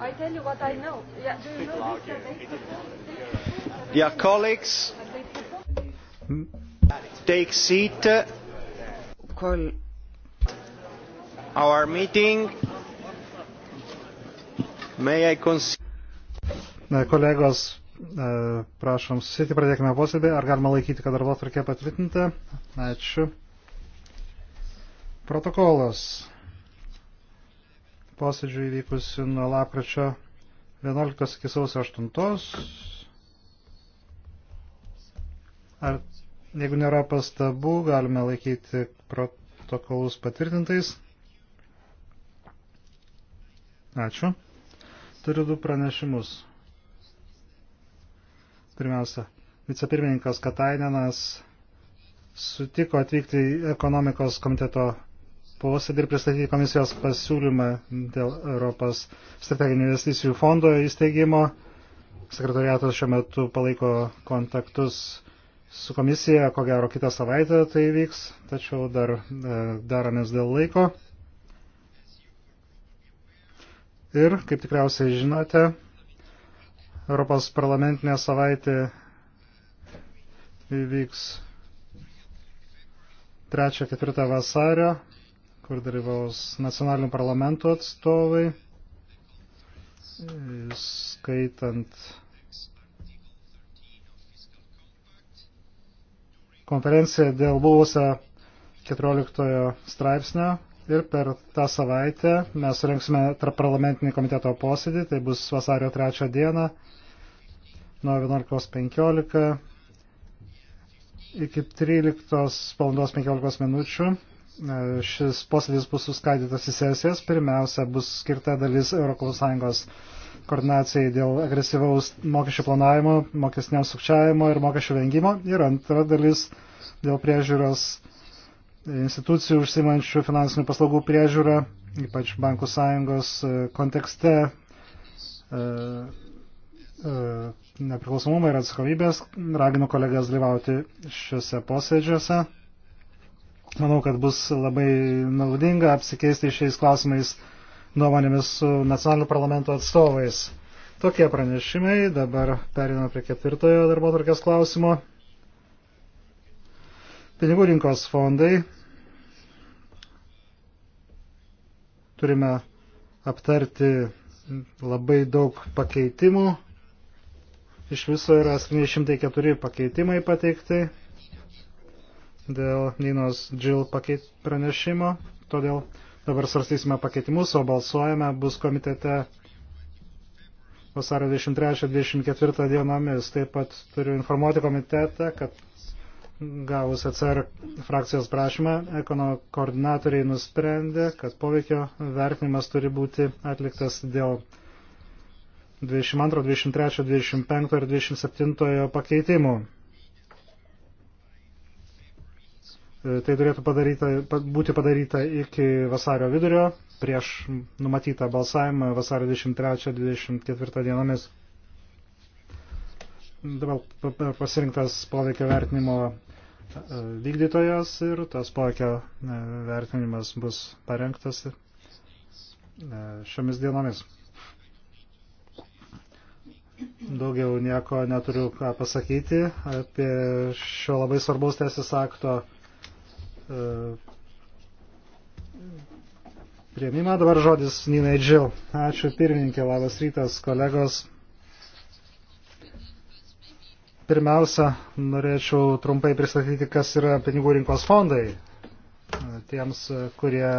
I tell you what I know. Yeah, do you know this? Dear colleagues, take seat. Call our meeting. May I consider... Na, kolegos, e, prašom susėti, pradėkime posėdį. Ar galima laikyti, kad darbo tvarkė patvirtinta? Ačiū. Protokolas posėdžių įvykusių nuo lapkričio 11 iki sausio 8. Ar jeigu nėra pastabų, galime laikyti protokolus patvirtintais. Ačiū. Turiu du pranešimus. Pirmiausia, vicepirmininkas Katainenas sutiko atvykti į ekonomikos komiteto posėdį ir pristatyti komisijos pasiūlymą dėl Europos strateginių investicijų fondo įsteigimo. Sekretariatas šiuo metu palaiko kontaktus su komisija, ko gero kitą savaitę tai vyks, tačiau dar e, daromės dėl laiko. Ir, kaip tikriausiai žinote, Europos parlamentinė savaitė įvyks 3-4 vasario kur dalyvaus nacionalinių parlamentų atstovai, skaitant konferenciją dėl buvusio 14 straipsnio ir per tą savaitę mes surinksime parlamentinį komiteto posėdį, tai bus vasario 3 dieną nuo 11.15 iki 13.15 minučių šis posėdis bus suskaidytas į sesijas. Pirmiausia, bus skirta dalis ES koordinacijai dėl agresyvaus mokesčių planavimo, mokesnio sukčiavimo ir mokesčių vengimo. Ir antra dalis dėl priežiūros institucijų užsimančių finansinių paslaugų priežiūrą, ypač bankų sąjungos e, kontekste e, e, nepriklausomumo ir atsakomybės. Raginu kolegas dalyvauti šiuose posėdžiuose. Manau, kad bus labai naudinga apsikeisti šiais klausimais nuomonėmis su nacionaliniu parlamento atstovais. Tokie pranešimai. Dabar periname prie ketvirtojo darbo tvarkės klausimo. Pinigų rinkos fondai. Turime aptarti labai daug pakeitimų. Iš viso yra 704 pakeitimai pateikti dėl Ninos Džil pranešimo, todėl dabar svarstysime pakeitimus, o balsuojame bus komitete vasario 23-24 dienomis. Taip pat turiu informuoti komitetą, kad gavus ECR frakcijos prašymą, ekono koordinatoriai nusprendė, kad poveikio vertinimas turi būti atliktas dėl 22, 23, 25 ir 27 pakeitimų. E, tai turėtų padaryta, būti padaryta iki vasario vidurio, prieš numatytą balsavimą vasario 23-24 dienomis. Dabar pasirinktas poveikio vertinimo e, vykdytojas ir tas poveikio e, vertinimas bus parengtas šiomis dienomis. Daugiau nieko neturiu ką pasakyti apie šio labai svarbaus teisės akto E, prieimimą. Dabar žodis Ninai Džil. Ačiū pirmininkė, labas rytas, kolegos. Pirmiausia, norėčiau trumpai pristatyti, kas yra pinigų rinkos fondai. E, tiems, e, kurie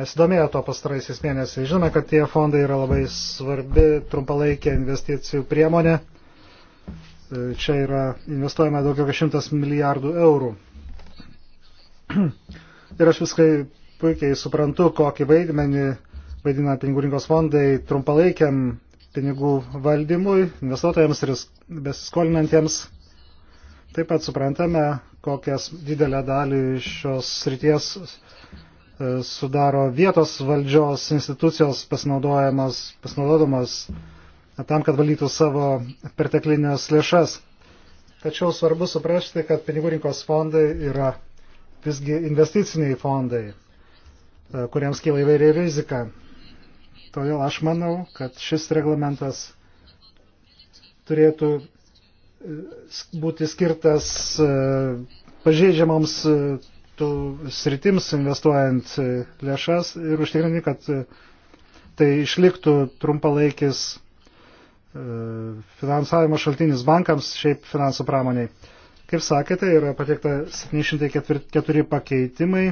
nesidomėjo to pastaraisiais mėnesiais. Žinome, kad tie fondai yra labai svarbi trumpalaikė investicijų priemonė. Čia yra investuojama daugiau kaip šimtas milijardų eurų. Ir aš viskai puikiai suprantu, kokį vaidmenį vaidina pinigų rinkos fondai trumpalaikiam pinigų valdymui, investuotojams ir besiskolinantiems. Taip pat suprantame, kokias didelę dalį šios srities e, sudaro vietos valdžios institucijos pasinaudodamas tam, kad valytų savo perteklinės lėšas. Tačiau svarbu suprasti, kad pinigų rinkos fondai yra visgi investiciniai fondai, e, kuriems kyla įvairiai rizika. Todėl aš manau, kad šis reglamentas turėtų e, būti skirtas e, pažeidžiamoms tų sritims investuojant lėšas ir užtikrinti, kad tai išliktų trumpalaikis finansavimo šaltinis bankams, šiaip finansų pramoniai. Kaip sakėte, yra pateikta 704 pakeitimai.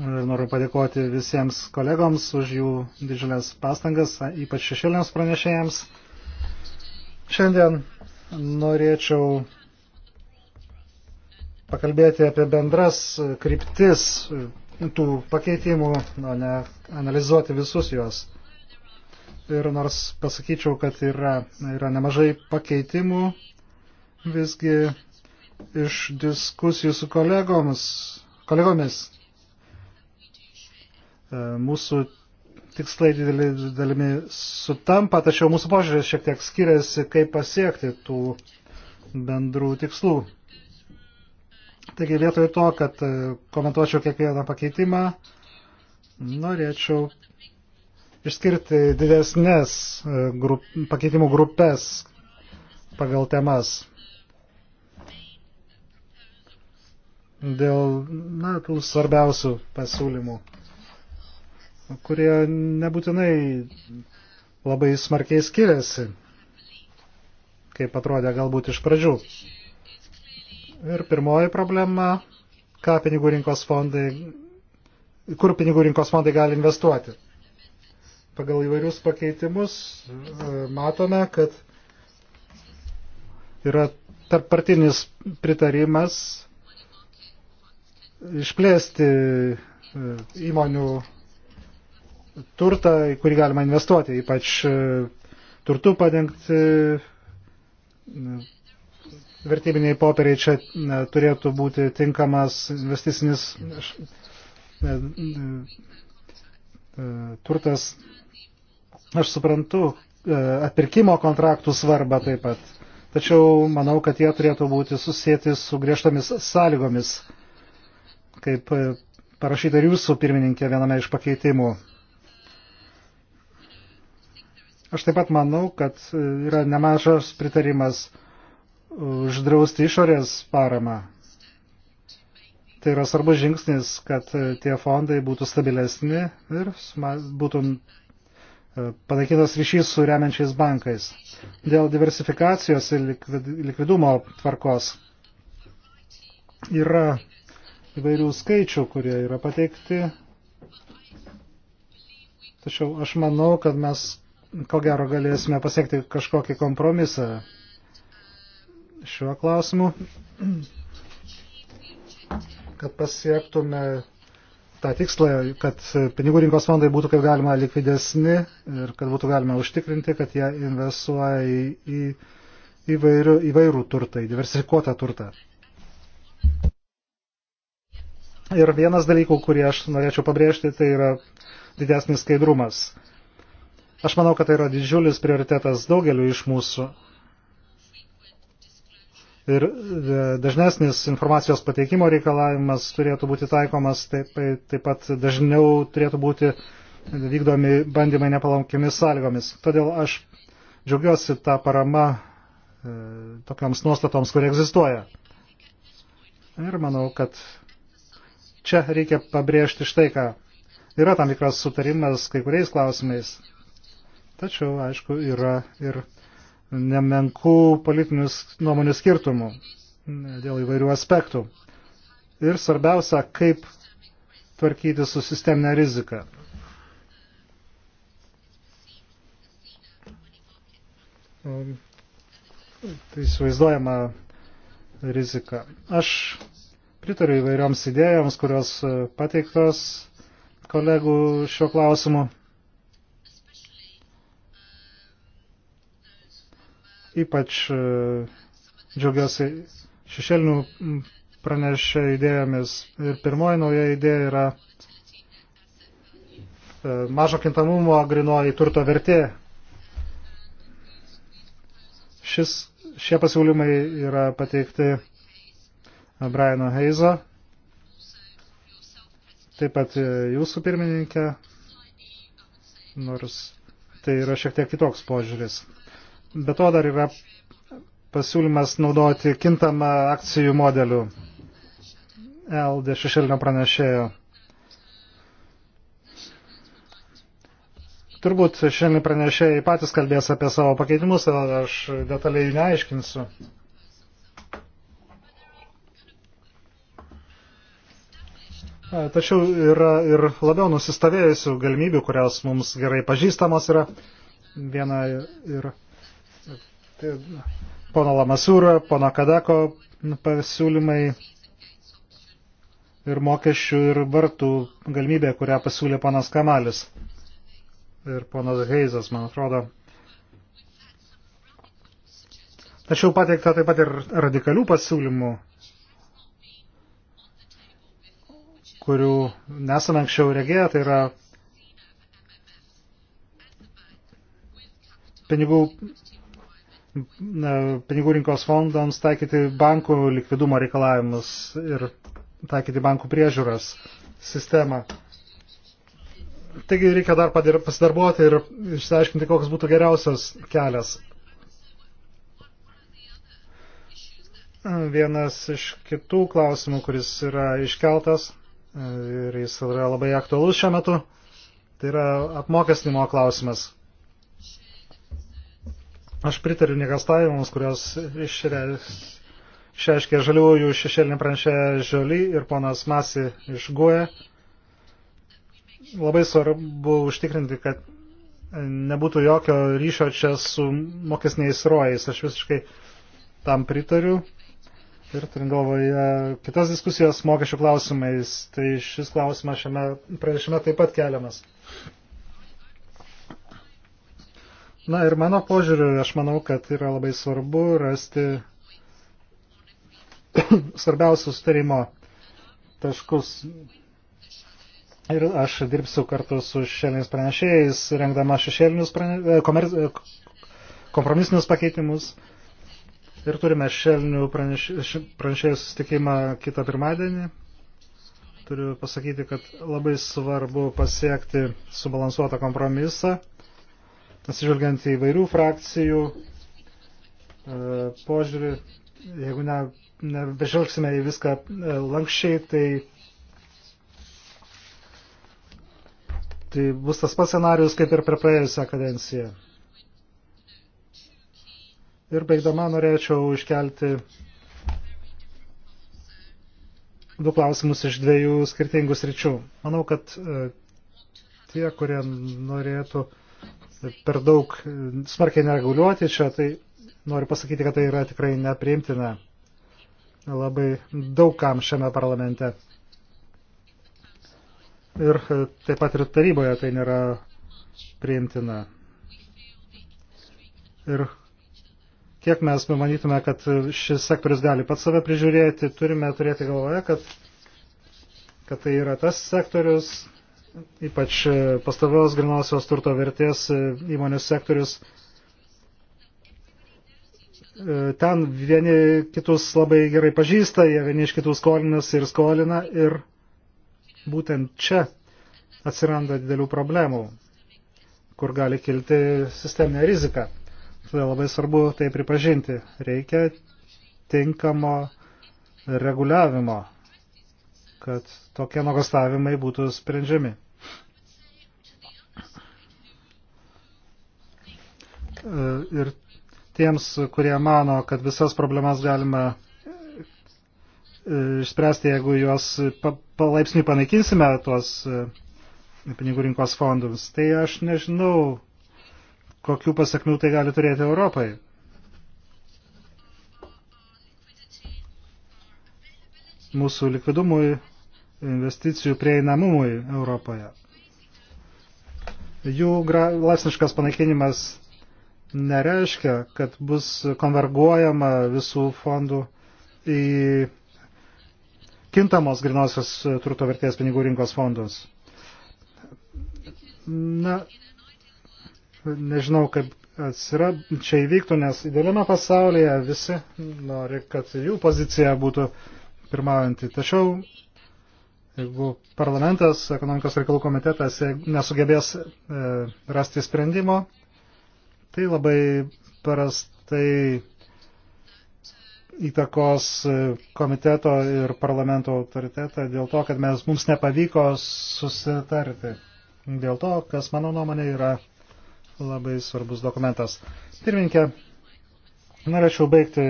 Ir noriu padėkoti visiems kolegoms už jų didžiulės pastangas, ypač šešėliams pranešėjams. Šiandien norėčiau pakalbėti apie bendras kryptis tų pakeitimų, o ne analizuoti visus juos. Ir nors pasakyčiau, kad yra, yra nemažai pakeitimų, visgi iš diskusijų su kolegomis, kolegomis mūsų tikslai didelį dalimi sutampa, tačiau mūsų požiūrės šiek tiek skiriasi, kaip pasiekti tų bendrų tikslų. Taigi vietoj to, kad e, komentuočiau kiekvieną pakeitimą, norėčiau išskirti didesnės e, grup, pakeitimų grupės pagal temas. dėl na, tų svarbiausių pasiūlymų, kurie nebūtinai labai smarkiai skiriasi, kaip atrodė galbūt iš pradžių. Ir pirmoji problema, ką pinigų rinkos fondai, kur pinigų rinkos fondai gali investuoti. Pagal įvairius pakeitimus e, matome, kad yra tarppartinis pritarimas išplėsti e, įmonių turtą, į kurį galima investuoti, ypač e, turtų padengti e, vertybiniai popieriai čia turėtų būti tinkamas investicinis turtas. Aš suprantu atpirkimo kontraktų svarbą taip pat, tačiau manau, kad jie turėtų būti susijęti su griežtomis sąlygomis kaip e, parašyta ir jūsų pirmininkė viename iš pakeitimų. Aš taip pat manau, kad e, yra nemažas pritarimas uždrausti išorės paramą. Tai yra svarbus žingsnis, kad e, tie fondai būtų stabilesni ir būtų panaikintas ryšys su remiančiais bankais. Dėl diversifikacijos ir likvidumo tvarkos yra įvairių skaičių, kurie yra pateikti. Tačiau aš manau, kad mes ko gero galėsime pasiekti kažkokį kompromisą šiuo klausimu, kad pasiektume tą tikslą, kad pinigų rinkos fondai būtų kaip galima likvidesni ir kad būtų galima užtikrinti, kad jie investuoja į, į įvairių, įvairių turtą, į diversifikuotą turtą. Ir vienas dalykų, kurį aš norėčiau pabrėžti, tai yra didesnis skaidrumas. Aš manau, kad tai yra didžiulis prioritetas daugeliu iš mūsų. Ir e, dažnesnis informacijos pateikimo reikalavimas turėtų būti taikomas, taip, taip pat dažniau turėtų būti vykdomi bandymai nepalankiamis sąlygomis. Todėl aš džiaugiuosi tą paramą e, tokiams nuostatoms, kurie egzistuoja. Ir manau, kad Čia reikia pabrėžti štai ką. Yra tam tikras sutarimas kai kuriais klausimais. Tačiau, aišku, yra ir nemenkų politinių nuomonių skirtumų dėl įvairių aspektų. Ir svarbiausia, kaip tvarkyti su sisteminė rizika. Tai suvaizduojama rizika. Aš pritariu įvairioms idėjoms, kurios e, pateiktos kolegų šiuo klausimu. Ypač e, džiaugiuosi šešėlinių pranešė idėjomis. Ir pirmoji nauja idėja yra e, mažo kintamumo grinoji turto vertė. Šis, šie pasiūlymai yra pateikti Briano Heizo, taip pat e, jūsų pirmininkė, nors tai yra šiek tiek kitoks požiūris. Be to dar yra pasiūlymas naudoti kintamą akcijų modelių LD šešėlinio pranešėjo. Turbūt šiandien pranešėjai patys kalbės apie savo pakeitimus, aš detaliai neaiškinsiu. Tačiau yra ir labiau nusistovėjusių galimybių, kurios mums gerai pažįstamos yra. Viena ir tai, pono Lamasūro, pono Kadako pasiūlymai ir mokesčių ir vartų galimybė, kurią pasiūlė ponas Kamalis ir ponas Heizas, man atrodo. Tačiau pateikta taip pat ir radikalių pasiūlymų kurių nesame anksčiau regėję, tai yra pinigų, pinigų rinkos fondams taikyti bankų likvidumo reikalavimus ir taikyti bankų priežiūros sistemą. Taigi reikia dar pasidarbuoti ir išsiaiškinti, koks būtų geriausias kelias. Vienas iš kitų klausimų, kuris yra iškeltas, ir jis yra labai aktualus šiuo metu, tai yra apmokestinimo klausimas. Aš pritariu negastavimams, kurios išreiškė žaliųjų šešėlinį pranešę Žiolį ir ponas Masi iš Guoja. Labai svarbu užtikrinti, kad nebūtų jokio ryšio čia su mokesniais rojais. Aš visiškai tam pritariu Ir turint galvoje kitas diskusijas mokesčių klausimais, tai šis klausimas šiame pranešime taip pat keliamas. Na ir mano požiūriu, aš manau, kad yra labai svarbu rasti svarbiausių sutarimo taškus. Ir aš dirbsiu kartu su šešėliniais pranešėjais, rengdama šešėlinius prane... E, komer... E, kompromisinius pakeitimus. Ir turime šelnių pranešėjų sustikimą kitą pirmadienį. Turiu pasakyti, kad labai svarbu pasiekti subalansuotą kompromisą, atsižvelgiant į vairių frakcijų e, požiūrį. Jeigu ne, nebežvelgsime į viską e, lankščiai, tai Tai bus tas pats scenarius kaip ir per praėjusią kadenciją. Ir baigdama norėčiau iškelti du klausimus iš dviejų skirtingų sričių. Manau, kad e, tie, kurie norėtų per daug e, smarkiai nereguliuoti čia, tai noriu pasakyti, kad tai yra tikrai nepriimtina labai daugam šiame parlamente. Ir e, taip pat ir taryboje tai nėra priimtina. Ir Kiek mes manytume, kad šis sektorius gali pats save prižiūrėti, turime turėti galvoje, kad, kad tai yra tas sektorius, ypač pastovios grinosios turto vertės įmonių sektorius. Ten vieni kitus labai gerai pažįsta, jie vieni iš kitų skolinas ir skolina ir būtent čia atsiranda didelių problemų, kur gali kilti sisteminė rizika. Todėl labai svarbu tai pripažinti. Reikia tinkamo reguliavimo, kad tokie nuogastavimai būtų sprendžiami. Ir tiems, kurie mano, kad visas problemas galima išspręsti, jeigu juos palaipsniui panaikinsime tuos pinigų rinkos fondus. Tai aš nežinau, kokių pasakmių tai gali turėti Europai. Mūsų likvidumui, investicijų prieinamumui Europoje. Jų laipsniškas panaikinimas nereiškia, kad bus konverguojama visų fondų į kintamos grinosios turto vertės pinigų rinkos fondus. Na, nežinau, kaip atsira, čia įvyktų, nes idealiame pasaulyje visi nori, kad jų pozicija būtų pirmaujanti. Tačiau, jeigu parlamentas, ekonomikos reikalų komitetas nesugebės e, rasti sprendimo, tai labai prastai įtakos e, komiteto ir parlamento autoritetą dėl to, kad mes, mums nepavyko susitarti. Dėl to, kas mano nuomonė yra labai svarbus dokumentas. Pirminkė, norėčiau baigti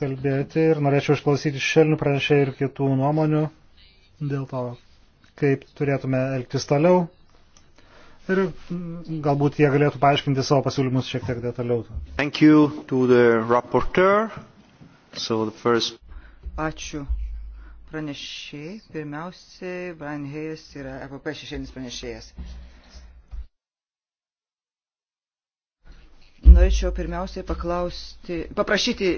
kalbėti ir norėčiau išklausyti šelnių pranešėjų ir kitų nuomonių dėl to, kaip turėtume elgtis toliau. Ir galbūt jie galėtų paaiškinti savo pasiūlymus šiek tiek detaliau. Thank you to the rapporteur. So the first... Ačiū pranešėjai. Pirmiausiai, Brian Hayes yra EPP šešėlis pranešėjas. Norėčiau pirmiausiai paklausti, paprašyti,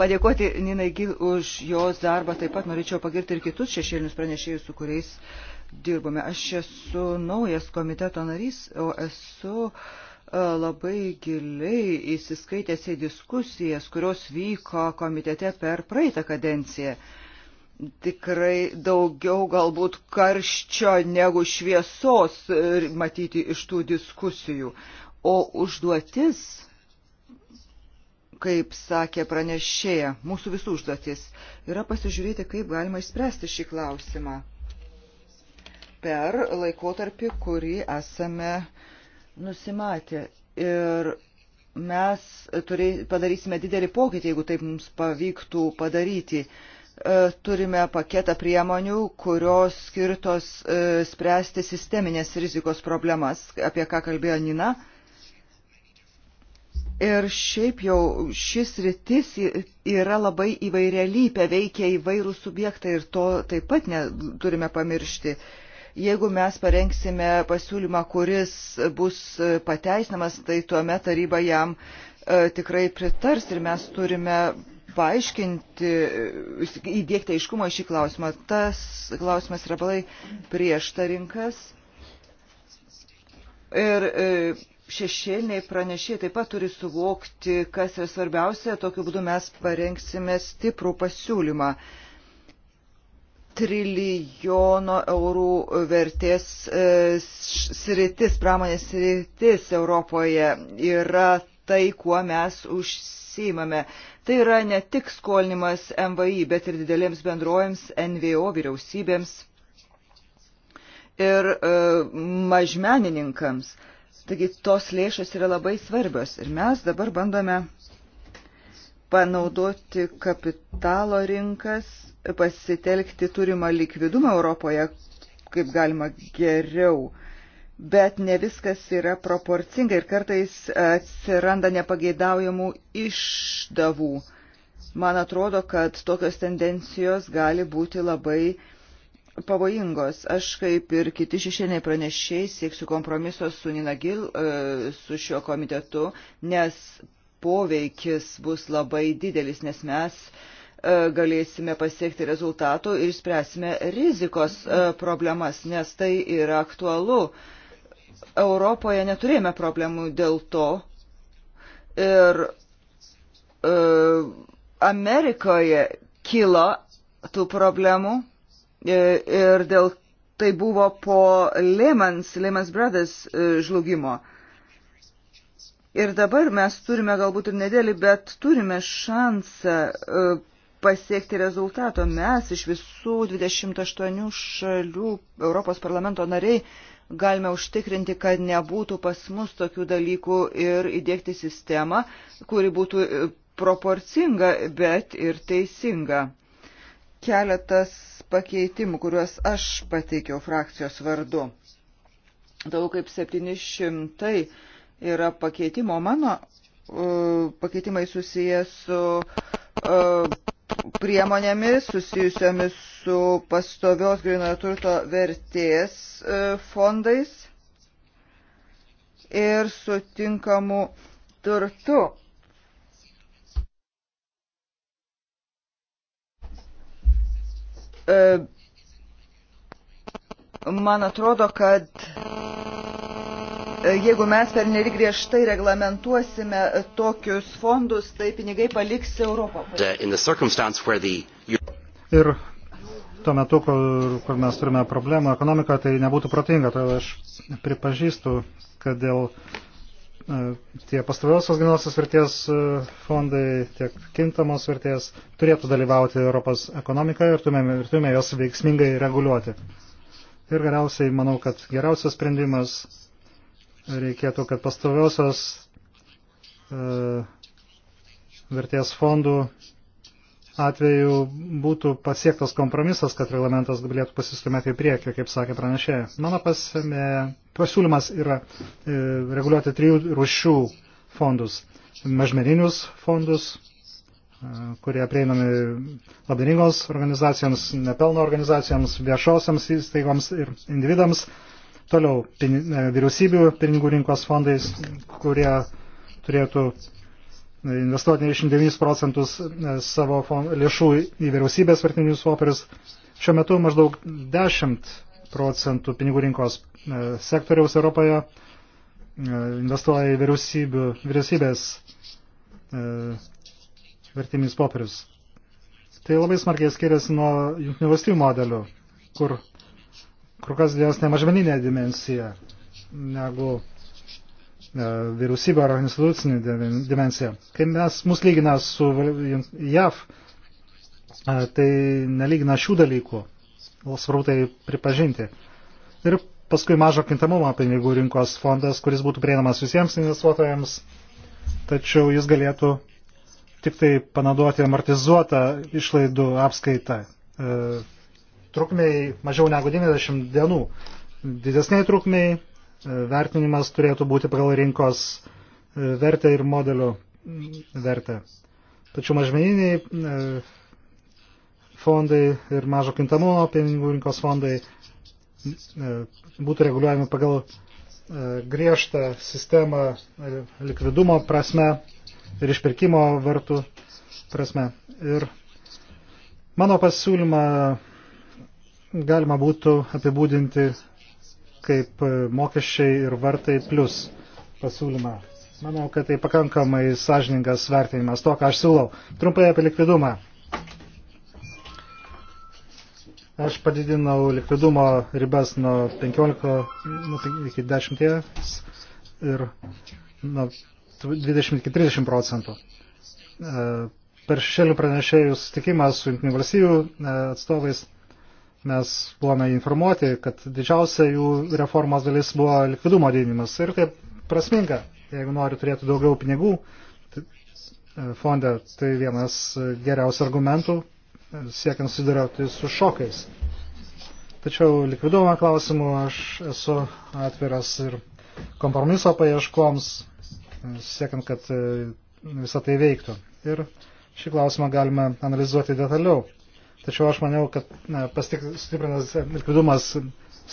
padėkoti Ninai Gil už jos darbą, taip pat norėčiau pagirti ir kitus šešėlinius pranešėjus, su kuriais dirbome. Aš esu naujas komiteto narys, o esu e, labai giliai įsiskaitęs į diskusijas, kurios vyko komitete per praeitą kadenciją tikrai daugiau galbūt karščio negu šviesos e, matyti iš tų diskusijų. O užduotis, kaip sakė pranešėja, mūsų visų užduotis, yra pasižiūrėti, kaip galima išspręsti šį klausimą per laikotarpį, kurį esame nusimatę. Ir mes turė, padarysime didelį pokytį, jeigu taip mums pavyktų padaryti. Uh, E, turime paketą priemonių, kurios skirtos e, spręsti sisteminės rizikos problemas, apie ką kalbėjo Nina. Ir šiaip jau šis rytis yra labai įvairialypė, veikia įvairų subjektą ir to taip pat neturime pamiršti. Jeigu mes parengsime pasiūlymą, kuris bus e, pateisinamas, tai tuomet taryba jam tikrai pritars ir mes turime paaiškinti, įdėkti aiškumą šį klausimą. Tas klausimas yra balai prieštarinkas. Ir e, šešėliniai pranešėjai taip pat turi suvokti, kas yra svarbiausia. Tokiu būdu mes parengsime stiprų pasiūlymą trilijono eurų vertės e, sritis, pramonės sritis Europoje yra tai, kuo mes užsiimame. Tai yra ne tik skolinimas MVI, bet ir didelėms bendrojams, NVO vyriausybėms ir e, mažmenininkams. Taigi tos lėšos yra labai svarbios ir mes dabar bandome panaudoti kapitalo rinkas, pasitelkti turimą likvidumą Europoje, kaip galima geriau. E, bet ne viskas yra proporcinga ir kartais atsiranda nepageidaujamų išdavų. Man atrodo, kad tokios tendencijos gali būti labai pavojingos. Aš kaip ir kiti šešėliniai pranešiai sieksiu kompromiso su Nina Gil, e, su šiuo komitetu, nes poveikis bus labai didelis, nes mes e, galėsime pasiekti rezultatų ir spręsime rizikos e, problemas, nes tai yra aktualu. Uh, Europoje neturėjome problemų dėl to. Ir e, Amerikoje kilo tų problemų e, ir dėl tai buvo po Lehman's, Lehman's Brothers e, žlugimo. Ir dabar mes turime galbūt ir nedėlį, bet turime šansą e, pasiekti rezultato. Mes iš visų 28 šalių Europos parlamento nariai galime užtikrinti, kad nebūtų pas mus tokių dalykų ir įdėkti sistemą, kuri būtų e, proporcinga, bet ir teisinga. Keletas pakeitimų, kuriuos aš pateikiau frakcijos vardu. Daugiau kaip 700 yra pakeitimo. Mano uh, pakeitimai susiję su uh, priemonėmis susijusiomis su pastovios grinojo turto vertės e, fondais ir su tinkamu turtu. E, man atrodo, kad E, jeigu mes per nelik griežtai reglamentuosime e, tokius fondus, tai pinigai paliks Europą. Ir tuo metu, kur, kur mes turime problemą ekonomiką, tai nebūtų protinga, todėl aš pripažįstu, kad dėl e, tie pastoviosios gynosios vertės fondai, tiek kintamos vertės turėtų dalyvauti Europos ekonomikoje ir turime, ir turime jos veiksmingai reguliuoti. Ir galiausiai manau, kad geriausias sprendimas reikėtų, kad pastoviosios e, vertės fondų atveju būtų pasiektas kompromisas, kad reglamentas galėtų pasistumėti į priekį, kaip sakė pranešėja. Mano pasime, pasiūlymas yra e, reguliuoti trijų rušių fondus. Mažmeninius fondus, e, kurie prieinami labdaringos organizacijoms, nepelno organizacijoms, viešosiams įstaigoms ir individams. E, Toliau, pin, e, vyriausybių pinigų rinkos fondais, kurie turėtų e, investuoti 99 procentus e, savo fond, lėšų į vyriausybės vertinius popierius. Šiuo metu maždaug 10 procentų pinigų rinkos sektoriaus Europoje investuoja į vyriausybės vertinius popierius. Tai labai smarkiai skiriasi nuo jungtinių valstybių modelių, kur kur kas didesnė mažmeninė dimensija negu e, vyriausybė ar institucinė dimensija. Kai mes mus lygina su JAV, e, tai nelygina šių dalykų. Svarbu tai pripažinti. Ir paskui mažo kintamumo pinigų rinkos fondas, kuris būtų prieinamas visiems investuotojams, tačiau jis galėtų tik tai panaudoti amortizuotą išlaidų apskaitą. E, trukmiai mažiau negu 90 dienų. Didesniai trukmiai e, vertinimas turėtų būti pagal rinkos e, vertę ir modelio vertę. Tačiau mažmeniniai e, fondai ir mažo kintamumo pinigų rinkos fondai būtų reguliuojami pagal griežtą sistemą likvidumo prasme ir išpirkimo vartų prasme. Ir mano pasiūlymą galima būtų apibūdinti kaip mokesčiai ir vartai plus pasiūlymą. Manau, kad tai pakankamai sąžiningas vertinimas to, ką aš siūlau. Trumpai apie likvidumą. Aš padidinau likvidumo ribas nuo 15 iki 10 ir nuo 20 iki 30 procentų. E, per šešėlių pranešėjų sutikimą su Junktinių valstybių e, atstovais mes buvome informuoti, kad didžiausia jų reformos dalis buvo likvidumo didinimas. Ir tai prasminga, jeigu nori turėti daugiau pinigų tai, e, fonde, tai vienas geriausių argumentų e, siekiant susidariauti su šokais. Tačiau likvidumo klausimu aš esu atviras ir kompromiso paieškoms, e, siekiant, kad visą tai veiktų. Ir šį klausimą galime analizuoti detaliau. Tačiau aš maniau, kad pastiprintas likvidumas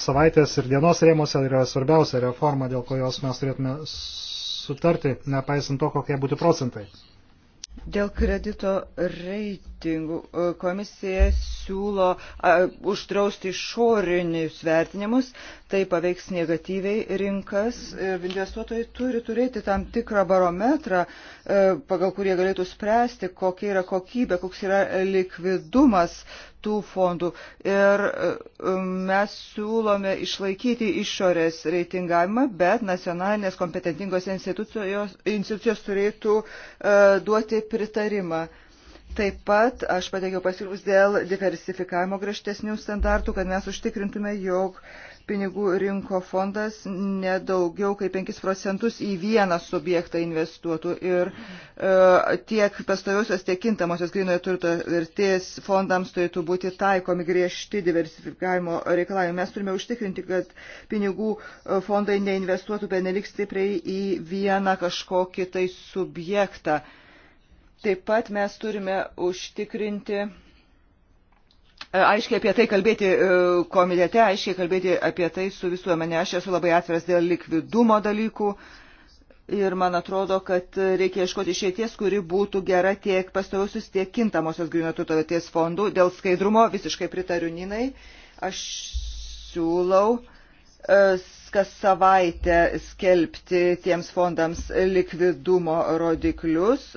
savaitės ir dienos rėmose yra svarbiausia reforma, dėl kurios mes turėtume sutarti, nepaisant to, kokie būtų procentai. Dėl kredito reitingų skirtingų. E, komisija siūlo a, uždrausti išorinius vertinimus, tai paveiks negatyviai rinkas ir e, investuotojai turi turėti tam tikrą barometrą, a, e, pagal kurį galėtų spręsti, kokia yra kokybė, koks yra likvidumas tų fondų. Ir mes siūlome išlaikyti išorės reitingavimą, bet nacionalinės kompetentingos institucijos, institucijos turėtų uh, duoti pritarimą. Uh, Taip pat aš pateikiau pasiūlymus dėl diversifikavimo griežtesnių standartų, kad mes užtikrintume, jog pinigų rinko fondas nedaugiau kaip 5 procentus į vieną subjektą investuotų ir e, tiek pastoviosios, tiek kintamosios grinojo turto vertės fondams turėtų būti taikomi griežti diversifikavimo reikalavimai. Mes turime užtikrinti, kad pinigų e, fondai neinvestuotų benelik stipriai į vieną kažkokį tai subjektą. E, Taip pat mes turime užtikrinti e, aiškiai apie tai kalbėti e, komitete, aiškiai kalbėti apie tai su visuomenė. Aš esu labai atviras dėl likvidumo dalykų ir man atrodo, kad reikia ieškoti išėties, kuri būtų gera tiek pastovusius, tiek kintamosios grinotų ties fondų. Dėl skaidrumo visiškai pritariu Ninai. Aš siūlau e, kas savaitę skelbti tiems fondams likvidumo rodiklius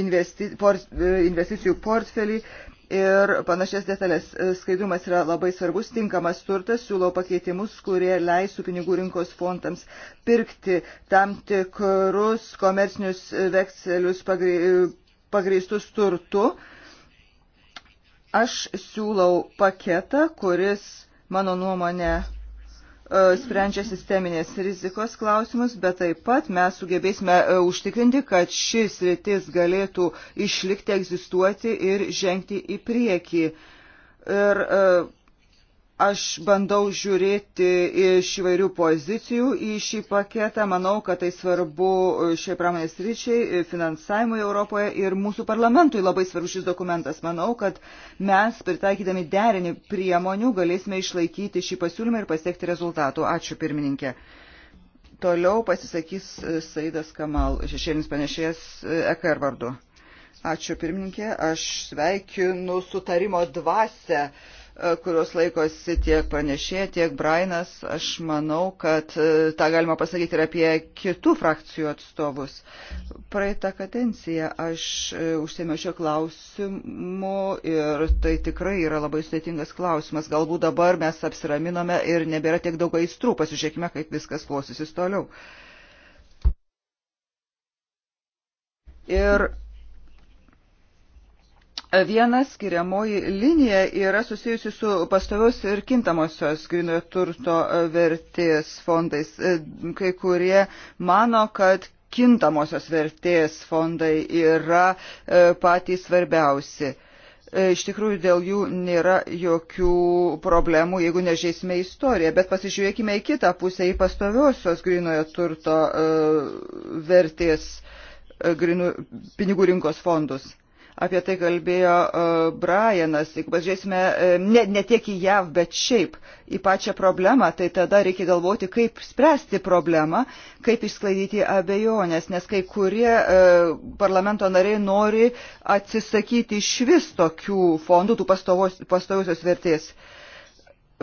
investi, por, e, investicijų portfelį ir panašias detalės. E, skaidrumas yra labai svarbus, tinkamas turtas, siūlau pakeitimus, kurie leisų pinigų rinkos fondams pirkti tam tikrus komercinius vekselius pagrįstus turtu. Aš siūlau paketą, kuris, mano nuomonė, E, sprendžia sisteminės rizikos klausimus, bet taip pat mes sugebėsime e, užtikrinti, kad šis rytis galėtų išlikti, egzistuoti ir žengti į priekį. Ir e, aš bandau žiūrėti iš įvairių pozicijų į šį paketą. Manau, kad tai svarbu šiai pramonės ryčiai, finansavimui Europoje ir mūsų parlamentui labai svarbus šis dokumentas. Manau, kad mes, pritaikydami derinį priemonių, galėsime išlaikyti šį pasiūlymą ir pasiekti rezultatų. Ačiū, pirmininkė. Toliau pasisakys Saidas Kamal, šešėlinis panešėjas EKR vardu. Ačiū, pirmininkė. Aš sveikinu sutarimo dvasę E, kurios laikosi tiek pranešė, tiek Brainas. Aš manau, kad e, tą galima pasakyti ir apie kitų frakcijų atstovus. Praeitą kadenciją aš e, užsėmiau šio klausimu ir tai tikrai yra labai sudėtingas klausimas. Galbūt dabar mes apsiraminome ir nebėra tiek daug aistrų. Pasižiūrėkime, kaip viskas klostysis toliau. Ir Viena skiriamoji linija yra susijusi su pastovios ir kintamosios grinojo turto e, vertės fondais. E, kai kurie mano, kad kintamosios vertės fondai yra e, patys svarbiausi. Iš tikrųjų, dėl jų nėra jokių problemų, jeigu nežaisime istoriją, bet pasižiūrėkime į kitą pusę, į pastoviosios grinojo turto vertės grinų, pinigų rinkos fondus Apie tai kalbėjo e, Brianas. Jeigu pažiūrėsime e, ne, ne tiek į JAV, bet šiaip į pačią problemą, tai tada reikia galvoti, kaip spręsti problemą, kaip išsklaidyti abejonės, nes kai kurie e, parlamento nariai nori atsisakyti iš vis tokių fondų, tų pastovusios vertės.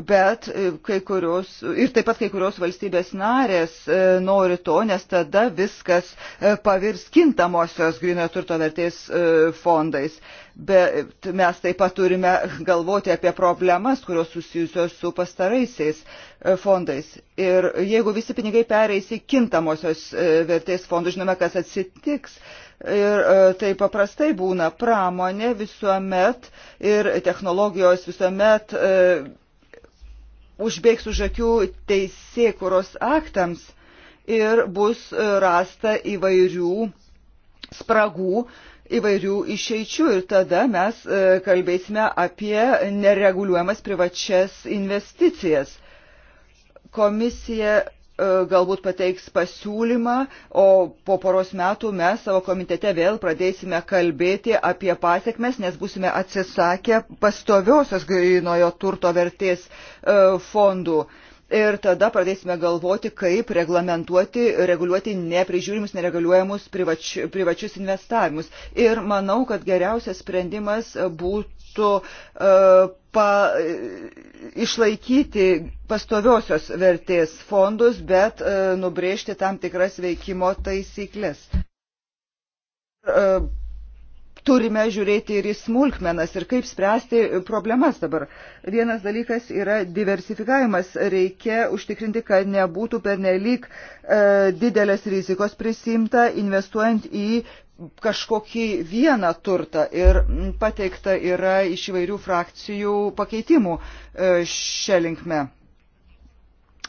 Bet e, kai kurios, ir taip pat kai kurios valstybės narės e, nori to, nes tada viskas e, pavirs kintamosios grinojo turto vertės fondais. Bet mes taip pat turime galvoti apie problemas, kurios susijusios su pastaraisiais fondais. Ir jeigu visi pinigai pereis į kintamosios vertės fondus, žinome, kas atsitiks. Ir tai paprastai būna pramonė visuomet ir technologijos visuomet užbėgs už akių teisėkuros aktams ir bus e, rasta įvairių spragų, įvairių išeičių ir tada mes e, kalbėsime apie nereguliuojamas privačias investicijas. Komisija E, galbūt pateiks pasiūlymą, o po poros metų mes savo komitete vėl pradėsime kalbėti apie pasiekmes, nes būsime atsisakę pastoviosios grinojo turto vertės e, fondų. E, ir tada pradėsime galvoti, kaip reglamentuoti, reguliuoti neprižiūrimus, nereguliuojamus privač, privačius investavimus. Ir manau, kad geriausias sprendimas būtų uh, pa, išlaikyti pastoviosios vertės fondus, bet uh, nubrėžti tam tikras veikimo taisyklės. Uh, turime žiūrėti ir į smulkmenas ir kaip spręsti problemas dabar. Vienas dalykas yra diversifikavimas. Reikia užtikrinti, kad nebūtų pernelyg e, didelės rizikos prisimta investuojant į kažkokį vieną turtą ir pateikta yra iš įvairių frakcijų pakeitimų e, šią linkme.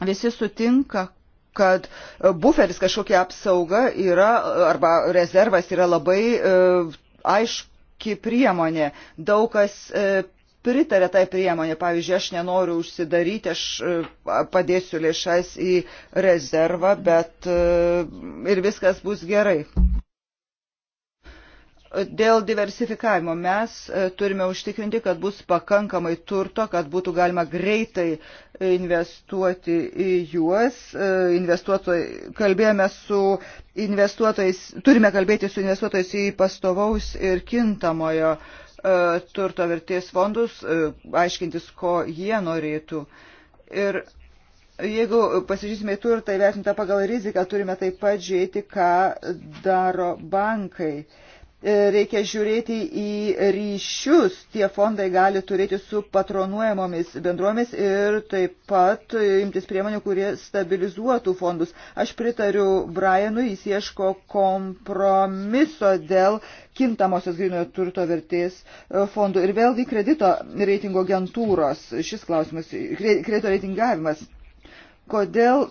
Visi sutinka, kad buferis kažkokia apsauga yra arba rezervas yra labai e, aiški priemonė. Daug kas e, pritarė tai priemonė. Pavyzdžiui, aš nenoriu užsidaryti, aš e, padėsiu lėšas į rezervą, bet e, ir viskas bus gerai. Dėl diversifikavimo mes e, turime užtikrinti, kad bus pakankamai turto, kad būtų galima greitai investuoti į juos. E, kalbėjome su investuotojais, turime kalbėti su investuotojais į pastovaus ir kintamojo e, turto vertės fondus, aiškintis, ko jie norėtų. Ir jeigu pasižiūrėsime į turtą įvertintą pagal riziką, turime taip pat žiūrėti, ką daro bankai. Uh, E, reikia žiūrėti į ryšius. Tie fondai gali turėti su patronuojamomis bendruomis ir taip pat imtis priemonių, kurie stabilizuotų fondus. Aš pritariu Brianui, jis ieško kompromiso dėl kintamosios grinojo turto vertės e, fondų. Ir vėlgi kredito reitingo agentūros šis klausimas, kredito reitingavimas. Kodėl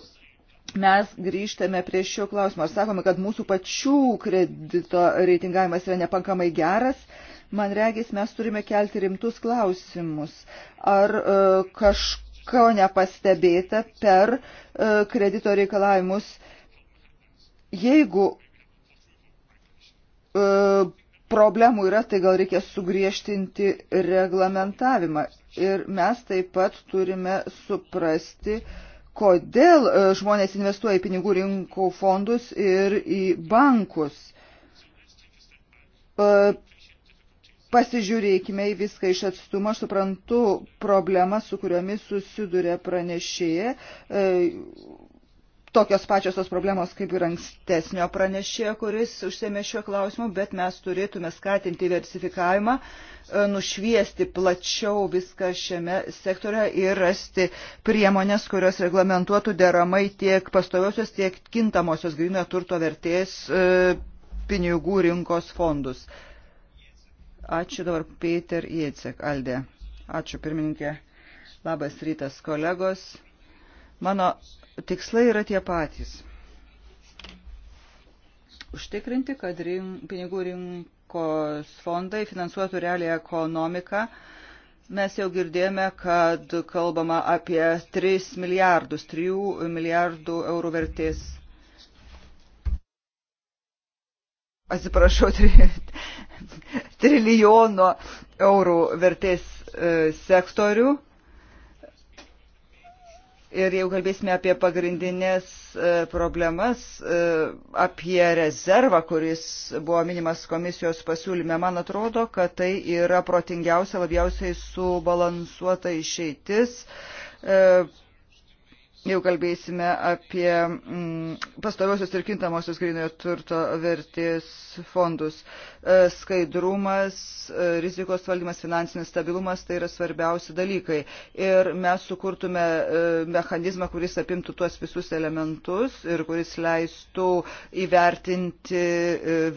mes grįžtame prie šio klausimo. Ar sakome, kad mūsų pačių kredito reitingavimas yra nepankamai geras? Man regis, mes turime kelti rimtus klausimus. Ar e, kažko nepastebėta per e, kredito reikalavimus? Jeigu e, problemų yra, tai gal reikia sugriežtinti reglamentavimą. Ir mes taip pat turime suprasti, e, kodėl e, žmonės investuoja į pinigų rinkų fondus ir į bankus. E, pasižiūrėkime į viską iš atstumo, aš suprantu problemą, su kuriomis susiduria pranešėja, e, tokios pačios tos problemos kaip ir ankstesnio pranešėjo, kuris užsėmė šiuo klausimu, bet mes turėtume skatinti diversifikavimą, e, nušviesti plačiau viską šiame sektorė ir rasti priemonės, kurios reglamentuotų deramai tiek pastoviosios, tiek kintamosios grinojo turto vertės e, pinigų rinkos fondus. Ačiū dabar Peter Jėcek, Aldė. Ačiū pirmininkė. Labas rytas, kolegos. Mano tikslai yra tie patys. Užtikrinti, kad rink, pinigų rinkos fondai finansuotų realią ekonomiką. Mes jau girdėjome, kad kalbama apie 3 milijardus, 3 milijardų eurų vertės atsiprašau, tri, trilijono eurų vertės e, sektorių Ir jeigu kalbėsime apie pagrindinės e, problemas, e, apie rezervą, kuris buvo minimas komisijos pasiūlyme, man atrodo, kad tai yra protingiausia, labiausiai subalansuota išeitis e, Jau kalbėsime apie mm, pastoviosios ir kintamosios grinojo turto vertės fondus. E, skaidrumas, e, rizikos valdymas, finansinis stabilumas tai yra svarbiausi dalykai. Ir mes sukurtume e, mechanizmą, kuris apimtų tuos visus elementus ir kuris leistų įvertinti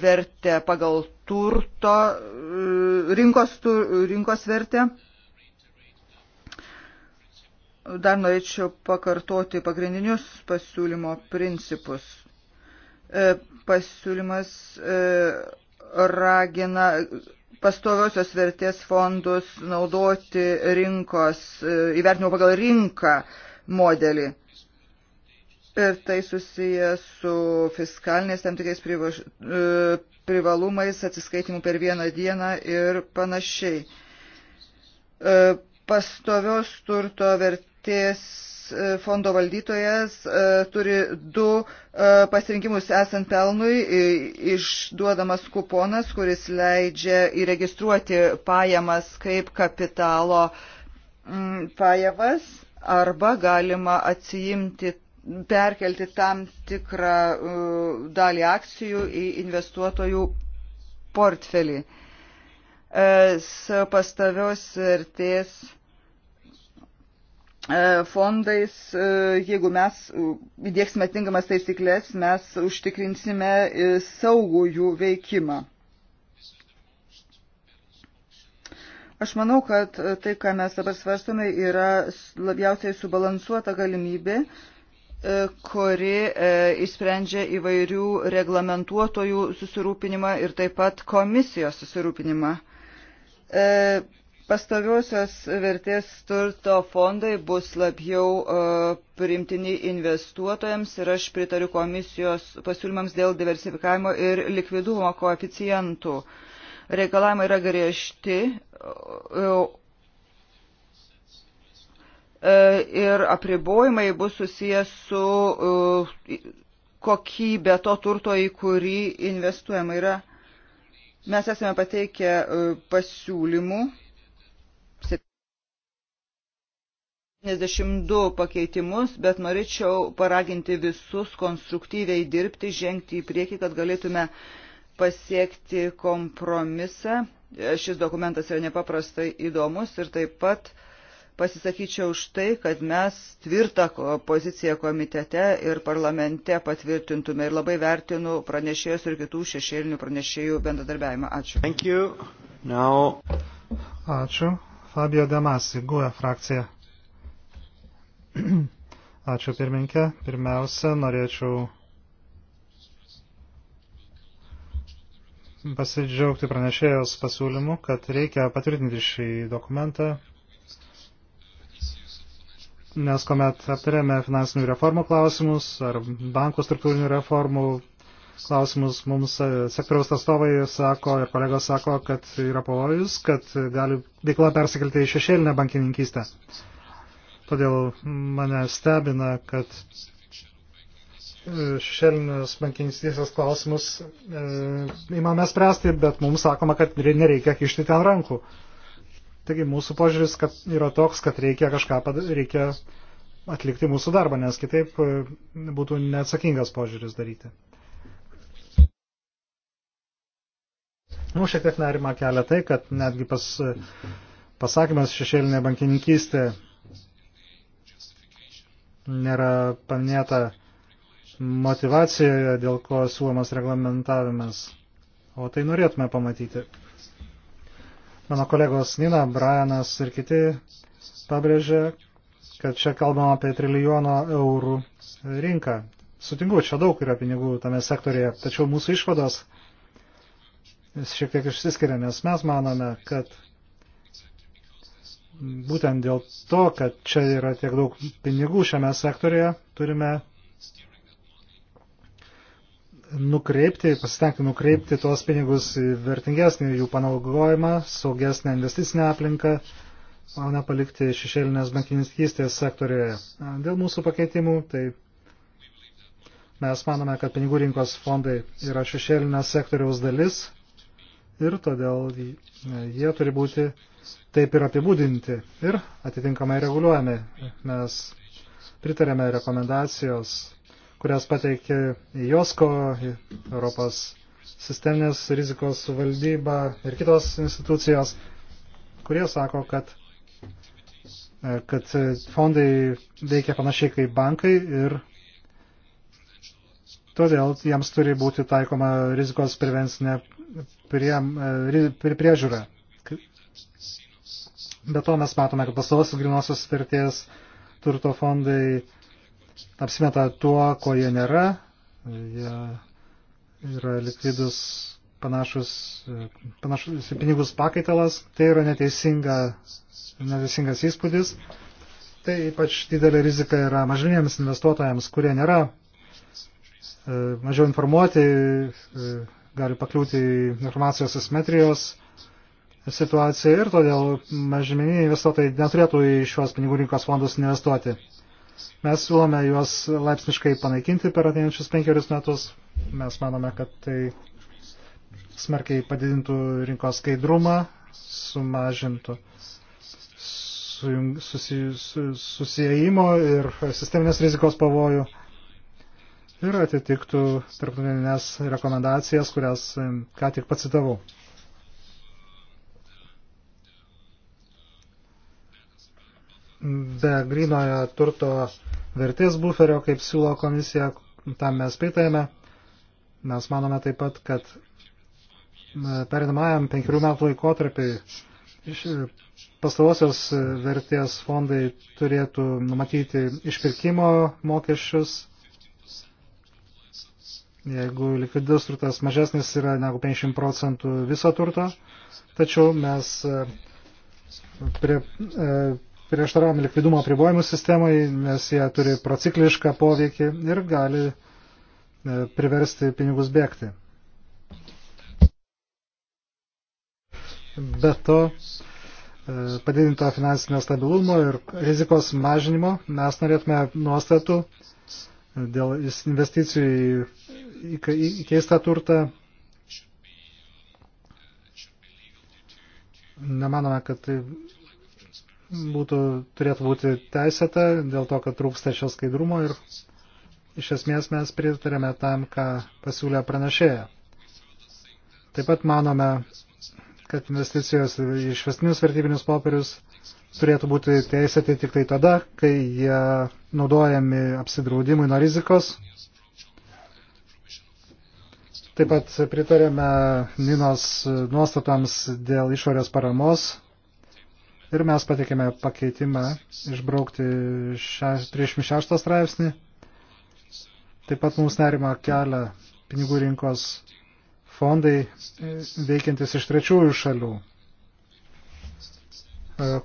vertę pagal turto, rinkos, rinkos vertę dar norėčiau pakartoti pagrindinius pasiūlymo principus. E, pasiūlymas e, ragina pastoviosios vertės fondus naudoti rinkos, e, įvertinimo pagal rinką modelį. Ir tai susiję su fiskaliniais tam tikrais privalumais, atsiskaitimu per vieną dieną ir panašiai. Pastovios turto vertės partijas fondo valdytojas e, turi du e, pasirinkimus esant pelnui išduodamas kuponas, kuris leidžia įregistruoti pajamas kaip kapitalo pajamas arba galima atsijimti perkelti tam tikrą dalį akcijų į investuotojų portfelį. E, pastavios vertės E, fondais, e, jeigu mes e, įdėksime tinkamas taisyklės, mes užtikrinsime saugų jų veikimą. Aš manau, kad tai, ką mes dabar svarstame, yra labiausiai subalansuota galimybė, kuri išsprendžia įvairių reglamentuotojų susirūpinimą ir taip pat komisijos susirūpinimą Pastoviosios vertės turto fondai bus labiau uh, priimtini investuotojams ir aš pritariu komisijos pasiūlymams dėl diversifikavimo ir likvidumo koeficientų. Reikalavimai yra griežti uh, ir apribojimai bus susijęs su uh, kokybė to turto, į kurį investuojama yra. Mes esame pateikę pasiūlymų 72 pakeitimus, bet norėčiau paraginti visus konstruktyviai dirbti, žengti į priekį, kad galėtume pasiekti kompromisą. Šis dokumentas yra nepaprastai įdomus ir taip pat pasisakyčiau už tai, kad mes tvirtą poziciją komitete ir parlamente patvirtintume ir labai vertinu pranešėjus ir kitų šešėlinių pranešėjų bendradarbiavimą. Ačiū. Ačiū. Fabio Damasi, GUE frakcija. Ačiū pirminkė. Pirmiausia, norėčiau pasidžiaugti pranešėjos pasiūlymu, kad reikia patvirtinti šį dokumentą, nes kuomet aptarėme finansinių reformų klausimus ar bankų struktūrinių reformų klausimus, mums e, sektoriaus atstovai sako ir kolegos sako, kad yra pavojus, kad gali veikla persikelti į šešėlinę bankininkystę. Todėl mane stebina, kad e, šešėlinės bankininkystės klausimus e, įmame spręsti, bet mums sakoma, kad nereikia kišti ten rankų. Taigi mūsų požiūris kad yra toks, kad reikia kažką padaryti, reikia atlikti mūsų darbą, nes kitaip e, būtų neatsakingas požiūris daryti. Nu, šiek tiek nerima kelia tai, kad netgi pas, pasakymas šešėlinė bankininkystė nėra paminėta motivacijoje, dėl ko siūlomas reglamentavimas. O tai norėtume pamatyti. Mano kolegos Nina, Brianas ir kiti pabrėžė, kad čia kalbama apie trilijono eurų rinką. Sutinku, čia daug yra pinigų tame sektorėje, tačiau mūsų išvados šiek tiek išsiskiria, nes mes manome, kad būtent dėl to, kad čia yra tiek daug pinigų šiame sektorėje, turime nukreipti, pasitengti nukreipti tuos pinigus į vertingesnį jų panaugojimą, saugesnę investicinę aplinką, o ne palikti šešėlinės bankininkystės sektorėje. Dėl mūsų pakeitimų, tai mes manome, kad pinigų rinkos fondai yra šešėlinės sektoriaus dalis ir todėl jie turi būti taip ir apibūdinti ir atitinkamai reguliuojami. Mes pritarėme rekomendacijos, kurias pateikė JOSKO, Europos sisteminės rizikos valdyba ir kitos institucijos, kurie sako, kad, e, kad fondai veikia panašiai kaip bankai ir todėl jiems turi būti taikoma rizikos prevencinė prie, e, prie, priežiūra. Be to mes matome, kad pastovas grinosios vertės turto fondai apsimeta tuo, ko jie nėra. Jie yra likvidus panašus, panašus pinigus pakaitalas. Tai yra neteisinga, neteisingas įspūdis. Tai ypač didelė rizika yra mažinėms investuotojams, kurie nėra e, mažiau informuoti, e, gali pakliūti informacijos asimetrijos situacija ir todėl mažmeniniai investuotojai neturėtų į šios pinigų rinkos fondus investuoti. Mes siūlome juos laipsniškai panaikinti per ateinančius penkerius metus. Mes manome, kad tai smarkiai padidintų rinkos skaidrumą, sumažintų susi, susijėjimo ir sisteminės rizikos pavojų ir atitiktų tarptautinės rekomendacijas, kurias ką tik pacitavau. be grinojo turto vertės buferio, kaip siūlo komisija, tam mes pritarėme. Mes manome taip pat, kad perinamajam penkerių metų laikotarpiai pastarosios vertės fondai turėtų numatyti išpirkimo mokesčius. Jeigu likvidus turtas mažesnis yra negu 50 procentų viso turto, tačiau mes e, prie, e, prieštaravom likvidumo apribojimų sistemai, nes jie turi prociklišką poveikį ir gali e, priversti pinigus bėgti. Be to, e, padidinto finansinio stabilumo ir rizikos mažinimo mes norėtume nuostatų e, dėl investicijų į, į keistą turtą. Nemanome, kad tai būtų, turėtų būti teisėta dėl to, kad trūksta šio skaidrumo ir iš esmės mes pritarėme tam, ką pasiūlė pranešėja. Taip pat manome, kad investicijos į išvestinius vertybinius popierius turėtų būti teisėti tik tai tada, kai jie naudojami apsidraudimui nuo rizikos. Taip pat pritarėme Ninos nuostatams dėl išorės paramos Ir mes patikėme pakeitimą išbraukti 36 straipsnį. Taip pat mums nerima kelia pinigų rinkos fondai e, veikiantis iš trečiųjų šalių, e,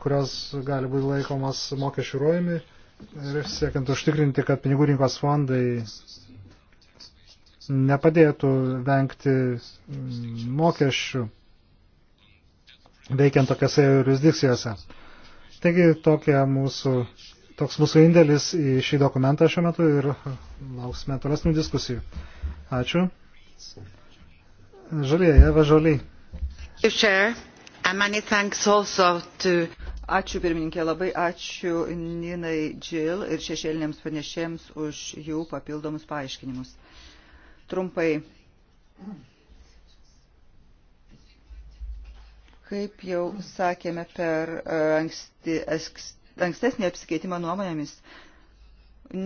kurios gali būti laikomas mokesčių rojimi ir siekiant užtikrinti, kad pinigų rinkos fondai nepadėtų vengti mokesčių veikiant tokiose jurisdikcijose. Taigi tokia mūsų, toks mūsų indėlis į šį dokumentą šiuo metu ir lauksime tolesnių diskusijų. Ačiū. Žalieji, Eva Žaliai. Ačiū pirmininkė, labai ačiū Ninai Džil ir šešėlinėms panešėms už jų papildomus paaiškinimus. Trumpai Kaip jau sakėme per e, anksti, ankstesnį apsikeitimą nuomonėmis,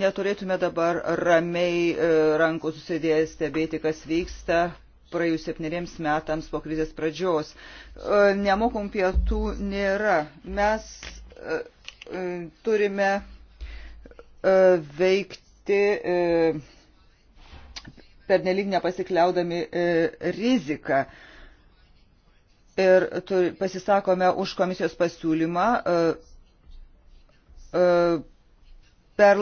neturėtume dabar ramiai e, rankų susidėję stebėti, kas vyksta praėjus septyneriems metams po krizės pradžios. E, Nemokum pietų nėra. Mes turime veikti pernelyg nepasikliaudami riziką ir turi, pasisakome už komisijos pasiūlymą e, e, per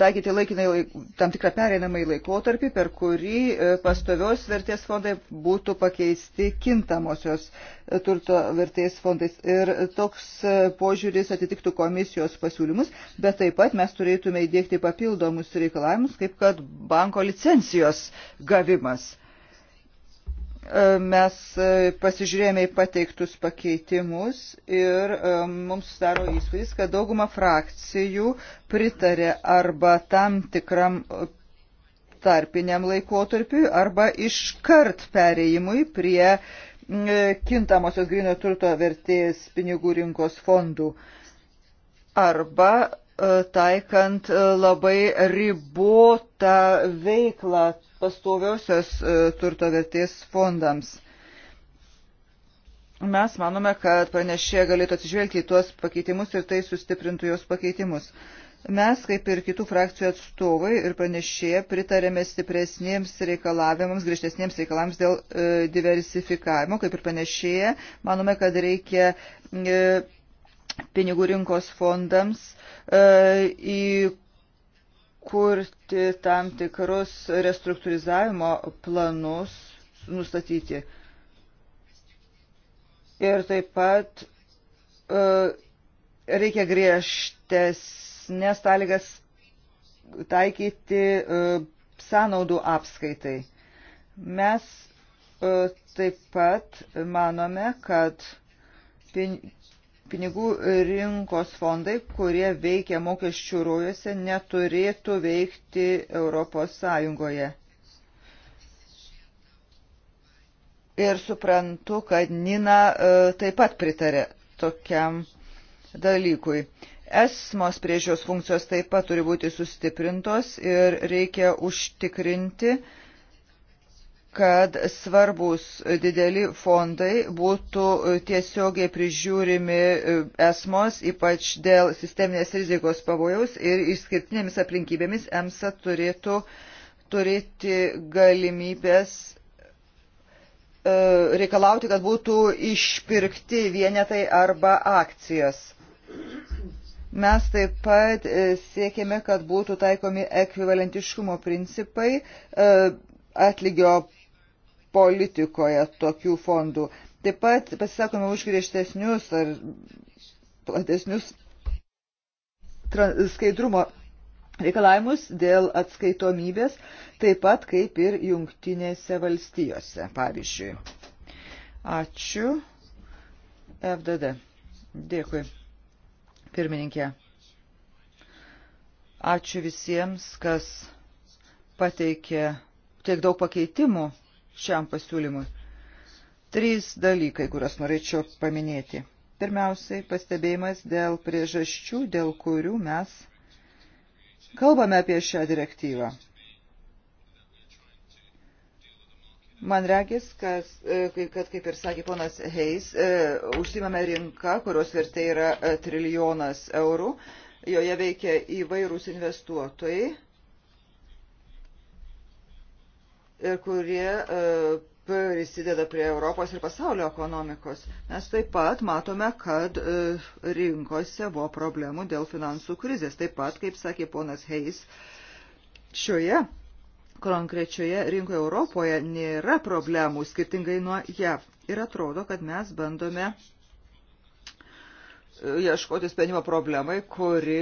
taikyti laikinai tam tikrą pereinamąjį laikotarpį, per kurį e, pastovios vertės fondai būtų pakeisti kintamosios turto vertės fondais. Ir toks požiūris atitiktų komisijos pasiūlymus, bet taip pat mes turėtume įdėkti papildomus reikalavimus, kaip kad banko licencijos gavimas mes e, pasižiūrėjome į pateiktus pakeitimus ir e, mums sudaro įspūdis, kad dauguma frakcijų pritarė arba tam tikram e, tarpiniam laikotarpiui arba iškart perėjimui prie kintamosios grino turto vertės pinigų rinkos fondų arba E, taikant e, labai ribotą veiklą pastoviosios e, turto vertės fondams. Mes manome, kad pranešė galėtų atsižvelgti į tuos pakeitimus ir tai sustiprintų jos pakeitimus. Mes, kaip ir kitų frakcijų atstovai ir pranešėje, pritarėme stipresniems reikalavimams, griežtesniems reikalavimams dėl e, diversifikavimo, kaip ir pranešėje. Manome, kad reikia e, pinigų rinkos fondams e, įkurti tam tikrus restruktūrizavimo planus, nustatyti. Ir taip pat e, reikia griežtesnės sąlygas taikyti e, sąnaudų apskaitai. Mes taip pat manome, kad pinigų rinkos fondai, kurie veikia mokesčių rojuose, neturėtų veikti Europos Sąjungoje. Ir suprantu, kad Nina e, taip pat pritarė tokiam dalykui. Esmos priežios funkcijos taip pat turi būti sustiprintos ir reikia užtikrinti, uh, kad svarbus dideli fondai būtų tiesiogiai prižiūrimi esmos, ypač dėl sisteminės rizikos pavojaus ir išskirtinėmis aplinkybėmis EMSA turėtų turėti galimybės e, reikalauti, kad būtų išpirkti vienetai arba akcijos. Mes taip pat e, siekėme, kad būtų taikomi ekvivalentiškumo principai e, atlygio politikoje tokių fondų. Taip pat pasisakome už griežtesnius ar platesnius skaidrumo reikalavimus dėl atskaitomybės, taip pat kaip ir jungtinėse valstijose, pavyzdžiui. Ačiū. FDD. Dėkui. Pirmininkė. Ačiū visiems, kas pateikė tiek daug pakeitimų šiam pasiūlymui. Trys dalykai, kuriuos norėčiau paminėti. Pirmiausiai, pastebėjimas dėl priežasčių, dėl kurių mes kalbame apie šią direktyvą. Man regis, kas, e, kad, kaip ir sakė ponas Heis, e, užsimame rinką, kurios vertė yra e, trilijonas eurų, joje veikia įvairūs investuotojai ir kurie e, prisideda prie Europos ir pasaulio ekonomikos. Mes taip pat matome, kad e, rinkose buvo problemų dėl finansų krizės. Taip pat, kaip sakė ponas Heis, šioje konkrečioje rinkoje Europoje nėra problemų, skirtingai nuo JAV. Ir atrodo, kad mes bandome e, ieškoti sprendimo problemai, kuri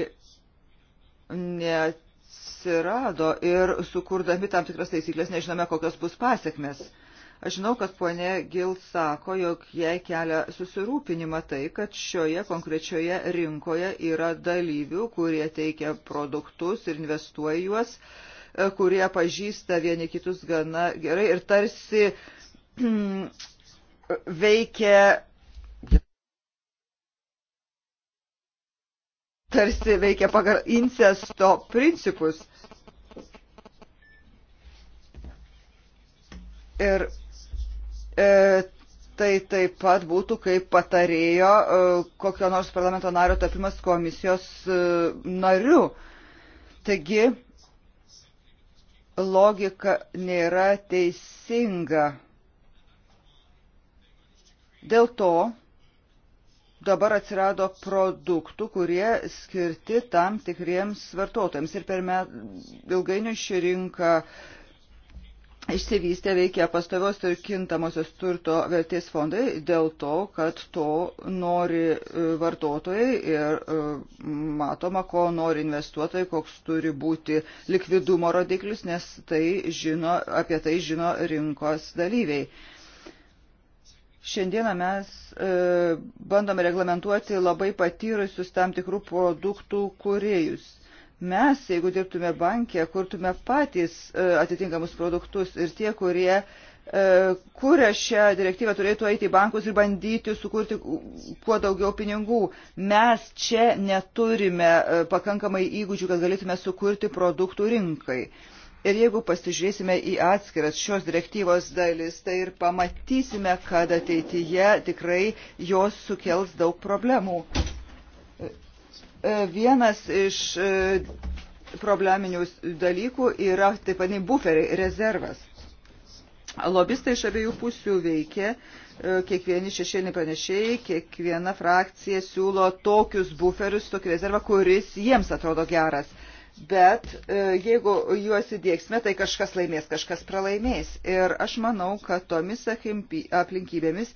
net atsirado ir sukurdami tam tikras taisyklės nežinome, kokios bus pasiekmes. Aš žinau, kad ponė Gil sako, jog jai kelia susirūpinimą tai, kad šioje konkrečioje rinkoje yra dalyvių, kurie teikia produktus ir investuoja juos, e, kurie pažįsta vieni kitus gana gerai ir tarsi veikia tarsi veikia pagal incesto principus. Ir e, tai taip pat būtų kaip patarėjo e, kokio nors parlamento nario tapimas komisijos e, nariu. Taigi, logika nėra teisinga. Dėl to dabar atsirado produktų, kurie skirti tam tikriems vartotojams. Ir per met ilgainiui ši rinka išsivystė veikia pastovios ir kintamosios turto vertės fondai dėl to, kad to nori e, vartotojai ir e, matoma, ko nori investuotojai, koks turi būti likvidumo rodiklis, nes tai žino, apie tai žino rinkos dalyviai. Šiandieną mes e, bandome reglamentuoti labai patyrusius tam tikrų produktų kuriejus. Mes, jeigu dirbtume bankė, kurtume patys e, atitinkamus produktus ir tie, kurie e, kuria šią direktyvą, turėtų eiti į bankus ir bandyti sukurti kuo daugiau pinigų. Mes čia neturime e, pakankamai įgūdžių, kad galėtume sukurti produktų rinkai. E, Ir jeigu pasižiūrėsime į atskiras šios direktyvos dalis, tai ir pamatysime, kad ateityje tikrai jos sukels daug problemų. Vienas iš e, probleminių dalykų yra taip pat buferiai, rezervas. Lobistai iš abiejų pusių veikia, e, kiekvieni šešėliniai pranešėjai, kiekviena frakcija siūlo tokius buferius, tokį rezervą, kuris jiems atrodo geras bet e, jeigu juos įdėksime, tai kažkas laimės, kažkas pralaimės. Ir aš manau, kad tomis aplinkybėmis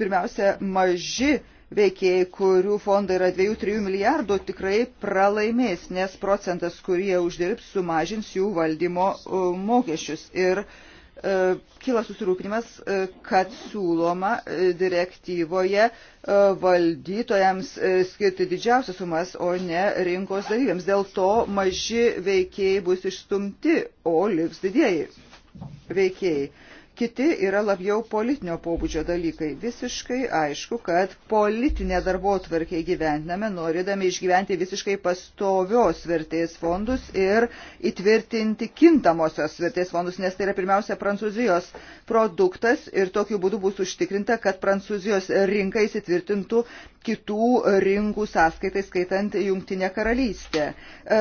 pirmiausia maži veikėjai, kurių fondai yra 2-3 milijardų, tikrai pralaimės, nes procentas, kurį jie uždirbs, sumažins jų valdymo e, mokesčius. Ir uh, E, kyla susirūpinimas, e, kad siūloma e, direktyvoje valdytojams skirti didžiausias sumas, o ne rinkos dalyviams. Dėl to maži veikėjai bus išstumti, o liks didėjai veikėjai. Kiti yra labiau politinio pobūdžio dalykai. Visiškai aišku, kad politinę darbo tvarkę gyventiname, norėdami išgyventi visiškai pastovios vertės fondus ir įtvirtinti kintamosios vertės fondus, nes tai yra pirmiausia Prancūzijos produktas ir tokiu būdu bus užtikrinta, kad Prancūzijos rinka įsitvirtintų kitų rinkų sąskaitai, skaitant Jungtinę karalystę. E,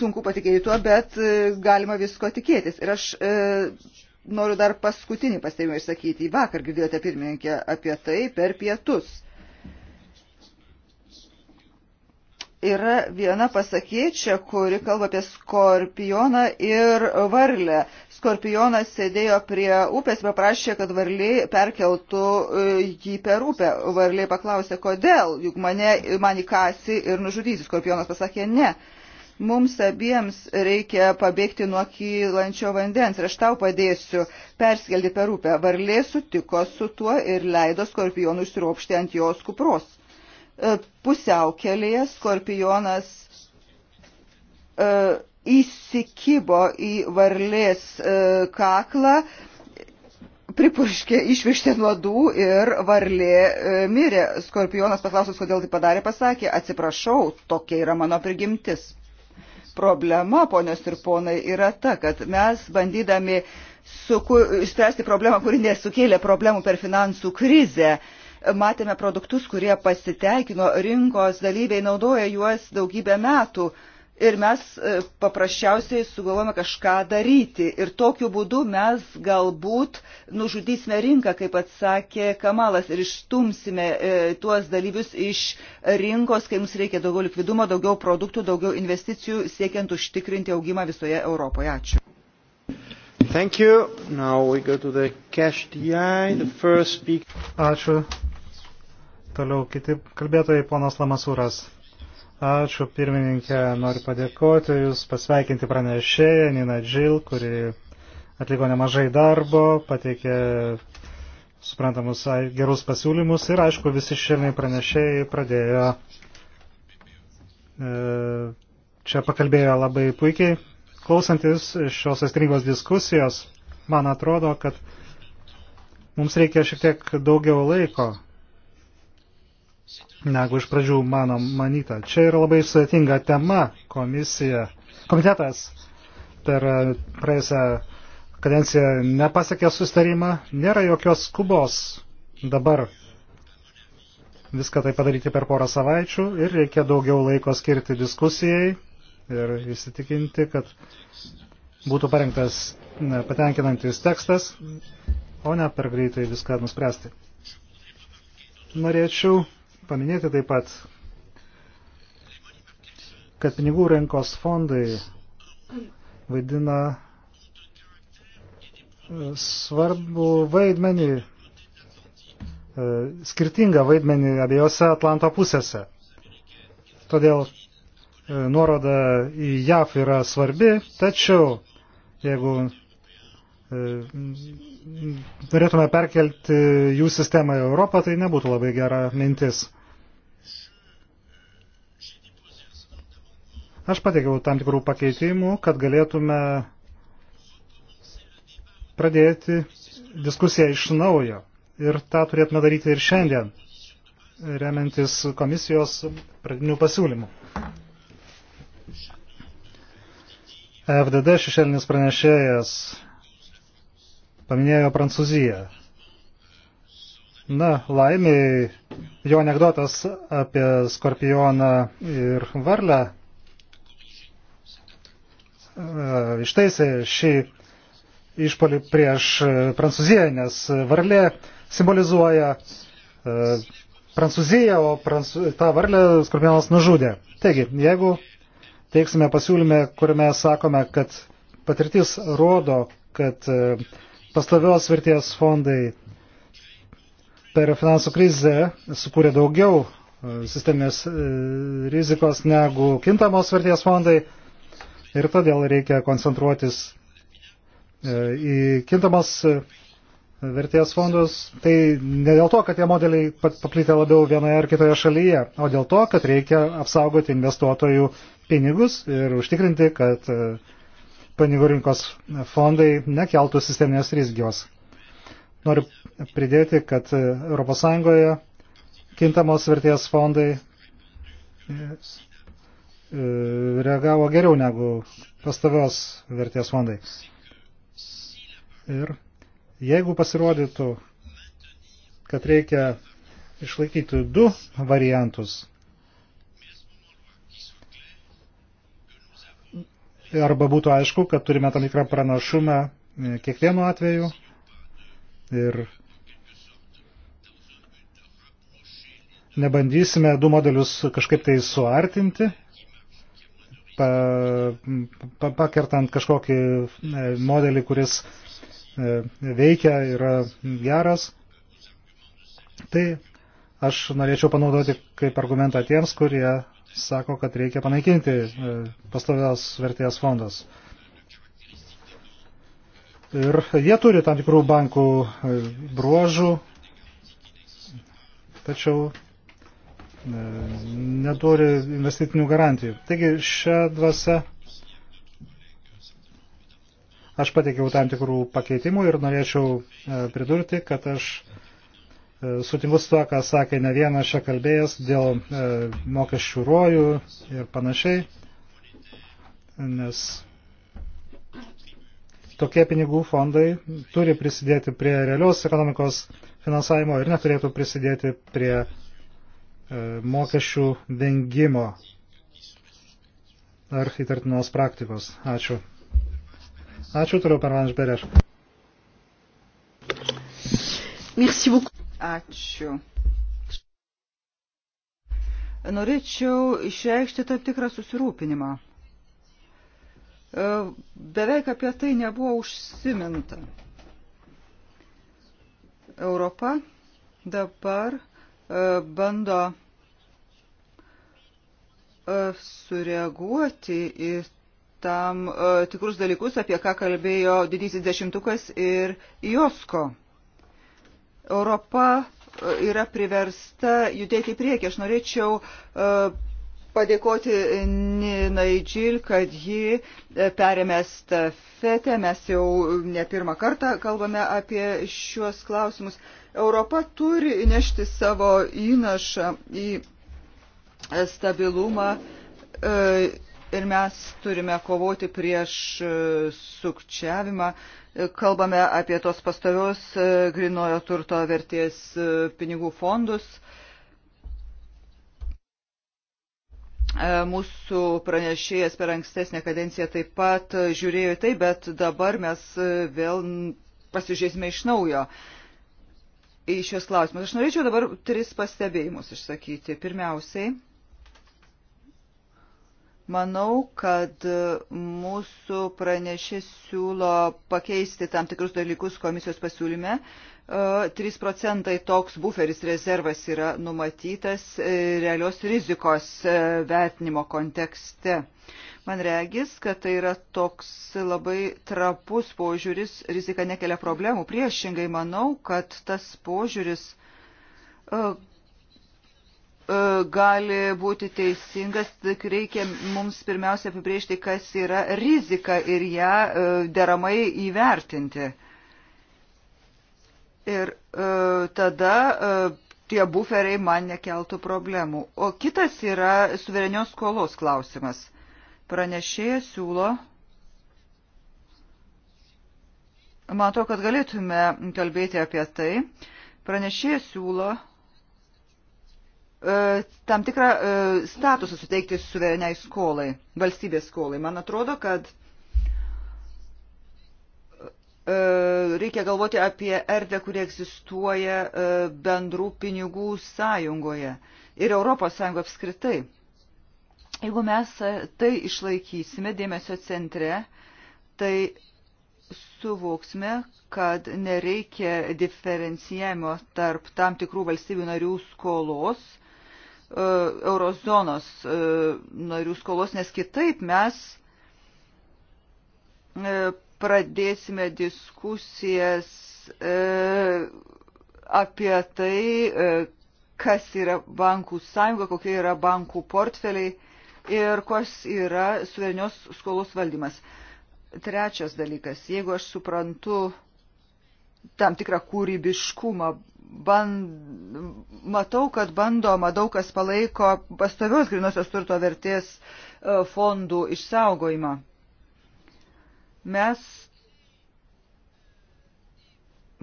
sunku patikėti tuo, bet e, galima visko tikėtis. Ir aš e, noriu dar paskutinį pastebimą išsakyti. Vakar girdėjote pirmininkę apie tai per pietus. Yra viena pasakėčia, kuri kalba apie skorpioną ir varlę. Skorpionas sėdėjo prie upės, paprašė, kad varlė perkeltų e, jį per upę. Varlė paklausė, kodėl, juk mane, man įkasi ir nužudysi. Skorpionas pasakė, ne. Uh, Mums abiems reikia pabėgti nuo kylančio vandens ir aš tau padėsiu perskelti per upę. Varlė sutiko su tuo ir leido skorpionui išsiropšti ant jos kupros. E, pusiaukelėje skorpionas uh, įsikibo į varlės uh, kaklą pripurškė išvištė nuodų ir varlė mirė. Skorpionas paklausęs, kodėl tai padarė, pasakė, atsiprašau, tokia yra mano prigimtis problema, ponios ir ponai, yra ta, kad mes bandydami spręsti problemą, kuri nesukėlė problemų per finansų krizę, matėme produktus, kurie pasiteikino, rinkos dalyviai naudoja juos daugybę metų ir mes e, paprasčiausiai sugalvojame kažką daryti. Ir tokiu būdu mes galbūt nužudysime rinką, kaip atsakė Kamalas, ir išstumsime e, tuos dalyvius iš rinkos, kai mums reikia daugiau likvidumo, daugiau produktų, daugiau investicijų, siekiant užtikrinti augimą visoje Europoje. Ačiū. Thank you. Now we go to the cash DI, the first speaker. Ačiū. Toliau kiti kalbėtojai, ponas Lamasūras. Ačiū pirmininkė, noriu padėkoti Jūs, pasveikinti pranešėją Nina Džil, kuri atliko nemažai darbo, pateikė suprantamus gerus pasiūlymus ir aišku visi šilniai pranešėjai pradėjo e, čia pakalbėjo labai puikiai. Klausantis šios aistringos diskusijos, man atrodo, kad mums reikia šiek tiek daugiau laiko negu iš pradžių mano manyta. Čia yra labai sudėtinga tema komisija. Komitetas per praėjusią kadenciją nepasiekė sustarimą, nėra jokios skubos dabar viską tai padaryti per porą savaičių ir reikia daugiau laiko skirti diskusijai ir įsitikinti, kad būtų parengtas patenkinantis tekstas, o ne per greitai viską nuspręsti. Norėčiau paminėti taip pat, kad pinigų rinkos fondai vaidina e, svarbu vaidmenį, e, skirtingą vaidmenį abiejose Atlanto pusėse. Todėl e, nuoroda į JAF yra svarbi, tačiau jeigu norėtume e, perkelti jų sistemą į Europą, tai nebūtų labai gera mintis. Aš pateikiau tam tikrų pakeitimų, kad galėtume pradėti diskusiją iš naujo. Ir tą turėtume daryti ir šiandien, remiantis komisijos pradinių pasiūlymų. FDD šešėlinis pranešėjas paminėjo Prancūziją. Na, laimiai, jo anegdotas apie skorpioną ir varlę e, ištaisė šį išpolį prieš Prancūziją, nes varlė simbolizuoja e, Prancūziją, o prancū... tą varlę skorpionas nužudė. Taigi, jeigu teiksime pasiūlymę, kuriame sakome, kad patirtis rodo, kad e, Pastovios vertės fondai per finansų krizę sukūrė daugiau e, sisteminės e, rizikos negu kintamos vertės fondai ir todėl reikia koncentruotis e, į kintamos vertės fondus. Tai ne dėl to, kad tie modeliai paplitę labiau vienoje ar kitoje šalyje, o dėl to, kad reikia apsaugoti investuotojų pinigus ir užtikrinti, kad uh, pinigų rinkos fondai nekeltų sisteminės rizgios. Noriu pridėti, kad ES kintamos vertės fondai e, e, reagavo geriau negu pastovios vertės fondai. Ir jeigu pasirodytų, kad reikia išlaikyti du variantus, arba būtų aišku, kad turime tam tikrą pranašumą e, kiekvienu atveju ir nebandysime du modelius kažkaip tai suartinti, pa, pa, pakertant kažkokį e, modelį, kuris e, veikia, yra geras. Tai aš norėčiau panaudoti kaip argumentą tiems, kurie sako, kad reikia panaikinti e, pastovios vertės fondas. Ir jie turi tam tikrų bankų e, bruožų, tačiau e, neturi investicinių garantijų. Taigi šią dvasę aš pateikiau tam tikrų pakeitimų ir norėčiau pridurti, kad aš E, sutinku su to, ką sakė ne vienas čia kalbėjęs dėl e, mokesčių rojų ir panašiai, nes tokie pinigų fondai turi prisidėti prie realios ekonomikos finansavimo ir neturėtų prisidėti prie e, mokesčių vengimo ar įtartinos praktikos. Ačiū. Ačiū toliau per Vanš Bereš. Merci beaucoup. Ačiū. Norėčiau išreikšti tam tikrą susirūpinimą. E, beveik apie tai nebuvo užsiminta. Europa dabar e, bando e, sureaguoti į tam tikrus dalykus, apie ką kalbėjo didysis dešimtukas ir Josko. Europa e, yra priversta judėti į priekį. Aš norėčiau e, padėkoti Ninai Džil, kad ji e, perėmė stafetę. Mes jau ne pirmą kartą kalbame apie šiuos klausimus. Europa turi nešti savo įnašą į stabilumą ir mes turime kovoti prieš sukčiavimą. Uh, Kalbame apie tos pastovios e, grinojo turto vertės e, pinigų fondus. E, mūsų pranešėjas per ankstesnę kadenciją taip pat žiūrėjo tai, bet dabar mes vėl pasižiūrėsime iš naujo į šios klausimus. Aš norėčiau dabar tris pastebėjimus išsakyti. Pirmiausiai, Manau, kad mūsų pranešė siūlo pakeisti tam tikrus dalykus komisijos pasiūlyme. 3 e, procentai toks buferis rezervas yra numatytas e, realios rizikos e, vertinimo kontekste. Man regis, kad tai yra toks labai trapus požiūris, rizika nekelia problemų. Priešingai manau, kad tas požiūris E, gali būti teisingas, tik reikia mums pirmiausia apibriežti, kas yra rizika ir ją e, deramai įvertinti. Ir e, tada tie buferiai man nekeltų problemų. O kitas yra suverenios skolos klausimas. Pranešėjas siūlo. Matau, kad galėtume kalbėti apie tai. Pranešėjas siūlo E, tam tikrą e, statusą suteikti suvereniai skolai, valstybės skolai. Man atrodo, kad e, reikia galvoti apie erdvę, kuri egzistuoja bendrų pinigų sąjungoje ir Europos sąjungo apskritai. Jeigu mes tai išlaikysime dėmesio centre, tai suvoksime, kad nereikia diferencijavimo tarp tam tikrų valstybių narių skolos E, eurozonos e, narių skolos, nes kitaip mes e, pradėsime diskusijas apie tai, kas yra bankų sąjunga, kokie yra bankų portfeliai ir kas yra suverenios skolos valdymas. Trečias dalykas, jeigu aš suprantu tam tikrą kūrybiškumą band, matau, kad bandoma daug kas palaiko pastovios grinosios turto vertės e, fondų išsaugojimą. Mes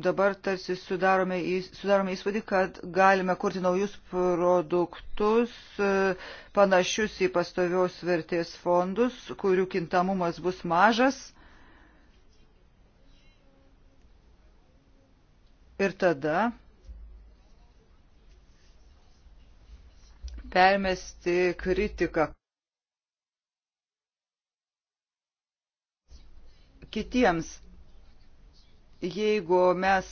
dabar tarsi sudarome, į, sudarome įspūdį, kad galime kurti naujus produktus e, panašius į pastovios vertės fondus, kurių kintamumas bus mažas. Ir tada permesti kritiką kitiems. Jeigu mes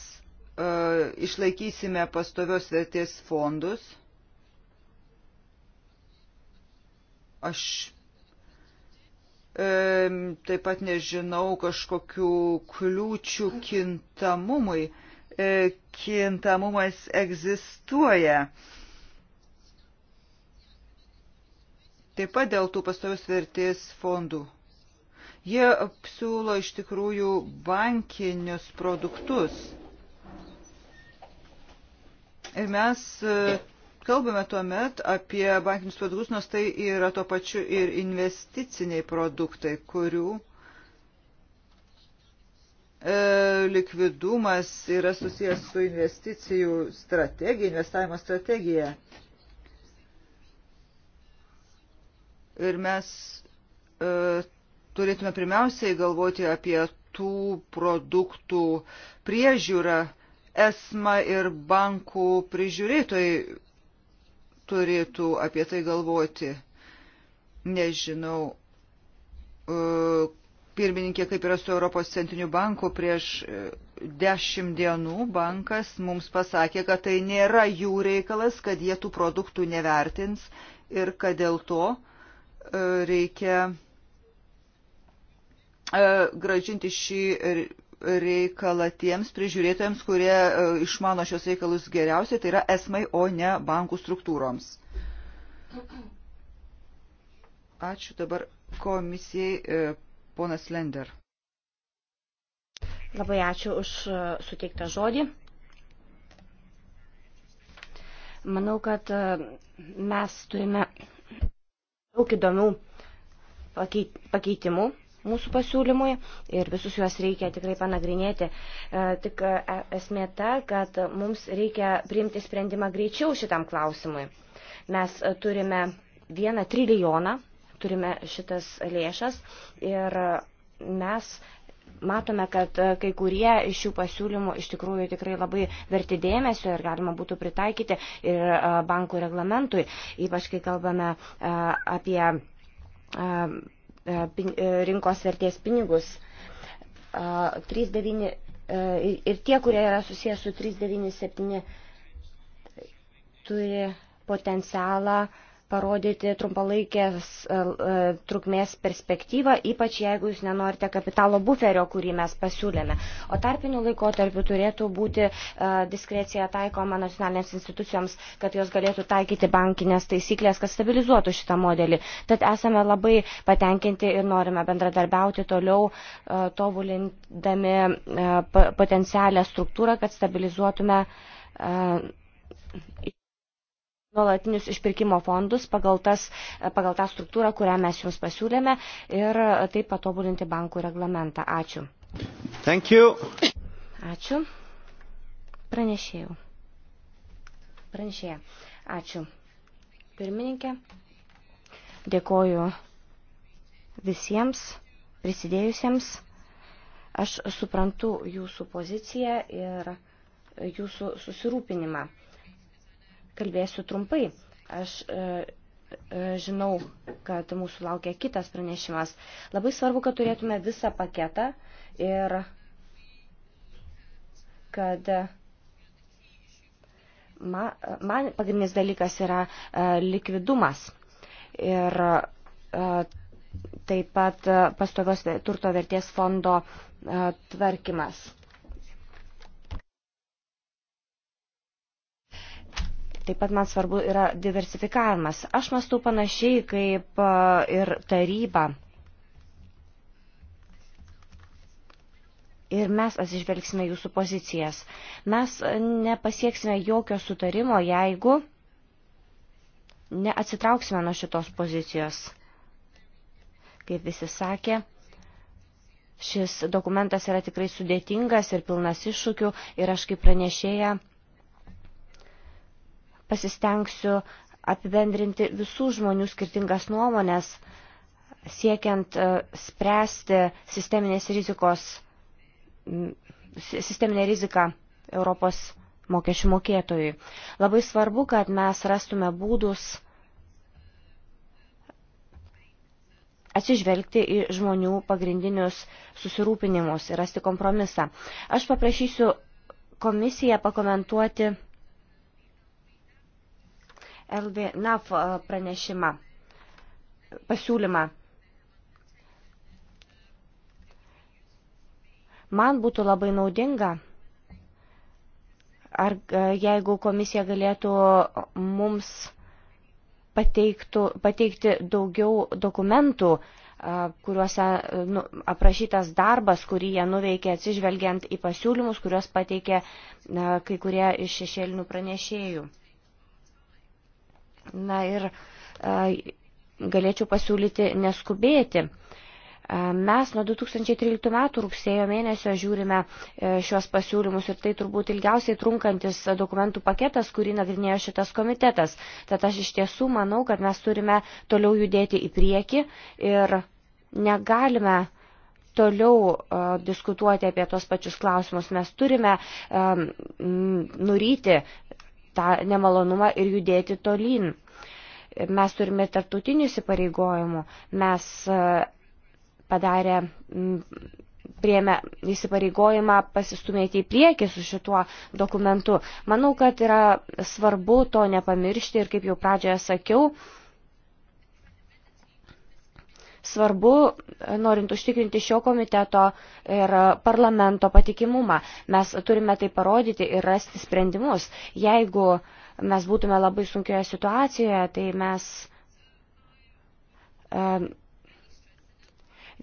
uh, išlaikysime pastovios vertės fondus, aš um, taip pat nežinau kažkokių kliūčių kintamumui. E, kintamumas egzistuoja. Uh, Taip pat dėl tų pastovios vertės fondų. Jie siūlo iš tikrųjų bankinius produktus. Ir mes e, kalbame tuomet apie bankinius produktus, nors tai yra to pačiu ir investiciniai produktai, kurių e, likvidumas yra susijęs su investicijų strategija, investavimo strategija. Ir mes e, turėtume pirmiausiai galvoti apie tų produktų priežiūrą. Esma ir bankų prižiūrėtojai turėtų apie tai galvoti. Nežinau, e, pirmininkė, kaip yra su Europos centriniu banku, prieš e, dešimt dienų bankas mums pasakė, kad tai nėra jų reikalas, kad jie tų produktų nevertins ir kad dėl to uh, reikia e, gražinti šį reikalą tiems prižiūrėtojams, kurie e, išmano šios reikalus geriausiai, tai yra esmai, o ne bankų struktūroms. Ačiū dabar komisijai, e, ponas Lender. Labai ačiū už suteiktą žodį. Manau, kad mes turime daug įdomių pakeitimų mūsų pasiūlymui ir visus juos reikia tikrai panagrinėti. E, tik e, esmė ta, kad mums reikia priimti sprendimą greičiau šitam klausimui. Mes turime vieną trilijoną, turime šitas lėšas ir mes matome, kad e, kai kurie iš šių pasiūlymų iš tikrųjų tikrai labai verti dėmesio ir galima būtų pritaikyti ir e, bankų reglamentui, ypač kai kalbame e, apie rinkos vertės pinigus. 39, ir tie, kurie yra susijęs su 397, turi potencialą uh, parodyti trumpalaikės e, e, trukmės perspektyvą, ypač jeigu jūs nenorite kapitalo buferio, kurį mes pasiūlėme. O tarpinių laikotarpių turėtų būti e, diskrecija taikoma nacionalinėms institucijoms, kad jos galėtų taikyti bankinės taisyklės, kad stabilizuotų šitą modelį. Tad esame labai patenkinti ir norime bendradarbiauti toliau, tobulindami potencialę struktūrą, kad stabilizuotume. Uh nuolatinius išpirkimo fondus pagal, tas, pagal tą struktūrą, kurią mes jums pasiūlėme ir taip patobulinti bankų reglamentą. Ačiū. Thank you. Ačiū. Pranešėjau. Pranešėja. Ačiū. Pirmininkė. Dėkoju visiems prisidėjusiems. Aš suprantu jūsų poziciją ir jūsų susirūpinimą. Kalbėsiu trumpai. Aš e, e, žinau, kad mūsų laukia kitas pranešimas. Labai svarbu, kad turėtume visą paketą ir kad e, man, man pagrindinis dalykas yra likvidumas. Ir taip pat pastovios turto vertės fondo tvarkymas. Taip pat man svarbu yra diversifikavimas. Aš mąstu panašiai kaip e, ir taryba. ir mes atsižvelgsime jūsų pozicijas. Mes nepasieksime jokio sutarimo, jeigu neatsitrauksime nuo šitos pozicijos. Kaip visi sakė, šis dokumentas yra tikrai sudėtingas ir pilnas iššūkių ir aš kaip pranešėja pasistengsiu apibendrinti visų žmonių skirtingas nuomonės, siekiant e, spręsti sisteminės rizikos, sisteminę riziką Europos mokesčių mokėtojui. Labai svarbu, kad mes rastume būdus atsižvelgti į žmonių pagrindinius susirūpinimus ir rasti kompromisą. Aš paprašysiu komisiją pakomentuoti LVNAF e, pranešimą, pasiūlymą. Man būtų labai naudinga, ar e, jeigu komisija galėtų mums pateiktų, pateikti daugiau dokumentų, e, kuriuose nu, aprašytas darbas, kurį jie nuveikė atsižvelgiant į pasiūlymus, kuriuos pateikė kai kurie iš šešėlinių pranešėjų. Na ir galėčiau pasiūlyti neskubėti. Mes nuo 2013 metų rugsėjo mėnesio žiūrime e, šios pasiūlymus ir tai turbūt ilgiausiai trunkantis dokumentų paketas, kurį nagrinėjo šitas komitetas. Tad aš iš tiesų manau, kad mes turime toliau judėti į priekį ir negalime toliau diskutuoti apie tos pačius klausimus. Mes turime nuryti tą nemalonumą ir judėti tolyn. Mes turime tarptautinių įsipareigojimų, mes e, padarę, priemė įsipareigojimą pasistumėti į priekį su šituo dokumentu. Manau, kad yra svarbu to nepamiršti ir kaip jau pradžioje sakiau, svarbu, norint užtikrinti šio komiteto ir parlamento patikimumą. Mes turime tai parodyti ir rasti sprendimus. Jeigu mes būtume labai sunkioje situacijoje, tai mes. Um,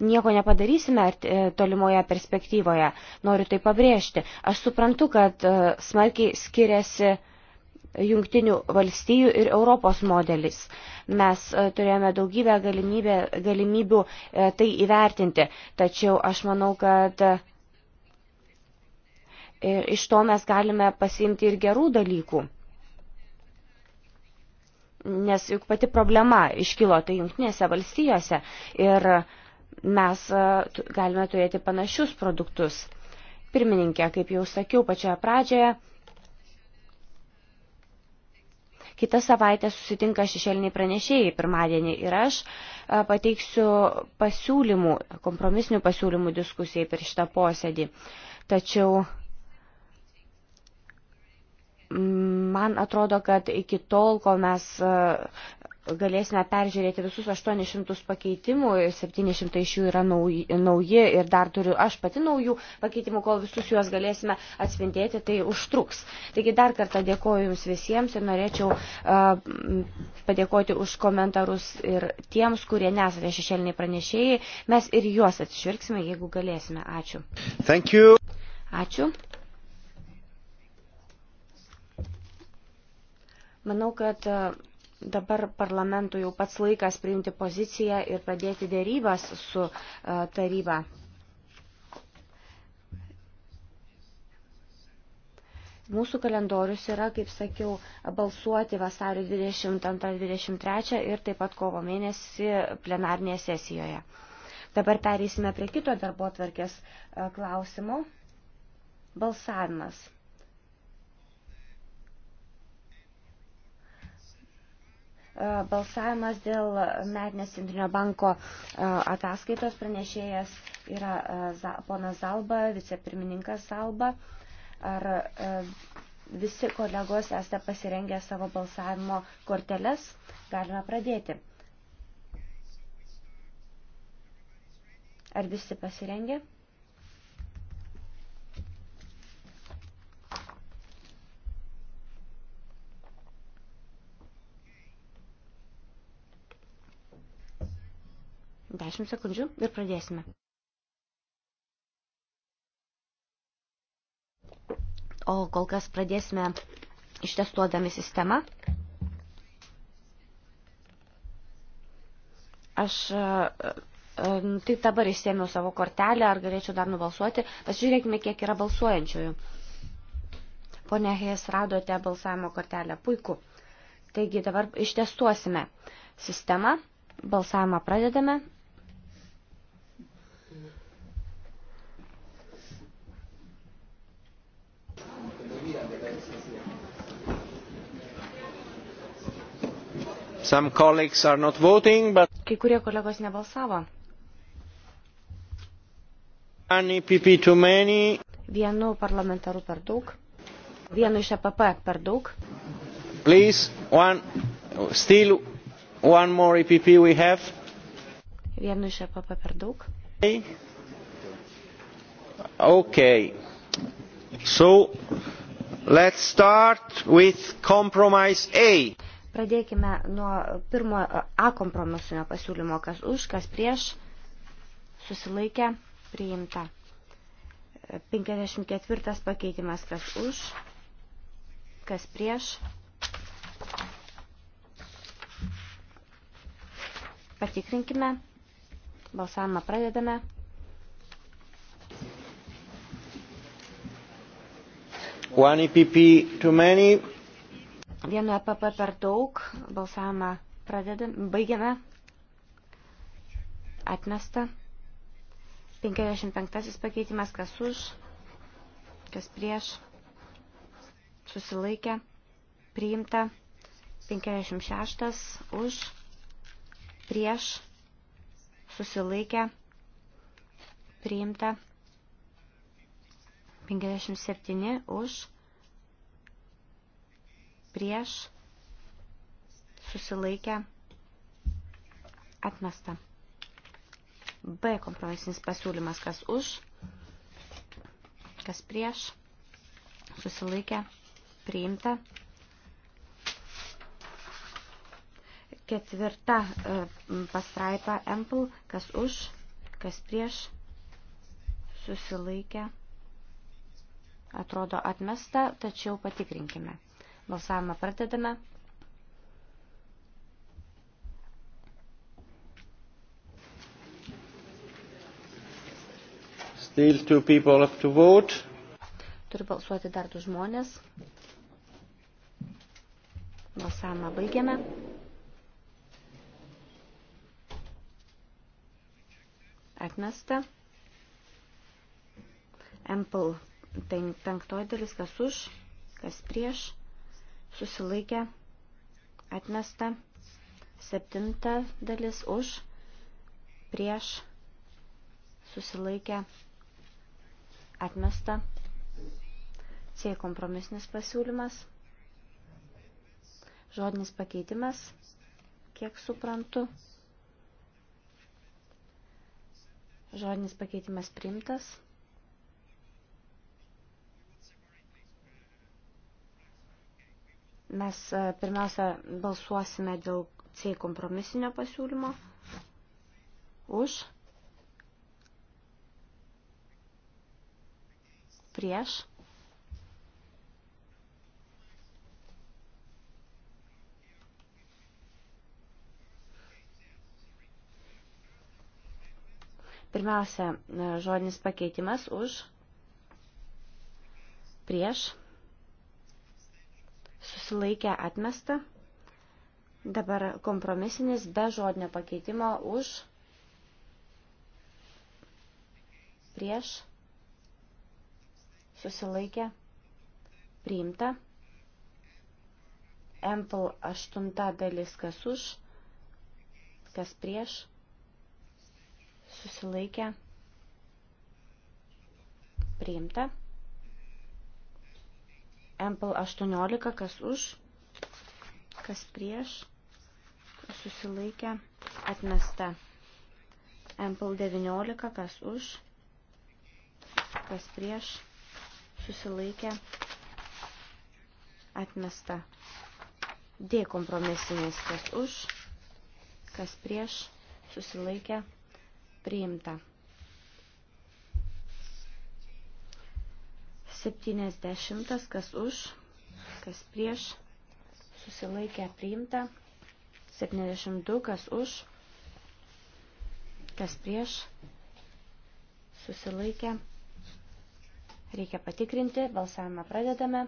nieko nepadarysime e, tolimoje perspektyvoje. Noriu tai pabrėžti. Aš suprantu, kad e, smarkiai skiriasi jungtinių valstijų ir Europos modelis. Mes e, turėjome daugybę galimybę, galimybių e, tai įvertinti, tačiau aš manau, kad e, iš to mes galime pasiimti ir gerų dalykų. Nes juk pati problema iškilo tai jungtinėse valstijose ir mes galime turėti panašius produktus. Pirmininkė, kaip jau sakiau pačioje pradžioje, Kita savaitė susitinka šešėliniai pranešėjai pirmadienį ir aš e, pateiksiu pasiūlymų, kompromisinių pasiūlymų diskusijai per šitą posėdį. Tačiau man atrodo, kad iki tol, kol mes e, galėsime peržiūrėti visus 800 pakeitimų, 700 iš jų yra nauji, nauji ir dar turiu aš pati naujų pakeitimų, kol visus juos galėsime atspindėti, tai užtruks. Taigi dar kartą dėkoju Jums visiems ir norėčiau uh, padėkoti už komentarus ir tiems, kurie nesate šešėliniai pranešėjai. Mes ir juos atsižvelgsime, jeigu galėsime. Ačiū. Ačiū. Manau, kad uh, dabar parlamentui jau pats laikas priimti poziciją ir pradėti dėrybas su e, taryba. Mūsų kalendorius yra, kaip sakiau, balsuoti vasario 22-23 ir taip pat kovo mėnesį plenarnėje sesijoje. Dabar pereisime prie kito darbo tvarkės e, klausimo. Balsavimas. E, balsavimas dėl metinės Centrinio banko e, ataskaitos pranešėjas yra e, ponas Zalba, vicepirmininkas Zalba. Ar visi kolegos esate pasirengę savo balsavimo korteles? Galime pradėti. Ar visi pasirengę? 10 sekundžių ir pradėsime. O kol kas pradėsime ištestuodami sistemą. Aš e, e, tik dabar išsėmiau savo kortelę, ar galėčiau dar nubalsuoti. Pasižiūrėkime, kiek yra balsuojančiųjų. Pone Hejas, radote balsavimo kortelę. Puiku. Taigi dabar ištestuosime sistemą. Balsavimą pradedame. Voting, but... Kai kurie kolegos nebalsavo. E Vienu parlamentaru per daug. Vienu iš EPP per daug. Please, one, still one more EPP we have. Vienu iš EPP per daug. Okay. So, let's start with compromise A. Pradėkime nuo pirmo e, A kompromisinio pasiūlymo, kas už, kas prieš, susilaikė, priimta. 54 e, pakeitimas, kas už, kas prieš. Patikrinkime. Balsavimą pradedame. One EPP too many. Vienu EPP per daug. Balsavimą pradedame. Baigiame. Atmesta. 55 pakeitimas. Kas už? Kas prieš? Susilaikė. Priimta. 56 už. Prieš. Susilaikė. Priimta. 57 už prieš, susilaikę, atmesta. B kompromisinis pasiūlymas, kas už, kas prieš, susilaikę, priimta. Ketvirta e, pastraipa Ample, kas už, kas prieš, susilaikę, atrodo atmesta, tačiau patikrinkime. Balsavimą pradedame. Still two people have to vote. Turi balsuoti dar du žmonės. Balsavimą baigiame. Atmesta. Ample penktoji dalis, kas už, kas prieš susilaikė, atmesta. Septinta dalis už, prieš, susilaikė, atmesta. C kompromisinis pasiūlymas, žodinis pakeitimas, kiek suprantu. Žodinis pakeitimas priimtas. Mes e, pirmiausia balsuosime dėl C kompromisinio pasiūlymo. Už. Prieš. Pirmiausia, e, žodinis pakeitimas už prieš susilaikė atmesta. Dabar kompromisinis be žodinio pakeitimo už, prieš, susilaikė, priimta. Ample aštunta dalis kas už, kas prieš, susilaikė, priimta. MPL 18, kas už, kas prieš, susilaikė, atmesta. MPL 19, kas už, kas prieš, susilaikė, atmesta. D kompromisinis, kas už, kas prieš, susilaikė, priimta. 70, kas už, kas prieš, susilaikė priimta, 72, kas už, kas prieš, susilaikė, reikia patikrinti, balsavimą pradedame,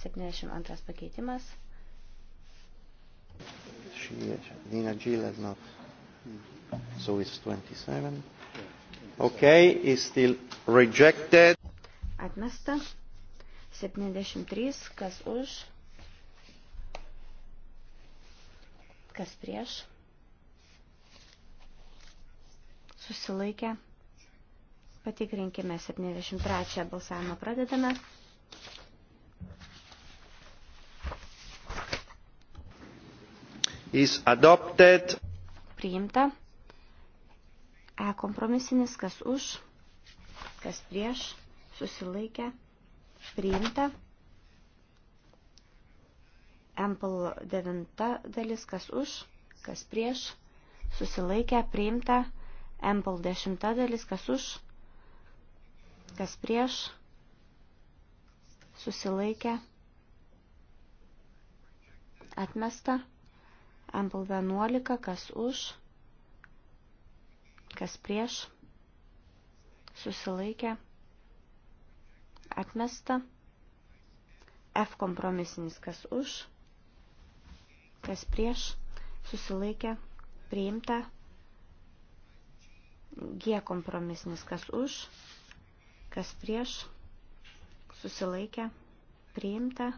72 pakeitimas. Nina Gill has not. So it's 27. Okay, is still rejected. Atmesta. 73. Kas už? Kas prieš? Susilaikę. Patikrinkime 73. Balsavimą pradedame. Is adopted. Priimta. E kompromisinis, kas už, kas prieš susilaikę, priimta. Ample 9 dalis, kas už, kas prieš, susilaikę, priimta. Ample 10 dalis, kas už, kas prieš, susilaikę, atmesta. Ample 11, kas už, kas prieš, susilaikę, atmesta atmesta. F kompromisinis kas už, kas prieš, susilaikė, priimta. G kompromisinis kas už, kas prieš, susilaikė, priimta.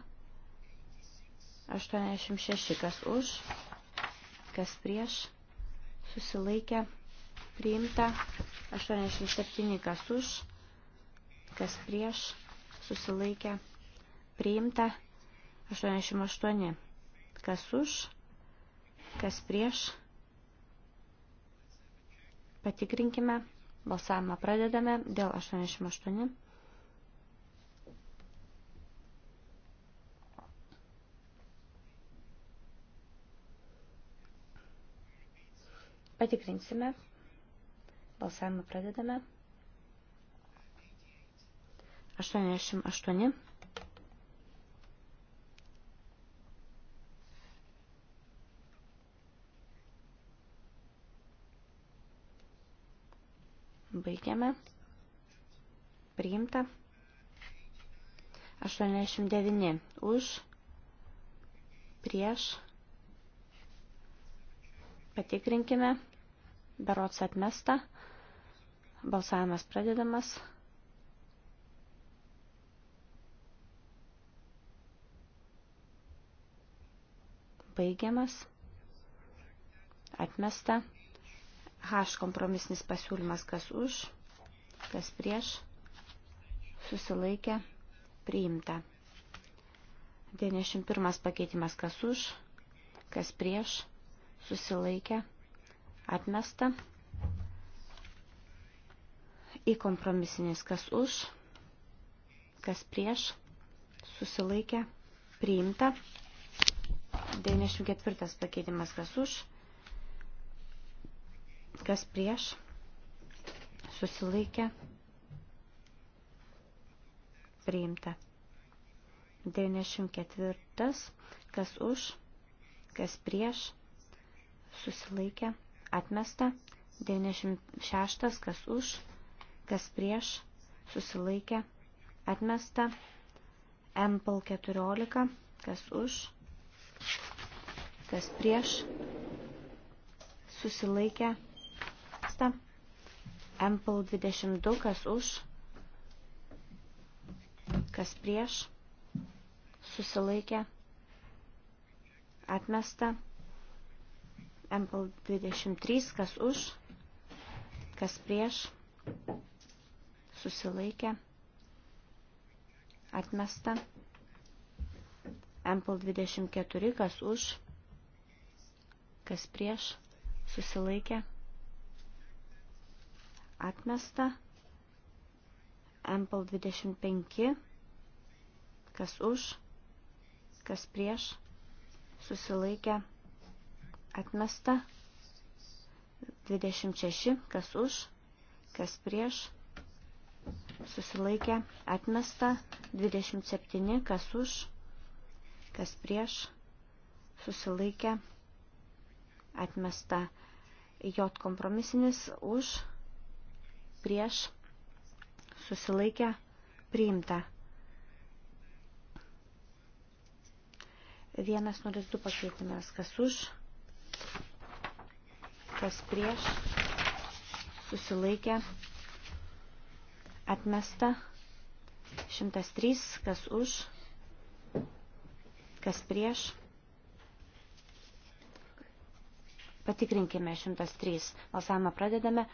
86 kas už, kas prieš, susilaikė, priimta. 87 kas už, kas prieš, susilaikė, priimta 88. Kas už, kas prieš. Patikrinkime, balsavimą pradedame dėl 88. Patikrinsime. Balsavimą pradedame. 88. Baigiame. Priimta. 89. Už. Prieš. Patikrinkime. Berots atmesta. Balsavimas pradedamas. baigiamas. Atmesta. H kompromisinis pasiūlymas, kas už, kas prieš, susilaikė, priimta. 91 pakeitimas, kas už, kas prieš, susilaikė, atmesta. Į kompromisinis, kas už, kas prieš, susilaikė, priimta. 94 pakeitimas kas už, kas prieš, susilaikė, priimta. 94 kas už, kas prieš, susilaikė, atmesta. 96 kas už, kas prieš, susilaikė, atmesta. Ample 14, kas už, kas prieš, susilaikę, sta. Ample 22, kas už, kas prieš, susilaikę, atmesta. Ample 23, kas už, kas prieš, susilaikę, atmesta. Ample 24, kas už, kas prieš, susilaikė, atmesta, Ample 25, kas už, kas prieš, susilaikė, atmesta, 26, kas už, kas prieš, susilaikė, atmesta, 27, kas už, kas prieš, susilaikė, atmesta atmesta J kompromisinis už, prieš, susilaikę, priimta. 102 pakeitimas, kas už, kas prieš, susilaikę, atmesta, 103, kas už, kas prieš, Patikrinkime 103. Balsavimą pradedame.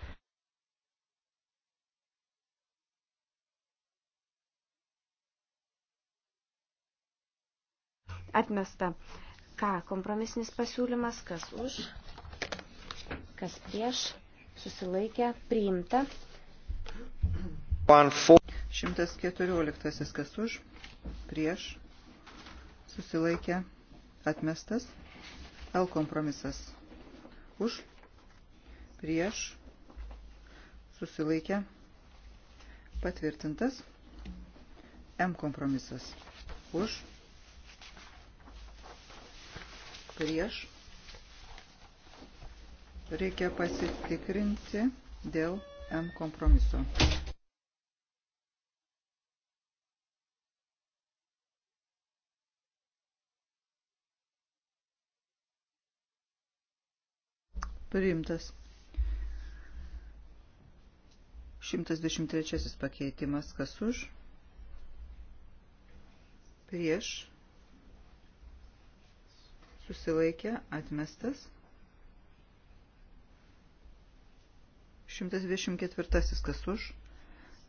Atmesta. Ką, kompromisinis pasiūlymas, kas už, kas prieš, susilaikė, priimta. 114. Kas už, prieš, susilaikė, atmestas. L kompromisas už, prieš, susilaikę, patvirtintas. M kompromisas už, prieš, reikia pasitikrinti dėl M kompromiso. Priimtas. 123 pakeitimas. Kas už? Prieš. Susilaikė. Atmestas. 124 kas už.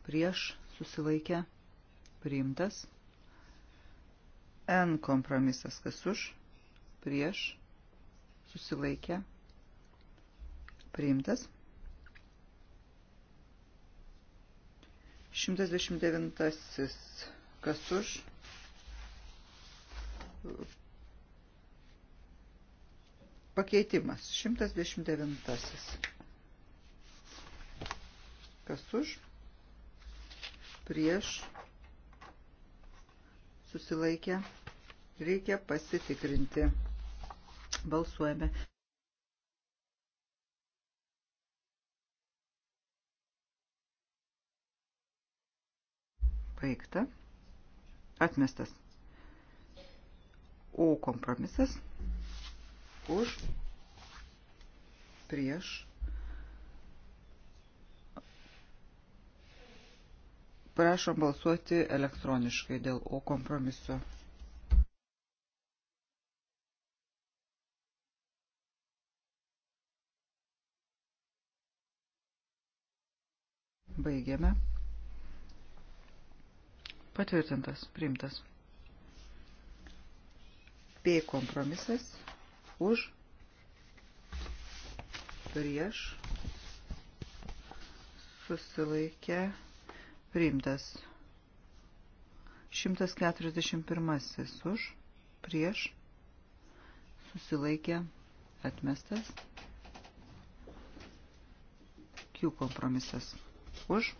Prieš. Susilaikė. Priimtas. N kompromisas kas už. Prieš. Susilaikė. Priimtas priimtas. 129. Kas už? Pakeitimas. 129. Kas už? Prieš. Susilaikę. Reikia pasitikrinti. Balsuojame. Baigta. Atmestas. O kompromisas. Už. Prieš. Prašom balsuoti elektroniškai dėl O kompromiso. Baigiame. Patvirtintas, priimtas. P kompromisas už, prieš, susilaikę, priimtas. 141 už, prieš, susilaikė, atmestas. Q kompromisas už,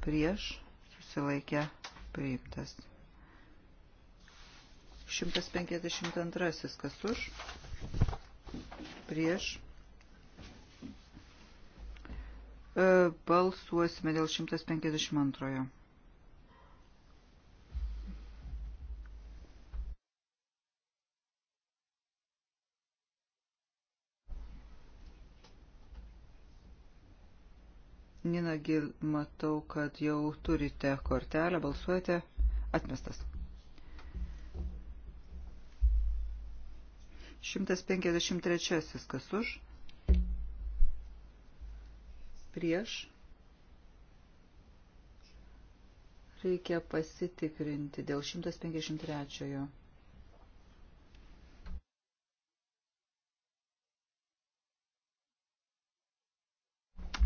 prieš, susilaikė priimtas. 152 kas už, prieš. E, balsuosime dėl 152. Taigi matau, kad jau turite kortelę, balsuojate. Atmestas. 153. Kas už? Prieš. Reikia pasitikrinti dėl 153.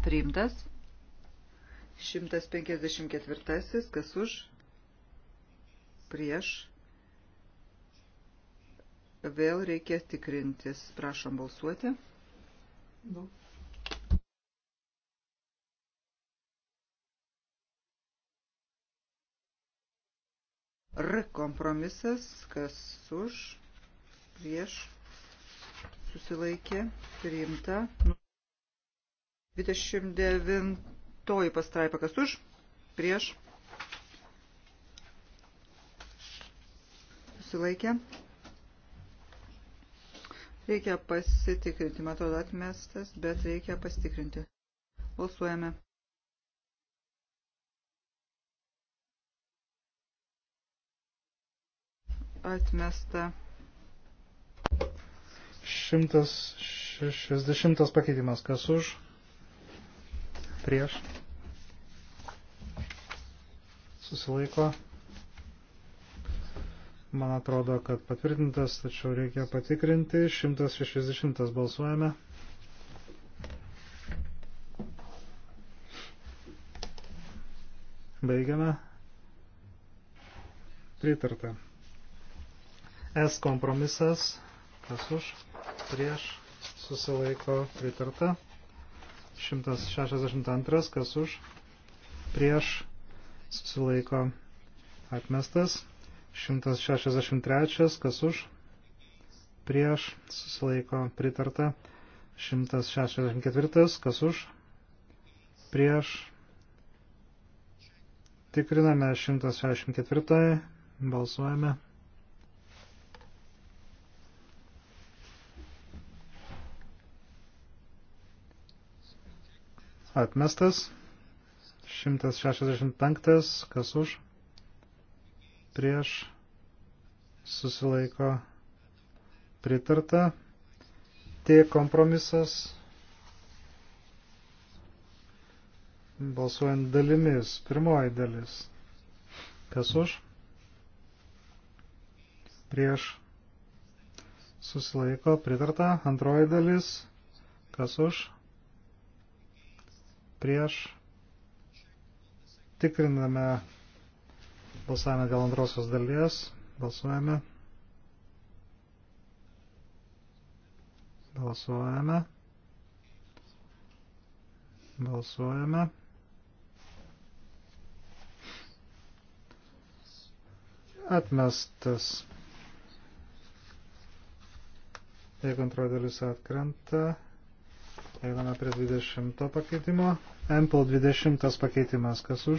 priimtas. 154. Kas už? Prieš. Vėl reikia tikrintis. Prašom balsuoti. Nu. R kompromisas, kas už, prieš, susilaikė, priimta. 29 Penktoji pastraipa kas už, prieš, susilaikė. Reikia pasitikrinti, man atrodo atmestas, bet reikia pasitikrinti. Balsuojame. Atmesta. 160 pakeitimas, kas už? prieš, susilaiko. Man atrodo, kad patvirtintas, tačiau reikia patikrinti. 160 balsuojame. Baigiame. Pritarta. S kompromisas. Kas už? Prieš. Susilaiko. Pritarta. 162, kas už, prieš, susilaiko atmestas. 163, kas už, prieš, susilaiko pritarta. 164, kas už, prieš. Tikriname 164, balsuojame. Atmestas. 165. Kas už? Prieš. Susilaiko. Pritarta. T kompromisas. Balsuojant dalimis. Pirmoji dalis. Kas už? Prieš. Susilaiko. Pritarta. Antroji dalis. Kas už? prieš. Tikriname balsavimą dėl antrosios dalies. Balsuojame. Balsuojame. Balsuojame. Atmestas. Jeigu antroji dalis atkrenta. Einame prie 20 pakeitimo. Ample 20 pakeitimas. Kas už?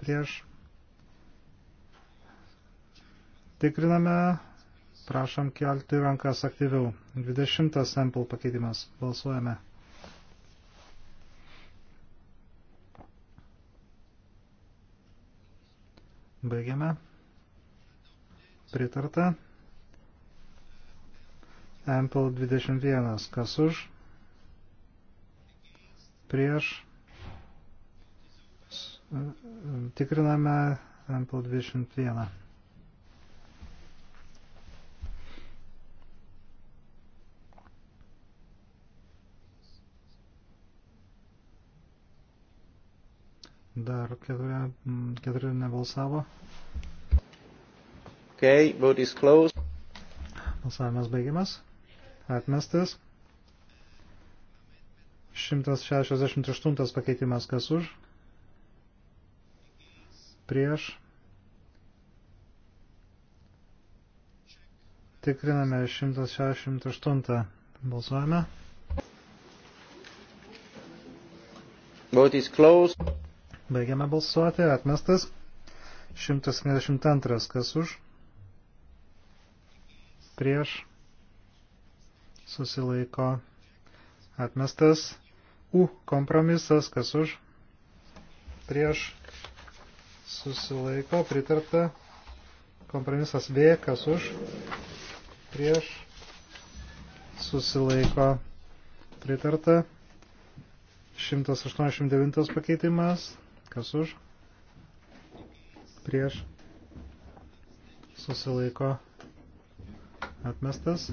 Prieš. Tikriname. Prašom kelti rankas aktyviau. 20 sample pakeitimas. Balsuojame. Baigiame. Pritarta. Ample 21. Kas už? Prieš. E, tikriname Ample 21. Dar keturi, keturi nebalsavo. Okay, vote is closed. Balsavimas baigiamas atmestas. 168 pakeitimas kas už, prieš. Tikriname 168 balsuojame. Vote is closed. Baigiame balsuoti, atmestas. 172 kas už, prieš susilaiko atmestas. U kompromisas, kas už, prieš, susilaiko, pritarta. Kompromisas V, kas už, prieš, susilaiko, pritarta. 189 pakeitimas, kas už, prieš, susilaiko, atmestas.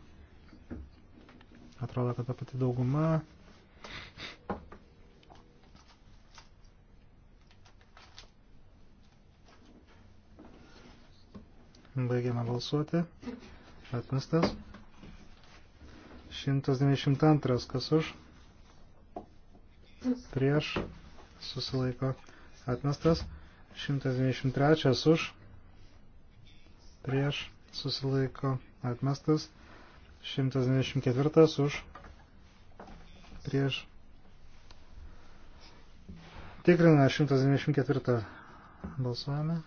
Atrodo, kad ta pati dauguma. Baigiame balsuoti. Atmestas. 192. Kas už? Prieš. Susilaiko. Atmestas. 193. Už. Prieš. Susilaiko. Atmestas. 124 už prieš. Tikrina 124. Balsuojame.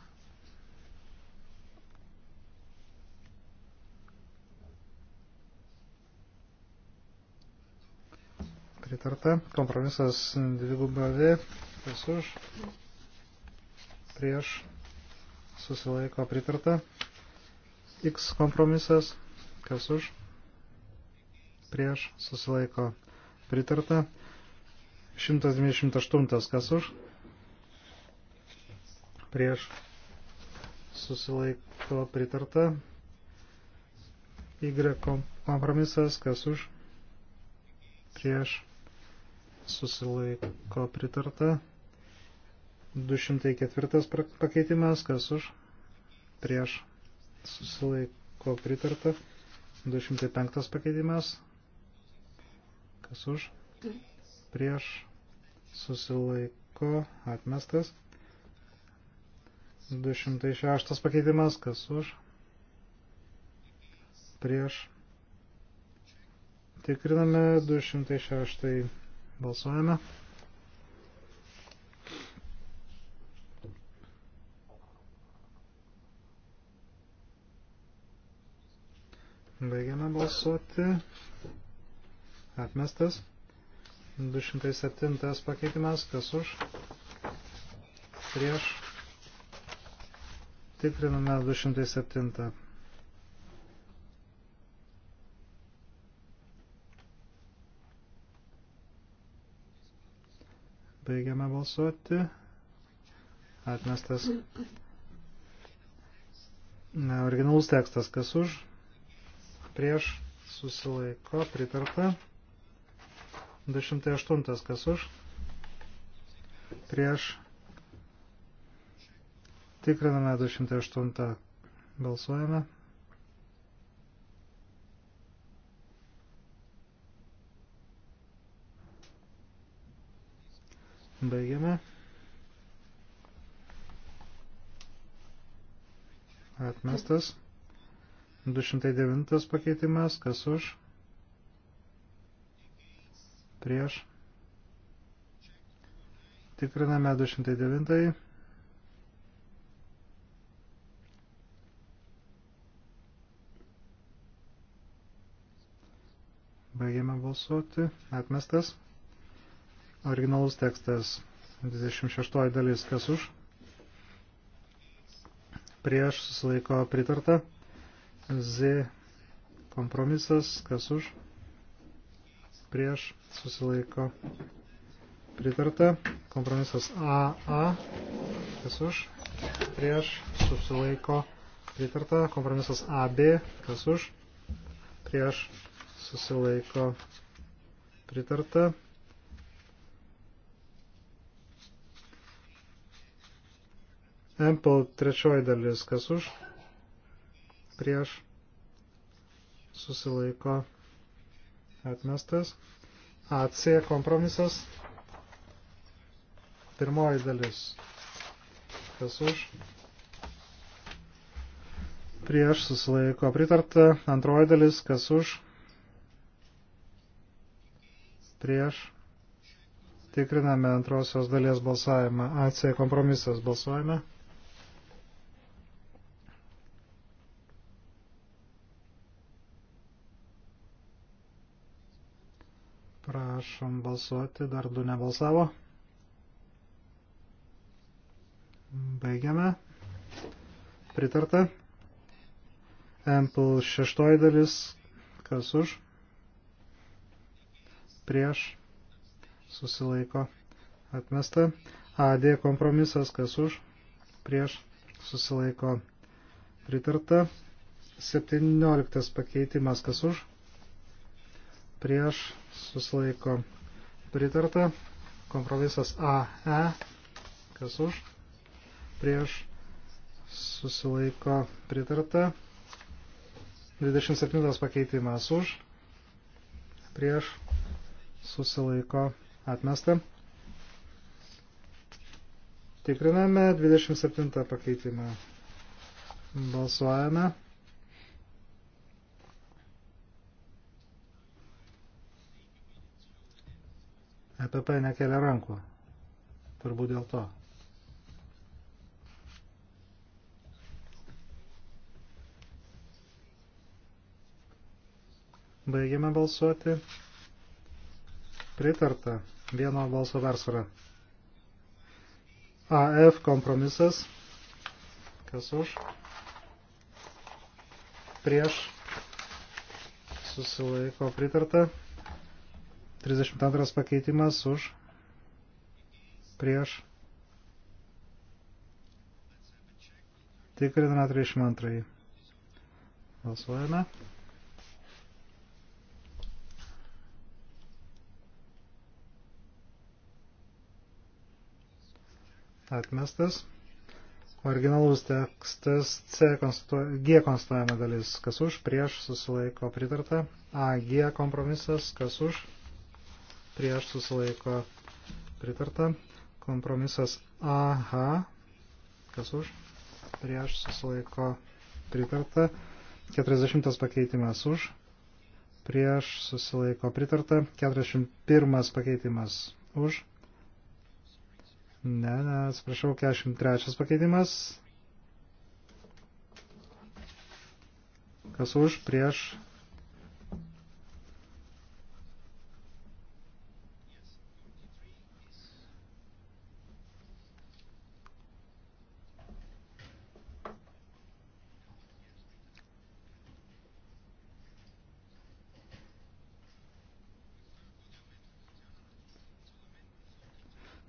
Pritarta. Kompromisas dvigubą V. Kas už? Prieš. Susilaiko pritarta. X kompromisas. Kas už? prieš, susilaiko pritarta. 128 kas už, prieš, susilaiko pritarta. Y kompromisas kas už, prieš, susilaiko pritarta. 204 pakeitimas, kas už, prieš, susilaiko pritarta. 205 pakeitimas, Kas už? Prieš susilaiko atmestas. 206 pakeitimas. Kas už? Prieš. Tikriname 206. Balsuojame. Baigiame balsuoti atmestas. 207 pakeitimas, kas už, prieš, tikriname 207. Baigiame balsuoti. Atmestas. Ne, originalus tekstas, kas už, prieš, susilaiko, pritarta. 208 kas už, prieš, tikriname 208, balsuojame. Baigiame. Atmestas. 209 pakeitimas, kas už? prieš. Tikriname 209. Baigėme balsuoti. Atmestas. Originalus tekstas 26 dalis. Kas už? Prieš susilaiko pritarta. Z kompromisas. Kas už? prieš susilaiko pritarta. Kompromisas AA, kas už, prieš susilaiko pritarta. Kompromisas AB, kas už, prieš susilaiko pritarta. Ample trečioji dalis, kas už, prieš, susilaiko, atmestas. AC kompromisas. Pirmoji dalis. Kas už? Prieš susilaiko pritarta. Antroji dalis. Kas už? Prieš. Tikriname antrosios dalies balsavimą. AC kompromisas balsuojame. Prašom balsuoti, dar du nebalsavo. Baigiame. Pritarta. Ample šeštoji dalis. Kas už? Prieš. Susilaiko. Atmesta. AD kompromisas. Kas už? Prieš. Susilaiko. Pritarta. 17 pakeitimas. Kas už? prieš, susilaiko pritarta. Kompromisas AE, kas už, prieš, susilaiko pritarta. 27 pakeitimas už, prieš, susilaiko atmesta. Tikriname 27 pakeitimą. Balsuojame. EPP nekelia rankų. Turbūt dėl to. Baigiame balsuoti. Pritarta vieno balso persvara. AF kompromisas. Kas už? Prieš. Susilaiko pritarta. 32 pakeitimas už prieš tikriname 32. Balsuojame. Atmestas. Originalus tekstas C, konstatuoja, G konstatuojama dalis. Kas už, prieš, susilaiko pritarta. A, G kompromisas, kas už, prieš susilaiko pritarta. Kompromisas AH, kas už, prieš susilaiko pritarta. 40 pakeitimas už, prieš susilaiko pritarta. 41 pakeitimas už. Ne, ne, atsiprašau, 43 pakeitimas. Kas už, prieš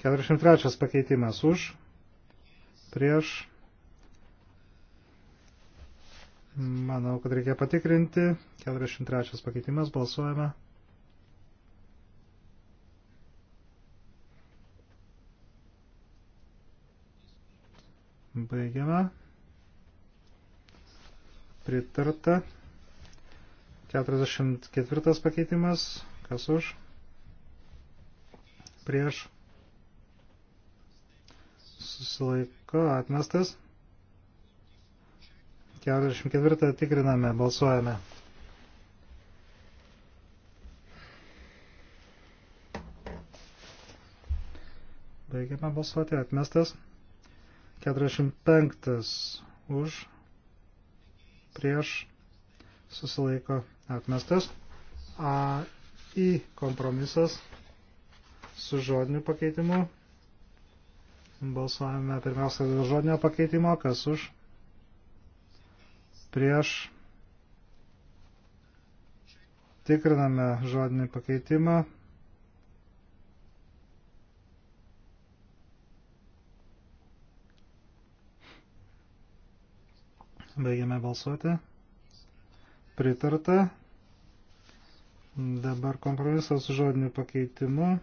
43 pakeitimas už, prieš. Manau, kad reikia patikrinti. 43 pakeitimas, balsuojame. Baigiame. Pritarta. 44 pakeitimas. Kas už? Prieš susilaiko atmestas. 44 tikriname, balsuojame. Baigiame balsuoti, atmestas. 45 už, prieš, susilaiko, atmestas. A, į kompromisas su žodiniu pakeitimu Balsuojame pirmiausia dėl žodinio pakeitimo, kas už, prieš, tikriname žodinį pakeitimą. Baigiame balsuoti. Pritarta. Dabar kompromisas su žodiniu pakeitimu.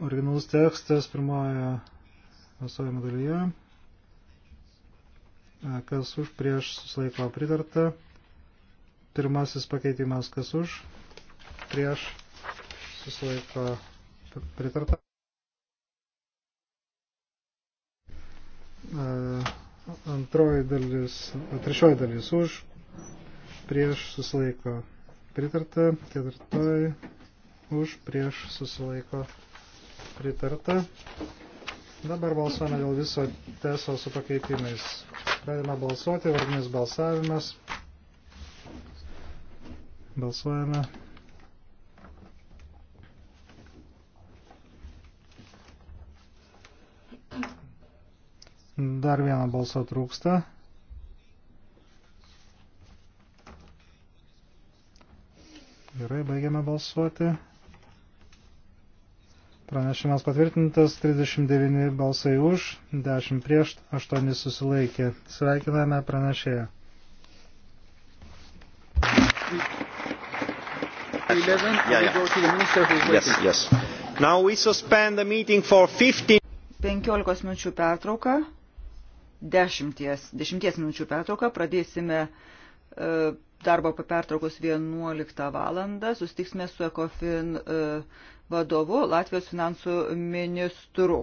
originalus tekstas pirmoje balsuojimo dalyje. Kas už prieš susilaiko pritarta. Pirmasis pakeitimas kas už prieš susilaiko pritarta. Antroji dalis, trečioji dalis už prieš susilaiko pritarta. Ketvirtoji už prieš susilaiko pritarta. Dabar balsuojame dėl viso teso su pakeitimais. Pradėjome balsuoti, vardinis balsavimas. Balsuojame. Dar vieną balsą trūksta. Gerai, baigiame balsuoti. Pranešimas patvirtintas, 39 balsai už, 10 prieš, 8 susilaikė. Sveikiname pranešėją. Yes, yes. 15... 15 minučių pertrauką, 10, 10 minučių pertrauką, pradėsime uh, darbo po pertraukos 11 valandą, sustiksime su ECOFIN uh, vadovu Latvijos finansų ministru.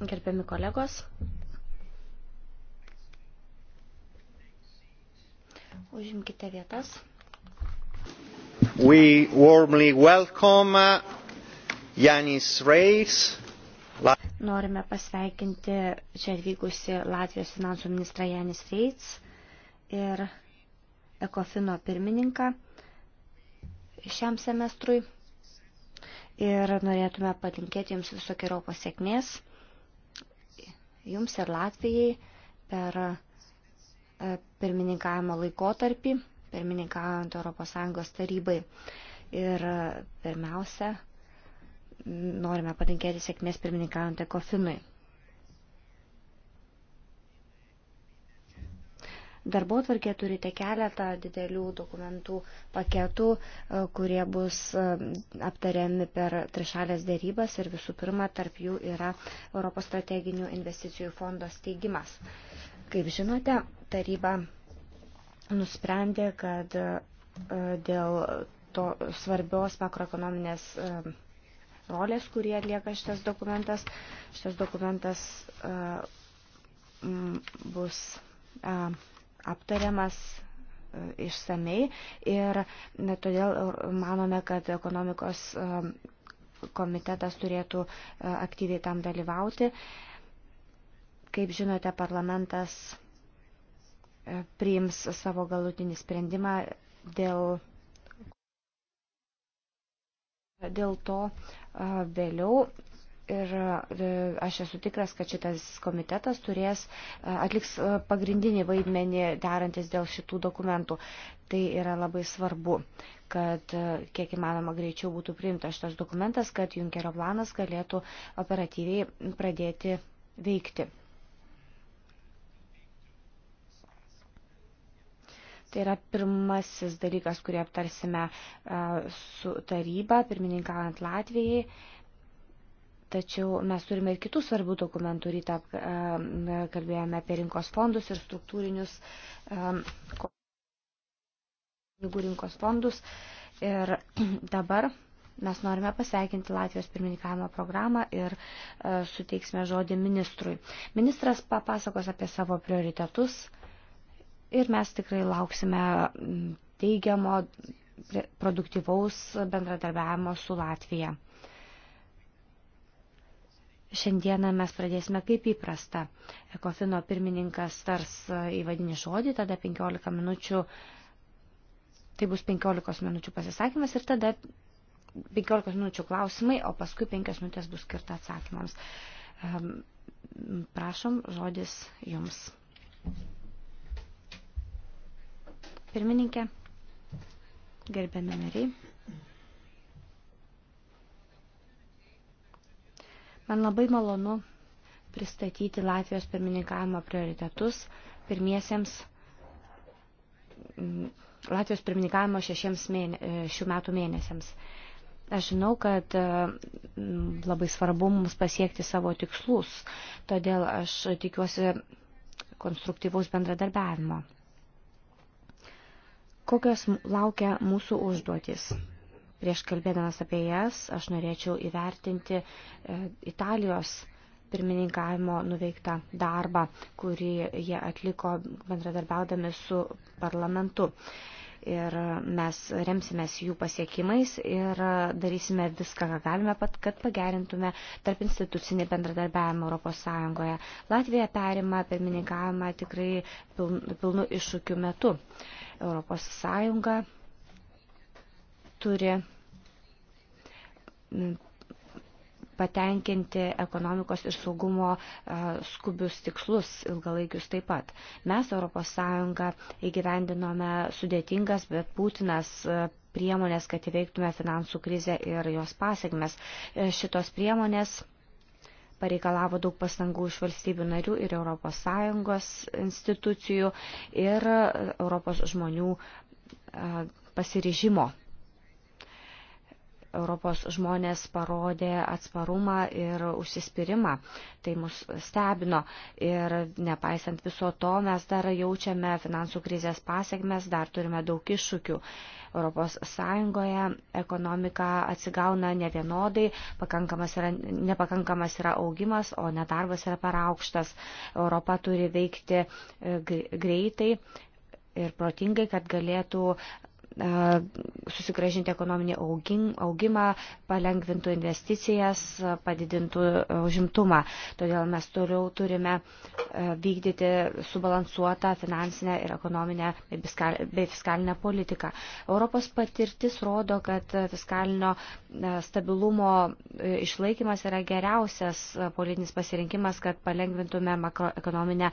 Gerbiami kolegos, užimkite vietas. We warmly welcome uh, Janis Reis. Norime pasveikinti čia atvykusi Latvijos finansų ministrą Janis Reits ir Ekofino pirmininką šiam semestrui ir norėtume palinkėti Jums visokiojo pasiekmės, Jums ir Latvijai per e, pirmininkavimo laikotarpį, pirmininkaujant ES tarybai. Ir e, pirmiausia, norime palinkėti sėkmės pirmininkaujant Ekofinui. Darbo tvarkė turite keletą didelių dokumentų paketų, e, kurie bus e, aptariami per trišalės dėrybas ir visų pirma tarp jų yra Europos strateginių investicijų fondo steigimas. Kaip žinote, taryba nusprendė, kad e, dėl to svarbios makroekonominės rolės, kurį atlieka šitas dokumentas. Šitas dokumentas bus aptariamas e, išsamei ir todėl manome, kad ekonomikos e, komitetas turėtų e, aktyviai tam dalyvauti. Kaip žinote, parlamentas priims savo galutinį sprendimą dėl, dėl to vėliau Ir e, aš esu tikras, kad šitas komitetas turės, e, atliks e, pagrindinį vaidmenį derantis dėl šitų dokumentų. Tai yra labai svarbu, kad kiek įmanoma greičiau būtų priimtas šitas dokumentas, kad Junkerio planas galėtų operatyviai pradėti veikti. Tai yra pirmasis dalykas, kurį aptarsime su taryba, pirmininkaujant Latvijai Tačiau mes turime ir kitų svarbių dokumentų. Ryta e, kalbėjome apie rinkos fondus ir struktūrinius e, pinigų rinkos fondus. Ir dabar mes norime pasveikinti Latvijos pirmininkavimo programą ir e, suteiksime žodį ministrui. Ministras papasakos apie savo prioritetus ir mes tikrai lauksime teigiamo, produktyvaus bendradarbiavimo su Latvija. Šiandieną mes pradėsime kaip įprasta. Ekofino pirmininkas tars e, įvadinį žodį, tada 15 minučių, tai bus 15 minučių pasisakymas ir tada 15 minučių klausimai, o paskui 5 minutės bus skirta atsakymams. Ehm, prašom, žodis jums. Pirmininkė, gerbiami nariai. Man labai malonu pristatyti Latvijos pirmininkavimo prioritetus pirmiesiems mm, Latvijos pirmininkavimo šešiems mėne, e, šių metų mėnesiams. Aš žinau, kad e, mm, labai svarbu mums pasiekti savo tikslus, todėl aš tikiuosi konstruktyvaus bendradarbiavimo. Kokios laukia mūsų užduotis? Prieš kalbėdamas apie jas, aš norėčiau įvertinti e, Italijos pirmininkavimo nuveiktą darbą, kurį jie atliko bendradarbiaudami su parlamentu ir mes remsimės jų pasiekimais ir darysime viską, ką galime, pat, kad pagerintume tarp institucinį bendradarbiavimą ES. Latvija perima pirmininkavimą tikrai pilnu iššūkių metu. ES turi mm, patenkinti ekonomikos ir saugumo e, skubius tikslus ilgalaikius taip pat. Mes ES įgyvendinome sudėtingas, bet būtinas e, priemonės, kad įveiktume finansų krizę ir jos pasiekmes. E, šitos priemonės pareikalavo daug pastangų iš valstybių narių ir ES institucijų ir Europos žmonių pasiryžimo Europos žmonės parodė atsparumą ir užsispyrimą. Tai mus stebino ir nepaisant viso to mes dar jaučiame finansų krizės pasiekmes, dar turime daug iššūkių. ES ekonomika atsigauna nevienodai, pakankamas yra, nepakankamas yra augimas, o nedarbas yra per aukštas. Europa turi veikti e, greitai ir protingai, kad galėtų susigražinti ekonominį augimą, palengvintų investicijas, padidintų užimtumą. Todėl mes toliau turime vykdyti subalansuotą finansinę ir ekonominę bei fiskalinę politiką. Europos patirtis rodo, kad fiskalinio stabilumo išlaikymas yra geriausias politinis pasirinkimas, kad palengvintume makroekonominę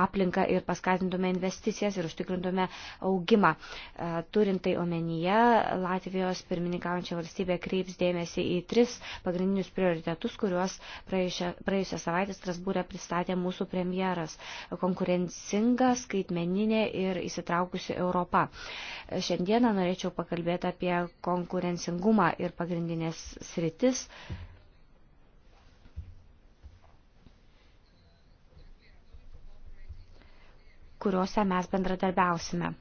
aplinką ir paskatintume investicijas ir užtikrintume augimą. Turint Turint tai omenyje, Latvijos pirmininkaujančia valstybė kreips dėmesį į tris pagrindinius prioritetus, kuriuos praėjusią savaitę Strasbūrė pristatė mūsų premjeras - konkurencinga, skaitmeninė ir įsitraukusi Europa. Šiandieną norėčiau pakalbėti apie konkurencingumą ir pagrindinės sritis. kuriuose mes bendradarbiausime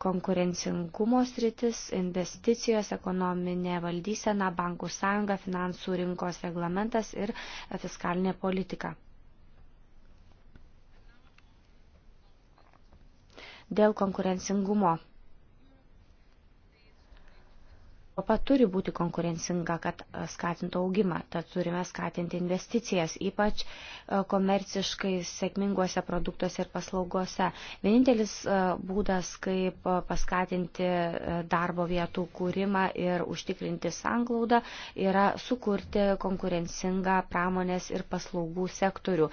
konkurencingumo sritis, investicijos, ekonominė valdysena, bankų sąjunga, finansų rinkos reglamentas ir fiskalinė politika. Dėl konkurencingumo Europa turi būti konkurencinga, kad e, skatintų augimą, tad turime skatinti investicijas, ypač e, komerciškai sėkminguose produktuose ir paslaugose. Vienintelis e, būdas, kaip paskatinti darbo vietų kūrimą ir užtikrinti sanglaudą, yra sukurti konkurencingą pramonės ir paslaugų sektorių.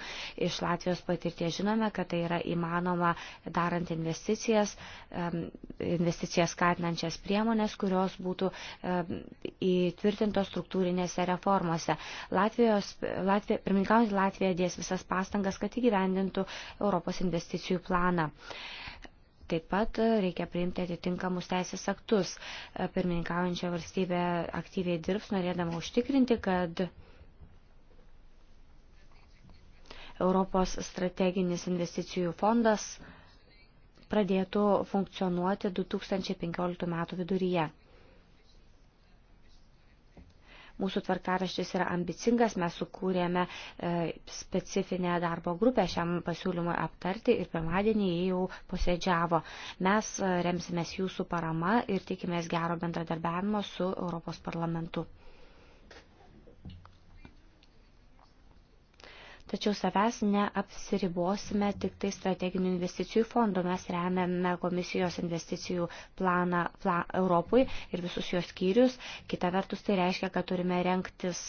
Iš Latvijos patirties žinome, kad tai yra įmanoma darant investicijas, investicijas skatinančias priemonės, kurios būtų įtvirtintos struktūrinėse reformose. Latvijos, Latvija, pirmininkaujant Latvija dės visas pastangas, kad įgyvendintų Europos investicijų planą. Taip pat e, reikia priimti atitinkamus teisės aktus. E, pirmininkaujančia valstybė aktyviai dirbs, norėdama užtikrinti, kad Europos strateginis investicijų fondas pradėtų funkcionuoti 2015 metų viduryje. Mūsų tvarkaraštis yra ambicingas, mes sukūrėme e, specifinę darbo grupę šiam pasiūlymui aptarti ir pirmadienį jį jau posėdžiavo. Mes e, remsimės jūsų parama ir tikimės gero bendradarbiavimo su Europos parlamentu. Tačiau savęs neapsiribosime tik tai strateginių investicijų fondo. Mes remiame komisijos investicijų planą plan, Europui ir visus jos skyrius. Kita vertus tai reiškia, kad turime renktis.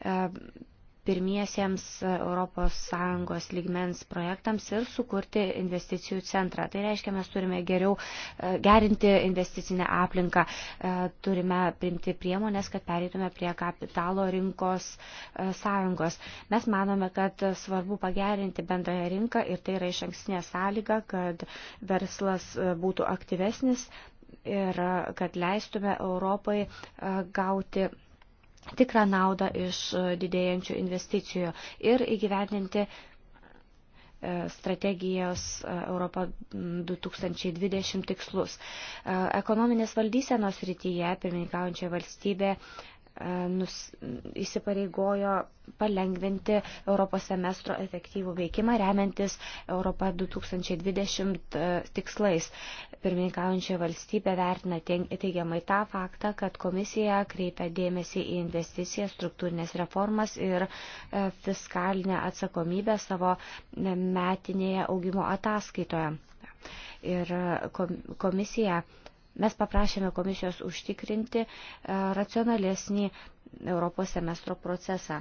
E, pirmiesiems ES lygmens projektams ir sukurti investicijų centrą. Tai reiškia, mes turime geriau e, gerinti investicinę aplinką, e, turime primti priemonės, kad pereitume prie kapitalo rinkos e, sąjungos. Mes manome, kad svarbu pagerinti bendrąją rinką ir tai yra iš ankstinė sąlyga, kad verslas būtų aktyvesnis ir kad leistume Europai gauti tikrą naudą iš didėjančių investicijų ir įgyvendinti e, strategijos e, Europa 2020 tikslus. E, ekonominės valdysenos rytyje pirmininkaujančia valstybė E, nus, įsipareigojo palengventi Europos semestro efektyvų veikimą remiantis Europą 2020 e, tikslais. Pirmininkaujančia valstybė vertina teigiamai tą faktą, kad komisija kreipia dėmesį į investicijas, struktūrinės reformas ir e, fiskalinę atsakomybę savo metinėje augimo ataskaitoje. Ir komisija Mes paprašėme komisijos užtikrinti e, racionalesnį Europos semestro procesą.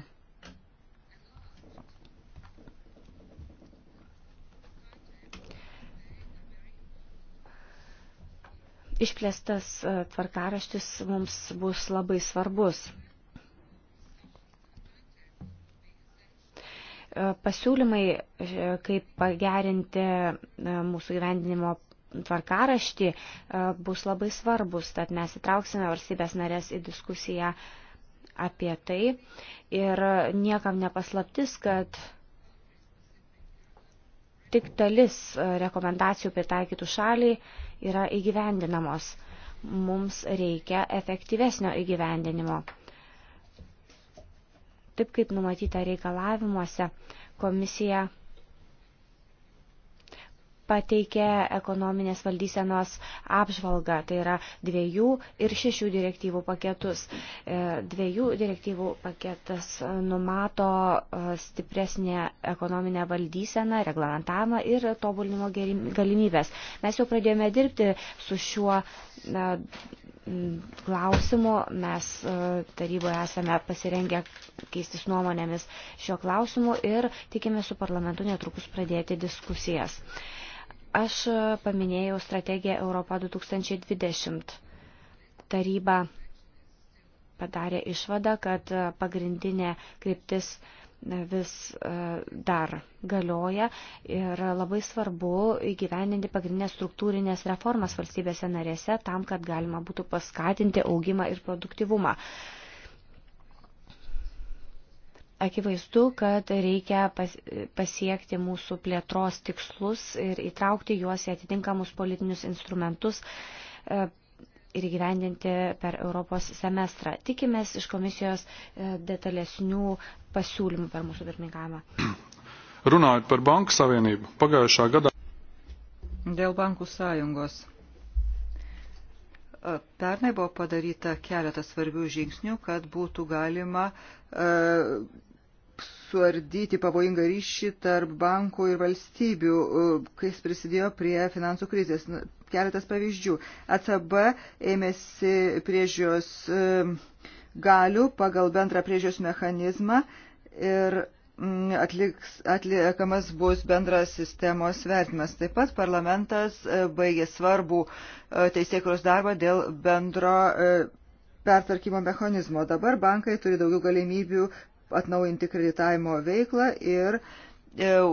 Išplėstas e, tvarkaraštis mums bus labai svarbus. E, pasiūlymai, kaip pagerinti mūsų gyvendinimo tvarkaraštį e, bus labai svarbus, tad mes įtrauksime valstybės narės į diskusiją apie tai. Ir niekam nepaslaptis, kad tik dalis e, rekomendacijų pritaikytų šaliai yra įgyvendinamos. Mums reikia efektyvesnio įgyvendinimo. Taip kaip numatyta reikalavimuose, komisija pateikė ekonominės valdysenos apžvalgą, tai yra dviejų ir šešių direktyvų paketus. E, dviejų direktyvų paketas numato e, stipresnę ekonominę valdyseną, reglamentavimą ir tobulinimo galimybės. Mes jau pradėjome dirbti su šiuo klausimų. Mes e, taryboje esame pasirengę keistis nuomonėmis šio klausimu ir tikime su parlamentu netrukus pradėti diskusijas. Aš e, paminėjau strategiją Europą 2020. Taryba padarė išvadą, kad e, pagrindinė kryptis e, vis dar galioja ir labai svarbu įgyveninti pagrindinės struktūrinės reformas valstybėse narėse tam, kad galima būtų paskatinti augimą ir produktivumą akivaizdu, kad reikia pasiekti mūsų plėtros tikslus ir įtraukti juos į atitinkamus politinius instrumentus e, ir įgyvendinti per Europos semestrą. Tikimės iš komisijos e, detalesnių pasiūlymų per mūsų pirmininkavimą. Runājot par banku savienību, pagājušā gadā. Dėl bankų sąjungos Pernai buvo padaryta keletas svarbių žingsnių, kad būtų galima suardyti pavojingą ryšį tarp bankų ir valstybių, kas prisidėjo prie finansų krizės. Keletas pavyzdžių. ECB ėmėsi priežios e, galių pagal bendrą priežios mechanizmą ir Mm, atliks, atliekamas bus bendras sistemos vertimas. Taip pat parlamentas e, baigė svarbų e, teisėkuros darbą dėl bendro e, pertvarkymo mechanizmo. Dabar bankai turi daugiau galimybių atnaujinti kreditavimo veiklą ir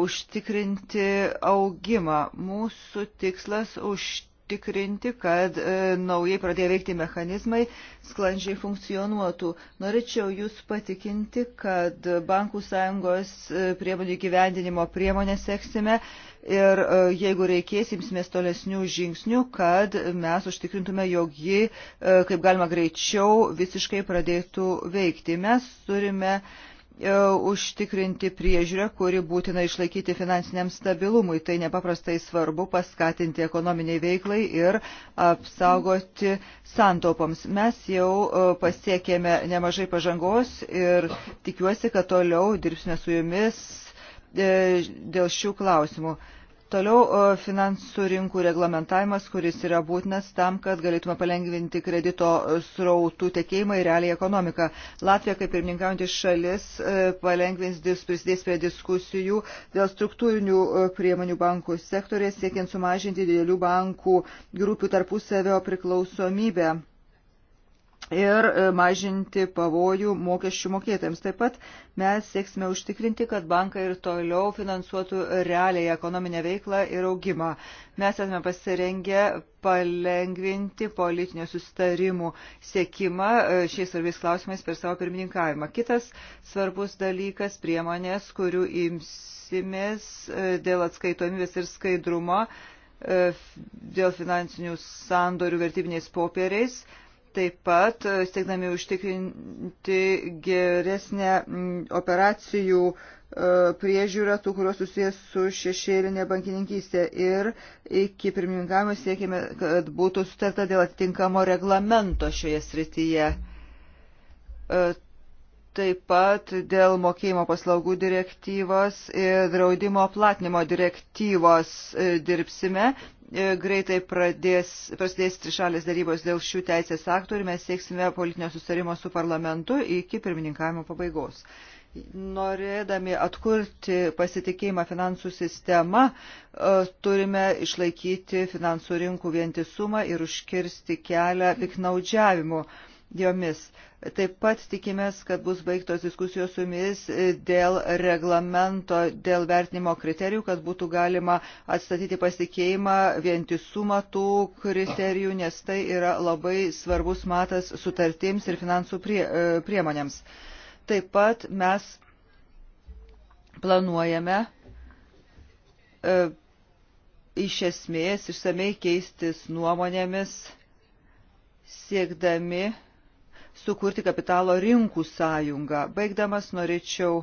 užtikrinti augimą. Mūsų tikslas užtikrinti užtikrinti, kad e, naujai pradėję veikti mechanizmai sklandžiai funkcionuotų. Norėčiau Jūs patikinti, kad Bankų sąjungos e, priemonių gyvendinimo priemonę seksime ir e, jeigu reikės, imsimės tolesnių žingsnių, kad mes užtikrintume, jog ji kaip galima greičiau visiškai pradėtų veikti. Mes turime uh, E, užtikrinti priežiūrę, kuri būtina išlaikyti finansiniam stabilumui. Tai nepaprastai svarbu paskatinti ekonominiai veiklai ir apsaugoti santopoms. Mes jau e, pasiekėme nemažai pažangos ir tikiuosi, kad toliau dirbsime su jumis e, dėl šių klausimų. Toliau e, finansų rinkų reglamentavimas, kuris yra būtinas tam, kad galėtume palengvinti kredito srautų tekėjimą į realią ekonomiką. Latvija, kaip pirmininkaujantis šalis, e, palengvins, prisidės prie diskusijų dėl struktūrinių e, priemonių bankų sektorės, siekiant sumažinti didelių bankų grupių tarpusavio priklausomybę ir e, mažinti pavojų mokesčių mokėtojams. Taip pat mes sieksime užtikrinti, kad bankai ir toliau finansuotų realiai ekonominę veiklą ir augimą. Mes esame pasirengę palengvinti politinio sustarimų siekimą e, šiais svarbiais klausimais per savo pirmininkavimą. Kitas svarbus dalykas - priemonės, kurių imsimės e, dėl atskaitomybės ir skaidrumo dėl finansinių sandorių vertybiniais popieriais taip pat e, siekdami užtikrinti geresnę operacijų e, priežiūrą tų, kurios susijęs su šešėlinė bankininkystė. Ir iki pirmininkavimo siekime, kad būtų sutarta dėl atitinkamo reglamento šioje srityje. E, taip pat dėl mokėjimo paslaugų direktyvos ir draudimo platinimo direktyvos e, dirbsime. E, greitai pradės, prasidės trišalės darybos dėl šių teisės aktų ir mes sieksime politinio sustarimo su parlamentu iki pirmininkavimo pabaigos. Norėdami atkurti pasitikėjimą finansų sistema, e, turime išlaikyti finansų rinkų vientisumą ir užkirsti kelią piknaudžiavimu. Mm jomis. Taip pat tikimės, kad bus baigtos diskusijos su jumis e, dėl reglamento, dėl vertinimo kriterijų, kad būtų galima atstatyti pasitikėjimą vientisumą tų kriterijų, nes tai yra labai svarbus matas sutartims ir finansų prie, e, priemonėms. Taip pat mes planuojame e, iš esmės išsamei keistis nuomonėmis siekdami sukurti kapitalo rinkų sąjungą. Baigdamas norėčiau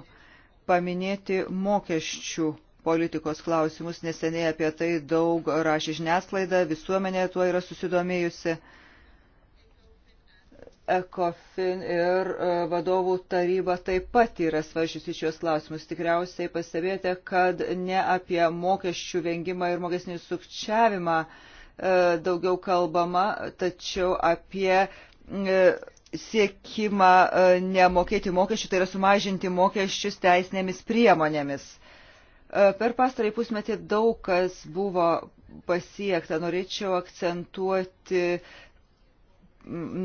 paminėti mokesčių politikos klausimus, neseniai apie tai daug rašė žiniasklaida, visuomenė tuo yra susidomėjusi. ECOFIN ir e, vadovų taryba taip pat yra svaržiusi šios klausimus. Tikriausiai pastebėjote, kad ne apie mokesčių vengimą ir mokesnį sukčiavimą e, daugiau kalbama, tačiau apie e, siekimą e, nemokėti mokesčių, tai yra sumažinti mokesčius teisinėmis priemonėmis. E, per pastarąjį pusmetį daug kas buvo pasiekta. Norėčiau akcentuoti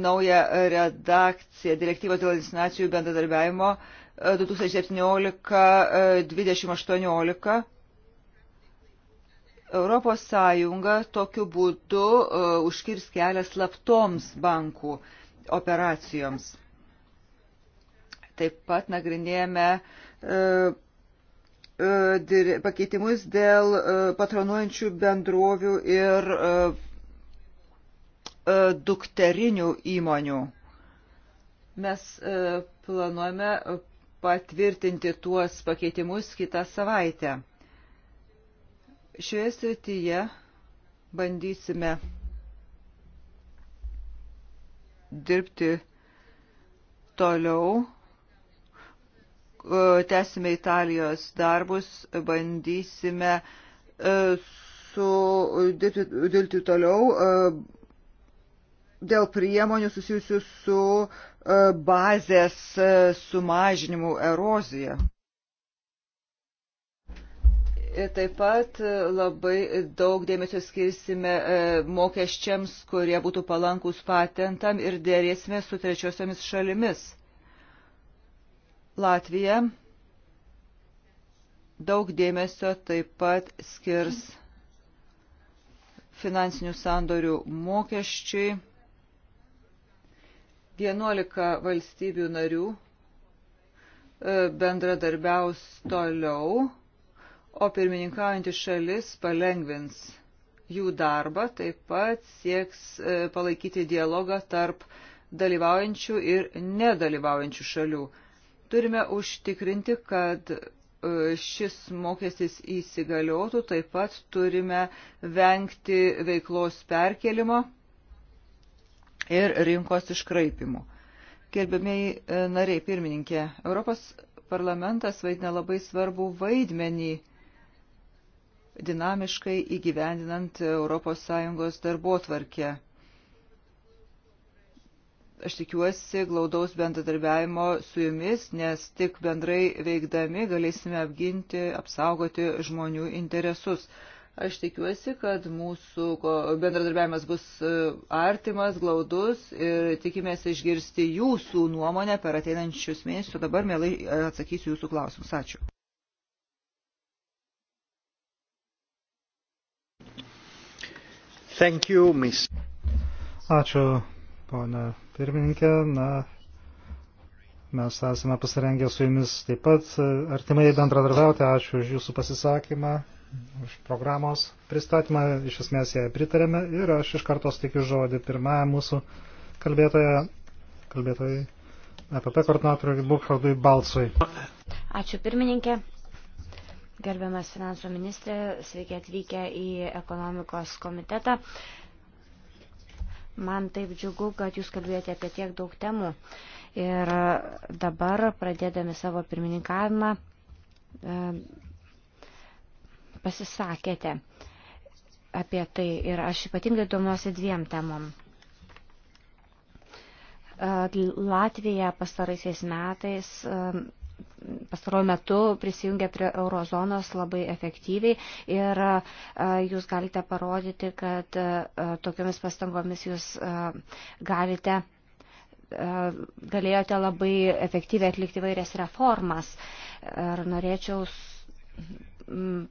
naują redakciją direktyvą dėl instanacijų bendradarbiavimo 2017-2018. E, Europos Sąjunga tokiu būdu uh, užkirs kelią slaptoms bankų uh, operacijoms. Taip pat nagrinėjame e, e, pakeitimus dėl e, patronuojančių bendrovių ir dukterinių įmonių. Mes planuojame patvirtinti tuos pakeitimus kitą savaitę. Šioje srityje bandysime dirbti toliau. E, tęsime Italijos darbus, bandysime e, su, dirbti, dirbti toliau e, dėl priemonių susijusių su bazės sumažinimu erozija. Taip pat labai daug dėmesio skirsime e, mokesčiams, kurie būtų palankus patentam ir dėrėsime su trečiosiomis šalimis. Latvija daug dėmesio taip pat skirs finansinių sandorių mokesčiui. 11 valstybių narių e, bendradarbiaus toliau o pirmininkaujantį šalis palengvins jų darbą, taip pat sieks e, palaikyti dialogą tarp dalyvaujančių ir nedalyvaujančių šalių. Turime užtikrinti, kad e, šis mokestis įsigaliotų, taip pat turime vengti veiklos perkelimo ir rinkos iškraipimų. Gerbėmiai e, nariai pirmininkė, Europos parlamentas vaidina labai svarbų vaidmenį dinamiškai įgyvendinant ES darbo tvarkę. Aš tikiuosi glaudaus bendradarbiavimo su jumis, nes tik bendrai veikdami galėsime apginti, apsaugoti žmonių interesus. Aš tikiuosi, kad mūsų bendradarbiavimas bus e, artimas, glaudus ir tikimės išgirsti jūsų nuomonę per ateinančius mėnesius. Dabar mielai e, atsakysiu jūsų klausimus. Ačiū. Thank you, miss. Ačiū, ponė pirmininkė. Na, mes esame pasirengę su jumis taip pat e, artimai bendradarbiauti. Ačiū už jūsų pasisakymą, už programos pristatymą. Iš esmės ją pritarėme ir aš iš karto suteikiu žodį pirmąją mūsų kalbėtoją, kalbėtojai EPP koordinatoriui Bukhardui Balsui. Ačiū pirmininkė. Gerbiamas finansų ministrė, sveiki atvykę į ekonomikos komitetą. Man taip džiugu, kad jūs kalbėjote apie tiek daug temų. Ir dabar, pradėdami savo pirmininkavimą, pasisakėte apie tai. Ir aš ypatingai domiuosi dviem temom. Latvija pastaraisiais metais pastaruoju metu prisijungia prie eurozonos labai efektyviai ir jūs galite parodyti, kad tokiamis pastangomis jūs galite galėjote labai efektyviai atlikti vairias reformas. Ir norėčiau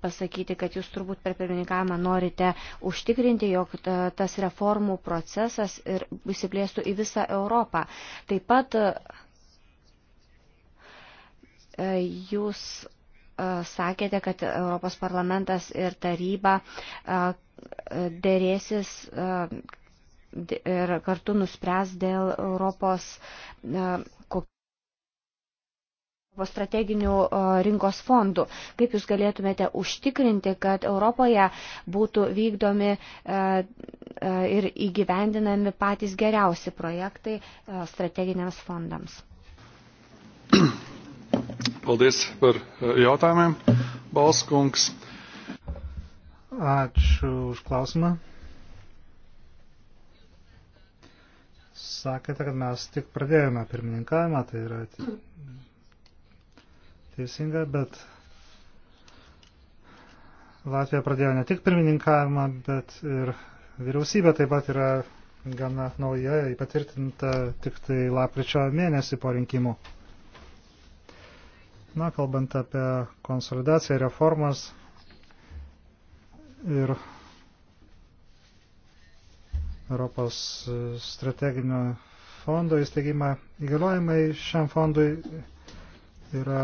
pasakyti, kad jūs turbūt per pirmininkavimą norite užtikrinti, jog tas reformų procesas ir įsiplėstų į visą Europą. Taip pat E, jūs e, sakėte, kad Europos parlamentas ir taryba e, dėrėsis ir kartu nuspręs dėl Europos strateginių rinkos fondų. Kaip Jūs galėtumėte užtikrinti, kad Europoje būtų vykdomi ir įgyvendinami patys geriausi projektai strateginiams fondams? Paldies par eh, jautājumiem. Balskungs. Ačiū už klausimą. Sakėte, kad mes tik pradėjome pirmininkavimą, tai yra eh, teisinga, bet Latvija pradėjo ne tik pirmininkavimą, bet ir vyriausybė taip pat yra eh, gana nauja, įpatvirtinta tik tai lapkričio mėnesį po rinkimų. Na, kalbant apie konsolidaciją, reformas ir Europos strateginio fondo įsteigimą įgaliojimai šiam fondui yra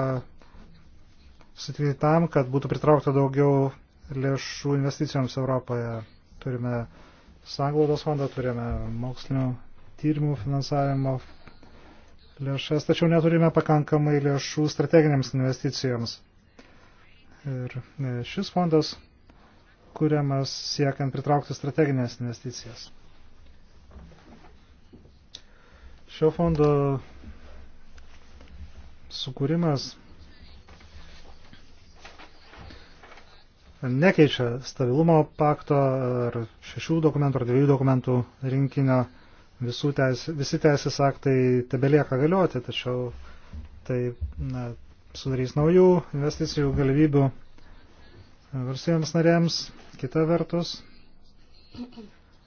sutikti tam, kad būtų pritraukta daugiau lėšų investicijoms Europoje. Turime sanglaudos fondą, turime mokslinio tyrimų finansavimo lėšas, tačiau neturime pakankamai lėšų strateginėms investicijoms. Ir e, šis fondas kuriamas siekiant pritraukti strateginės investicijas. Šio fondo sukūrimas nekeičia stabilumo pakto ar šešių dokumentų ar dviejų dokumentų rinkinio visų teis, visi teisės aktai tebelieka galioti, tačiau tai na, sudarys naujų investicijų galimybių valstybėms narėms. Kita vertus,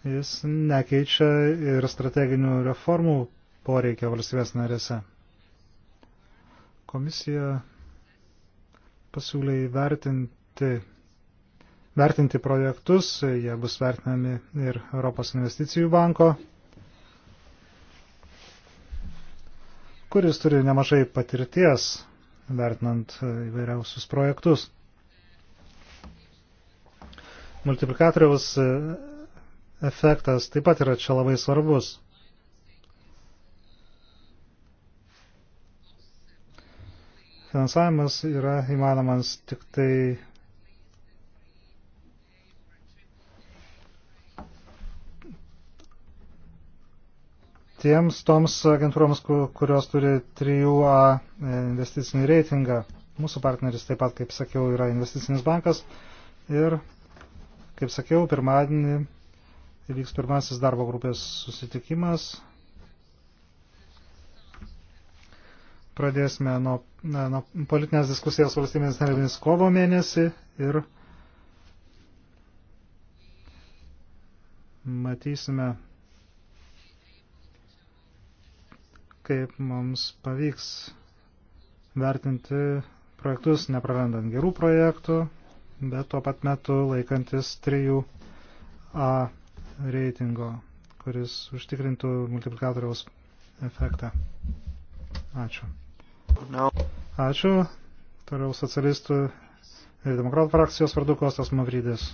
jis nekeičia ir strateginių reformų poreikia valstybės narėse. Komisija pasiūlė įvertinti vertinti projektus, jie bus vertinami ir Europos investicijų banko. kuris turi nemažai patirties vertinant įvairiausius projektus. Multiplikatoriaus e, efektas taip pat yra čia labai svarbus. Finansavimas yra įmanomas tik tai tiems toms agentūroms, kurios turi 3A e, investicinį reitingą. Mūsų partneris taip pat, kaip sakiau, yra investicinis bankas ir, kaip sakiau, pirmadienį įvyks pirmasis darbo grupės susitikimas. Pradėsime nuo, nuo politinės diskusijos valstybės narėmis kovo mėnesį ir matysime kaip mums pavyks vertinti projektus, neprarandant gerų projektų, bet tuo pat metu laikantis 3A reitingo, kuris užtikrintų multiplikatoriaus efektą. Ačiū. Ačiū. Toliau socialistų ir demokratų frakcijos vardu Kostas Mavrydės.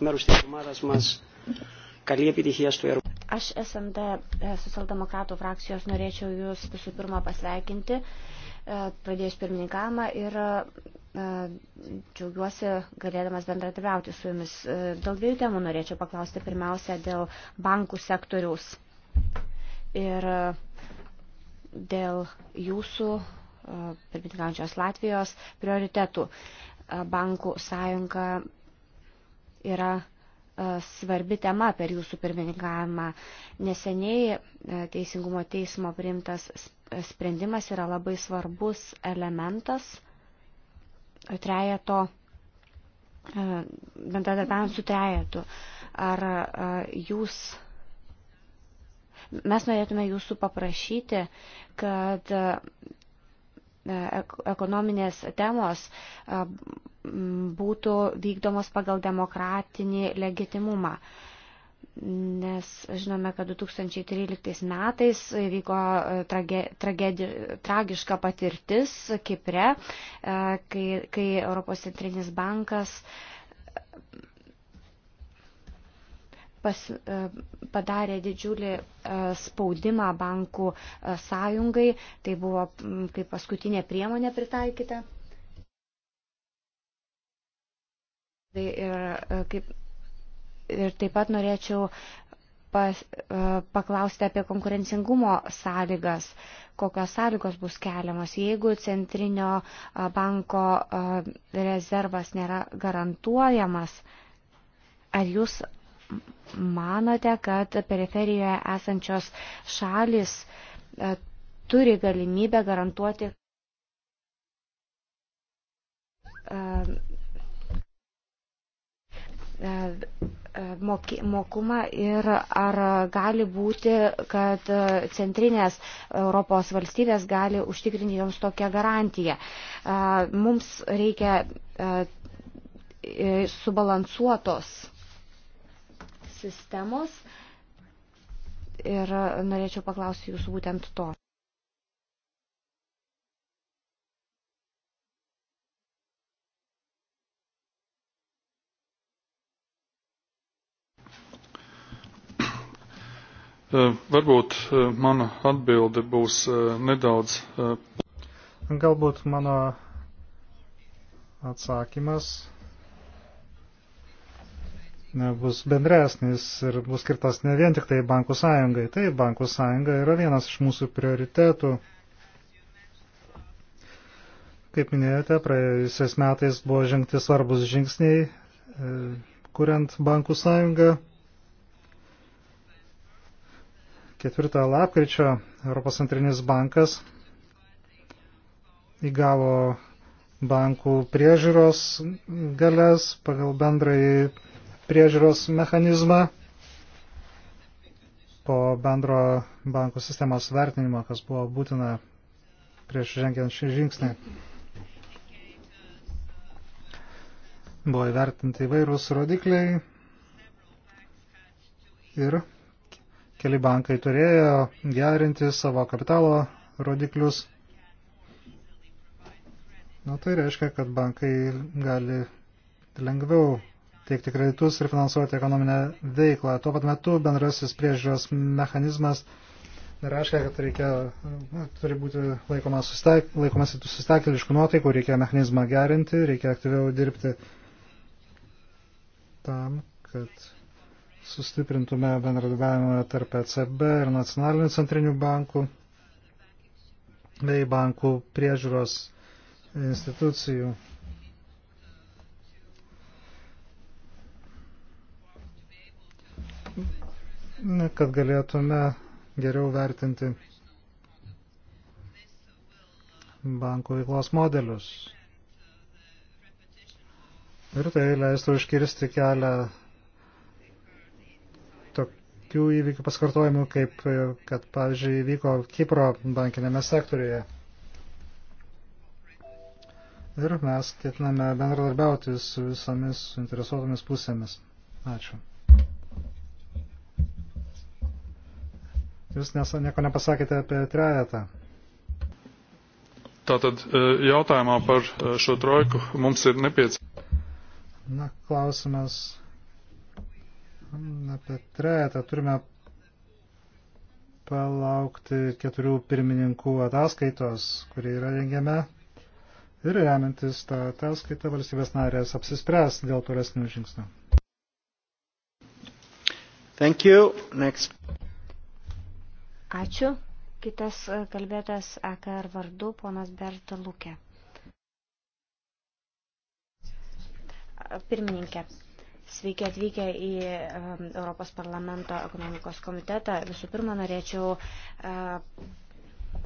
μέρους της ομάδας μας καλή επιτυχία στο έργο. Aš SMD e, socialdemokratų frakcijos norėčiau Jūs visų pirma pasveikinti, e, pradėjus pirmininkamą ir e, džiaugiuosi galėdamas bendradarbiauti su Jumis. Dėl dviejų temų norėčiau paklausti pirmiausia dėl bankų sektoriaus ir dėl Jūsų, pirmininkančios Latvijos, prioritetų bankų sąjunga yra e, svarbi tema per jūsų pirmininkavimą. Neseniai e, Teisingumo teismo priimtas sprendimas yra labai svarbus elementas trejeto, e, bendradarbiavant su trejetu. Ar jūs mes norėtume jūsų paprašyti, kad E, ekonominės temos e, būtų vykdomos pagal demokratinį legitimumą. Nes žinome, kad 2013 metais vyko e, trage, tragedi, tragiška patirtis Kipre, kai, kai Europos centrinis bankas pas, e, padarė didžiulį e, spaudimą bankų e, sąjungai. Tai buvo kaip paskutinė priemonė pritaikyta. Tai ir, kaip, ir taip pat norėčiau pas, paklausti apie konkurencingumo sąlygas, kokios sąlygos bus keliamos, jeigu centrinio banko rezervas nėra garantuojamas. Ar jūs manote, kad periferijoje esančios šalis e, turi galimybę garantuoti e, e, mokumą ir ar gali būti, kad centrinės Europos valstybės gali užtikrinti joms tokią garantiją. Mums reikia subalansuotos sistemos ir norėčiau paklausti jūsų būtent to. Varbūt mana atbilde būs nedaudz. Galbūt mano atsakymas bus bendresnis ir bus skirtas ne vien tik tai bankų sąjungai. Tai bankų sąjunga yra vienas iš mūsų prioritetų. Kaip minėjote, praėjusiais metais buvo žengti svarbus žingsniai, e, kuriant bankų sąjungą. Ketvirtą lapkričio Europos centrinis bankas įgavo bankų priežiūros galės pagal bendrąjį priežiūros mechanizmą po bendro bankų sistemos vertinimo, kas buvo būtina prieš žengiant šį žingsnį. Buvo įvertinti įvairūs rodikliai ir keli bankai turėjo gerinti savo kapitalo rodiklius. Na, tai reiškia, kad bankai gali lengviau teikti kreditus ir finansuoti ekonominę veiklą. Tuo pat metu bendrasis priežiūros mechanizmas nereiškia, kad reikia, na, turi būti laikomas sustakeliškų nuotaikų, reikia mechanizmą gerinti, reikia aktyviau dirbti tam, kad sustiprintume bendradarbiavimą tarp ECB ir nacionalinių centrinių bankų bei bankų priežiūros institucijų. kad galėtume geriau vertinti bankų veiklos modelius. Ir tai leistų iškirsti kelią tokių įvykių paskartojimų, kaip, kad, pavyzdžiui, įvyko Kipro bankinėme sektoriuje. Ir mes ketiname bendradarbiauti su visomis suinteresuotomis pusėmis. Ačiū. Jūs nes, nieko nepasakėte apie trejetą. Tātad e, jautājumā par e, šo trojku mums ir nepieciešams. Na, klausimas apie trejetą. Turime palaukti keturių pirmininkų ataskaitos, kuri yra rengiame. Ir remiantis tą ataskaitą valstybės narės apsispręs dėl tolesnių žingsnių. Thank you. Next. Ačiū. Kitas e, kalbėtas AKR e vardu, ponas Berta Lukė. Pirmininkė. Sveiki atvykę į e, Europos parlamento ekonomikos komitetą. Visų pirma, norėčiau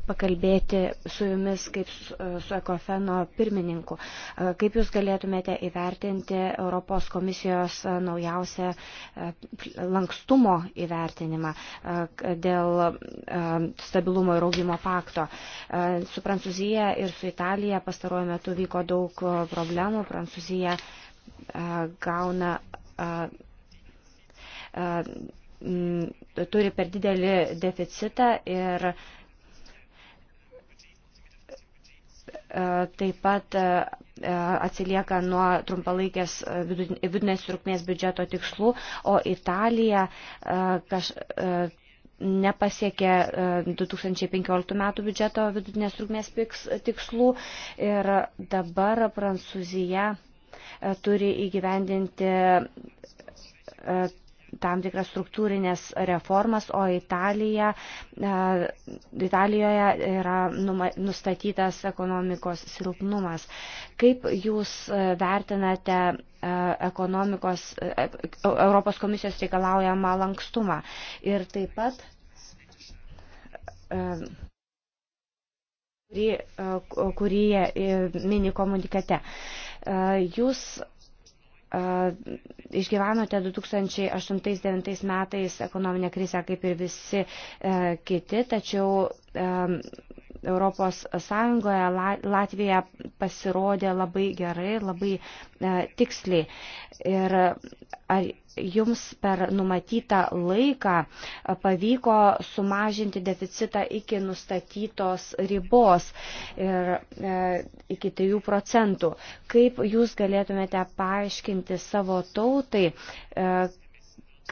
pakalbėti su jumis kaip su Ekofeno pirmininku. E, kaip jūs galėtumėte įvertinti Europos komisijos e, naujausią e, lankstumo įvertinimą dėl stabilumo ir augimo pakto? Su Prancūzija ir su Italija pastaruoju metu vyko daug problemų. Prancūzija gauna turi per didelį deficitą ir uh, E, taip pat e, e, atsilieka nuo trumpalaikės vidutinės trukmės biudžeto tikslų, o Italija kaž, nepasiekė 2015 metų biudžeto vidutinės trukmės tikslų ir dabar Prancūzija turi įgyvendinti tam tikras struktūrinės reformas, o Italija, e, Italijoje yra nustatytas ekonomikos silpnumas. Kaip jūs e, vertinate e, ekonomikos, Europos komisijos reikalaujamą lankstumą? Ir taip pat kurį, kurį mini komunikate. Jūs išgyvenote 2008-2009 metais ekonominę krizę kaip ir visi e, kiti, tačiau e, Europos Sąjungoje Latvija pasirodė labai gerai, labai e, tiksliai. Ir ar jums per numatytą laiką pavyko sumažinti deficitą iki nustatytos ribos ir e, iki 3 procentų. Kaip jūs galėtumėte paaiškinti savo tautai, e,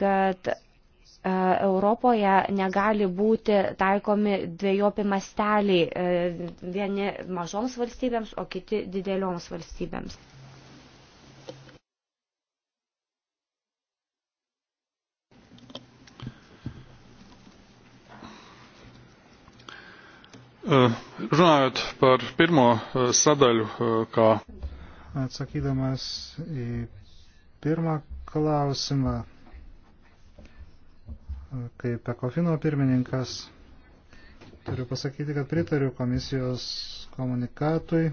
kad e, Europoje negali būti taikomi dviejopi masteliai, e, vieni mažoms valstybėms, o kiti didelioms valstybėms. Žinojot, par pirmo sadaļu, kā. Atsakydamas į pirmą klausimą, kaip Ekofino pirmininkas, turiu pasakyti, kad pritariu komisijos komunikatui,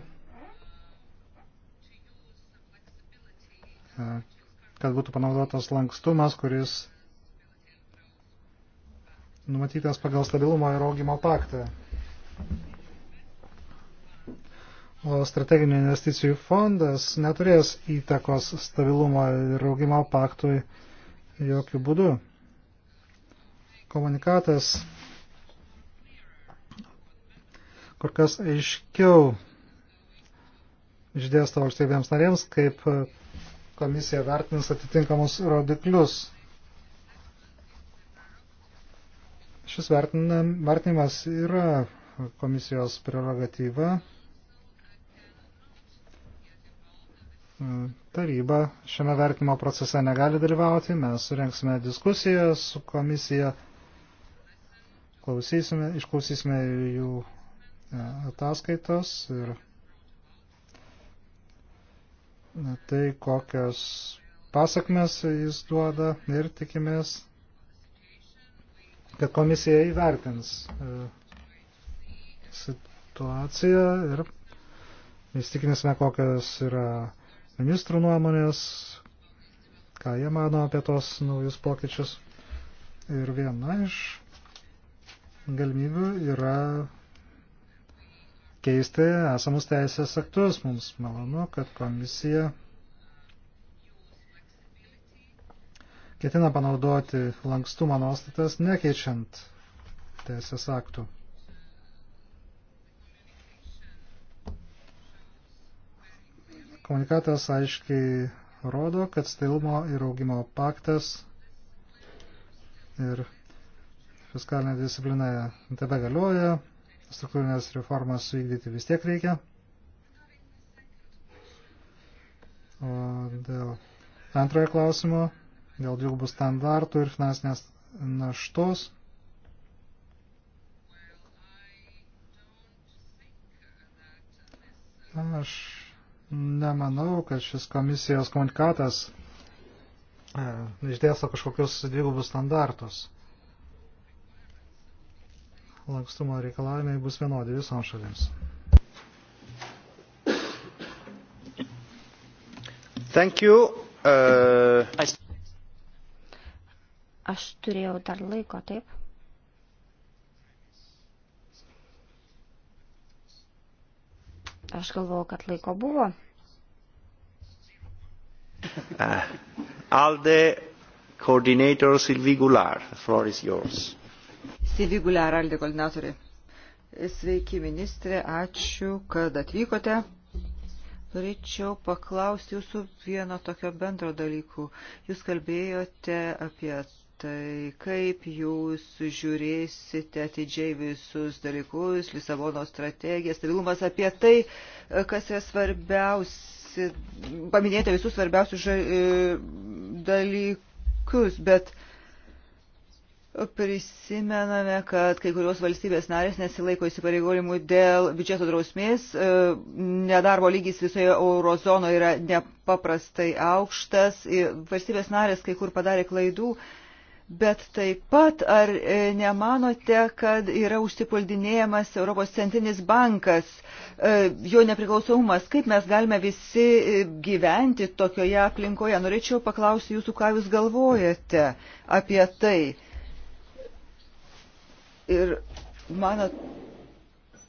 kad būtų panaudotas lankstumas, kuris numatytas pagal stabilumo ir augimo paktą. O strateginių investicijų fondas neturės įtakos stabilumo ir augimo paktui jokių būdų. Komunikatas kur kas aiškiau išdėsto valstybėms narėms, kaip komisija vertins atitinkamus rodiklius. Šis vertinimas yra komisijos prerogatyva. Taryba šiame vertimo procese negali dalyvauti, mes surenksime diskusiją su komisija, klausysime, išklausysime jų e, ataskaitos ir e, tai, kokios pasakmes jis duoda ir tikimės, kad komisija įvertins e, situaciją ir įstikinsime, kokios yra ministrų nuomonės, ką jie mano apie tos naujus pokyčius. Ir viena iš galimybių yra keisti esamus teisės aktus. Mums malonu, kad komisija ketina panaudoti lankstumą nuostatas, nekeičiant teisės aktų. Komunikatas aiškiai rodo, kad stabilumo ir augimo paktas ir fiskalinė disciplina tebe galioja, struktūrinės reformas vykdyti vis tiek reikia. O dėl antrojo klausimo, dėl dvigubų standartų ir finansinės naštos. Aš nemanau, kad šis komisijos komunikatas e, išdėsto kažkokius dvigubus standartus. Lankstumo reikalavimai bus vienodi visoms šalims. Thank you. Uh... Aš turėjau dar laiko, taip? Aš galvau, kad laiko buvo. Uh, Alde coordinator Sylvie Goulard, the floor is yours. Sylvie Goulard, Alde koordinatorė. Sveiki, ministrė, ačiū, kad atvykote. Norėčiau paklausti jūsų vieno tokio bendro dalykų. Jūs kalbėjote apie tai kaip jūs žiūrėsite atidžiai visus dalykus, Lisabono strategija, stabilumas apie tai, kas yra svarbiausi, paminėti visus svarbiausius e, dalykus, bet prisimename, kad kai kurios valstybės narės nesilaiko įsipareigojimų dėl biudžeto drausmės, e, nedarbo lygis visoje eurozonoje yra nepaprastai aukštas, e, valstybės narės kai kur padarė klaidų, Bet taip pat ar e, nemanote, kad yra užsipuldinėjamas Europos centrinis bankas, e, jo nepriklausomumas, kaip mes galime visi e, gyventi tokioje aplinkoje? Norėčiau paklausti jūsų, ką jūs galvojate apie tai. Ir man atrodo,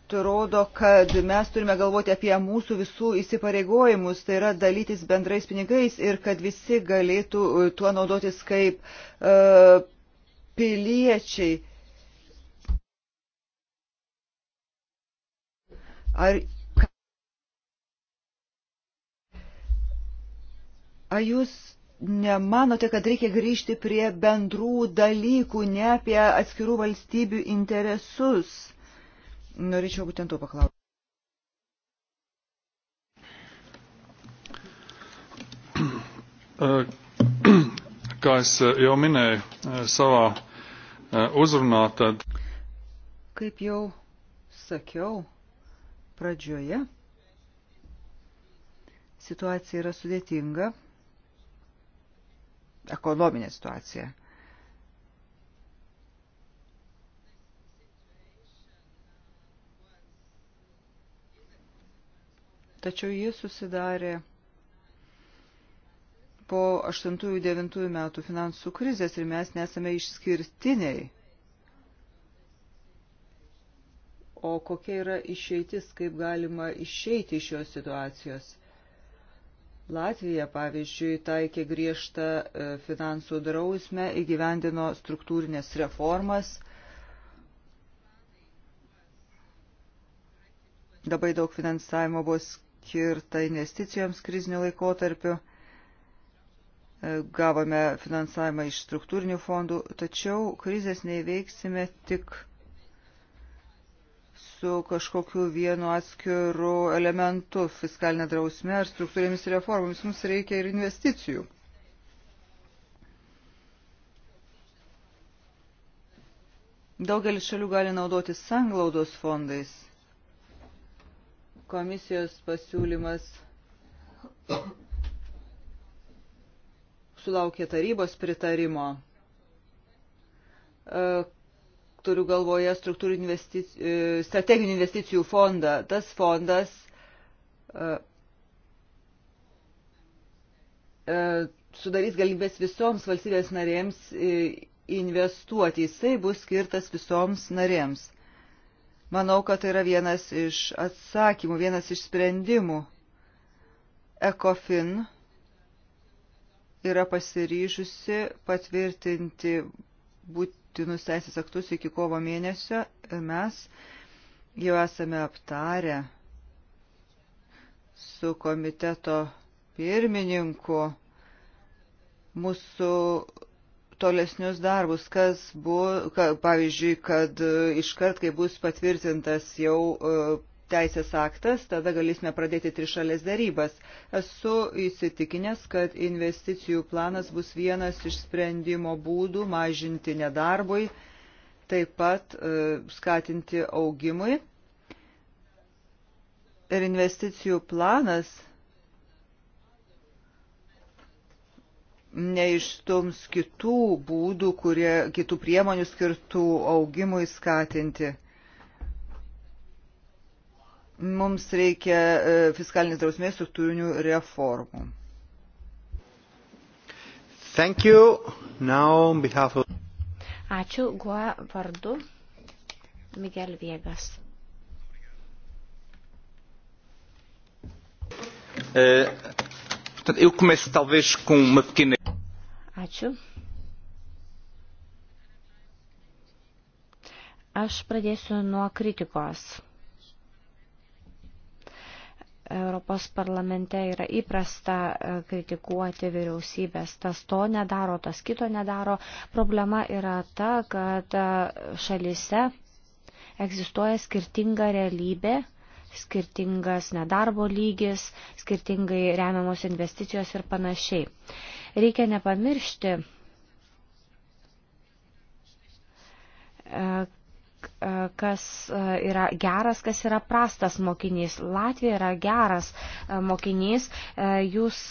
atrodo, kad mes turime galvoti apie mūsų visų įsipareigojimus, tai yra dalytis bendrais pinigais ir kad visi galėtų e, tuo naudotis kaip uh, piliečiai. Ar Ar jūs nemanote, kad reikia grįžti prie bendrų dalykų, ne apie atskirų valstybių interesus? Norėčiau būtent to paklausti. Kā es jau minēju savā uzrunā, tad. Kaip jau sakiau pradžioje, situacija yra sudėtinga, ekonominė situacija. tačiau jis susidarė po 8-9 metų finansų krizės ir mes nesame išskirtiniai. O kokia yra išeitis, kaip galima išeiti iš šios situacijos? Latvija, pavyzdžiui, taikė griežtą e, finansų drausmę, įgyvendino struktūrinės reformas. Dabar daug finansavimo buvo skirta skirta investicijoms krizinio laikotarpiu. E, gavome finansavimą iš struktūrinių fondų, tačiau krizės neįveiksime tik su kažkokiu vienu atskiru elementu fiskalinė drausme ar struktūrėmis reformomis. Mums reikia ir investicijų. Daugelis šalių gali naudotis sanglaudos fondais – Komisijos pasiūlymas sulaukė tarybos pritarimo. E, turiu galvoje investicijų, e, strateginių investicijų fondą. Tas fondas e, sudarys galimybės visoms valstybės narėms investuoti. Jisai bus skirtas visoms narėms. Manau, kad tai yra vienas iš atsakymų, vienas iš sprendimų. ECOFIN yra pasiryžusi patvirtinti būtinus teisės aktus iki kovo mėnesio ir mes jau esame aptarę su komiteto pirmininku mūsų tolesnius darbus, kas buvo, ka, pavyzdžiui, kad e, iškart, kai bus patvirtintas jau e, teisės aktas, tada galėsime pradėti trišalės darybas. Esu įsitikinęs, kad investicijų planas bus vienas iš sprendimo būdų mažinti nedarbui, taip pat e, skatinti augimui. Ir investicijų planas neištums kitų būdų, kurie, kitų priemonių skirtų augimui skatinti. Mums reikia e, fiskalinės drausmės struktūrinių reformų. Thank you. Now on behalf of... Ačiū, Guo vardu Miguel Viegas. Uh, eu começo talvez com uma pequena Ačiū. Aš pradėsiu nuo kritikos. Europos parlamente yra įprasta e, kritikuoti vyriausybės. Tas to nedaro, tas kito nedaro. Problema yra ta, kad e, šalise egzistuoja skirtinga realybė, skirtingas nedarbo lygis, skirtingai remiamos investicijos ir panašiai. Reikia nepamiršti, e, e, kas e, yra geras, kas yra prastas mokinys. Latvija yra geras mokinys. Jūs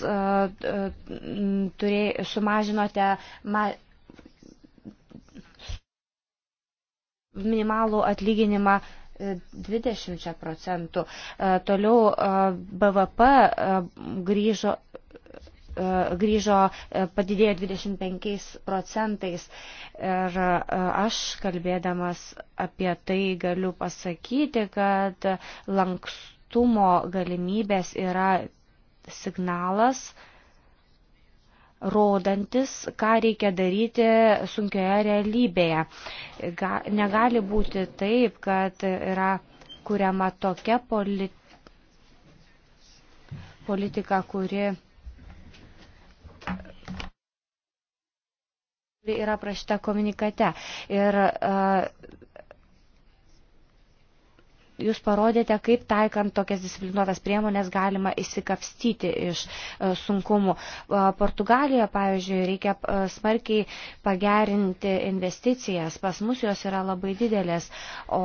turė, sumažinote ma, minimalų atlyginimą 20 procentų. Toliau BVP grįžo E, grįžo e, padidėjo 25 procentais. Ir e, aš kalbėdamas apie tai galiu pasakyti, kad lankstumo galimybės yra signalas, rodantis, ką reikia daryti sunkioje realybėje. Negali būti taip, kad yra kuriama tokia politika, politika kuri kuri yra prašyta komunikate. Ir e, jūs parodėte, kaip taikant tokias disciplinuotas priemonės galima įsikapstyti iš e, sunkumų. E, Portugalijoje, pavyzdžiui, reikia smarkiai pagerinti investicijas, pas mus jos yra labai didelės, o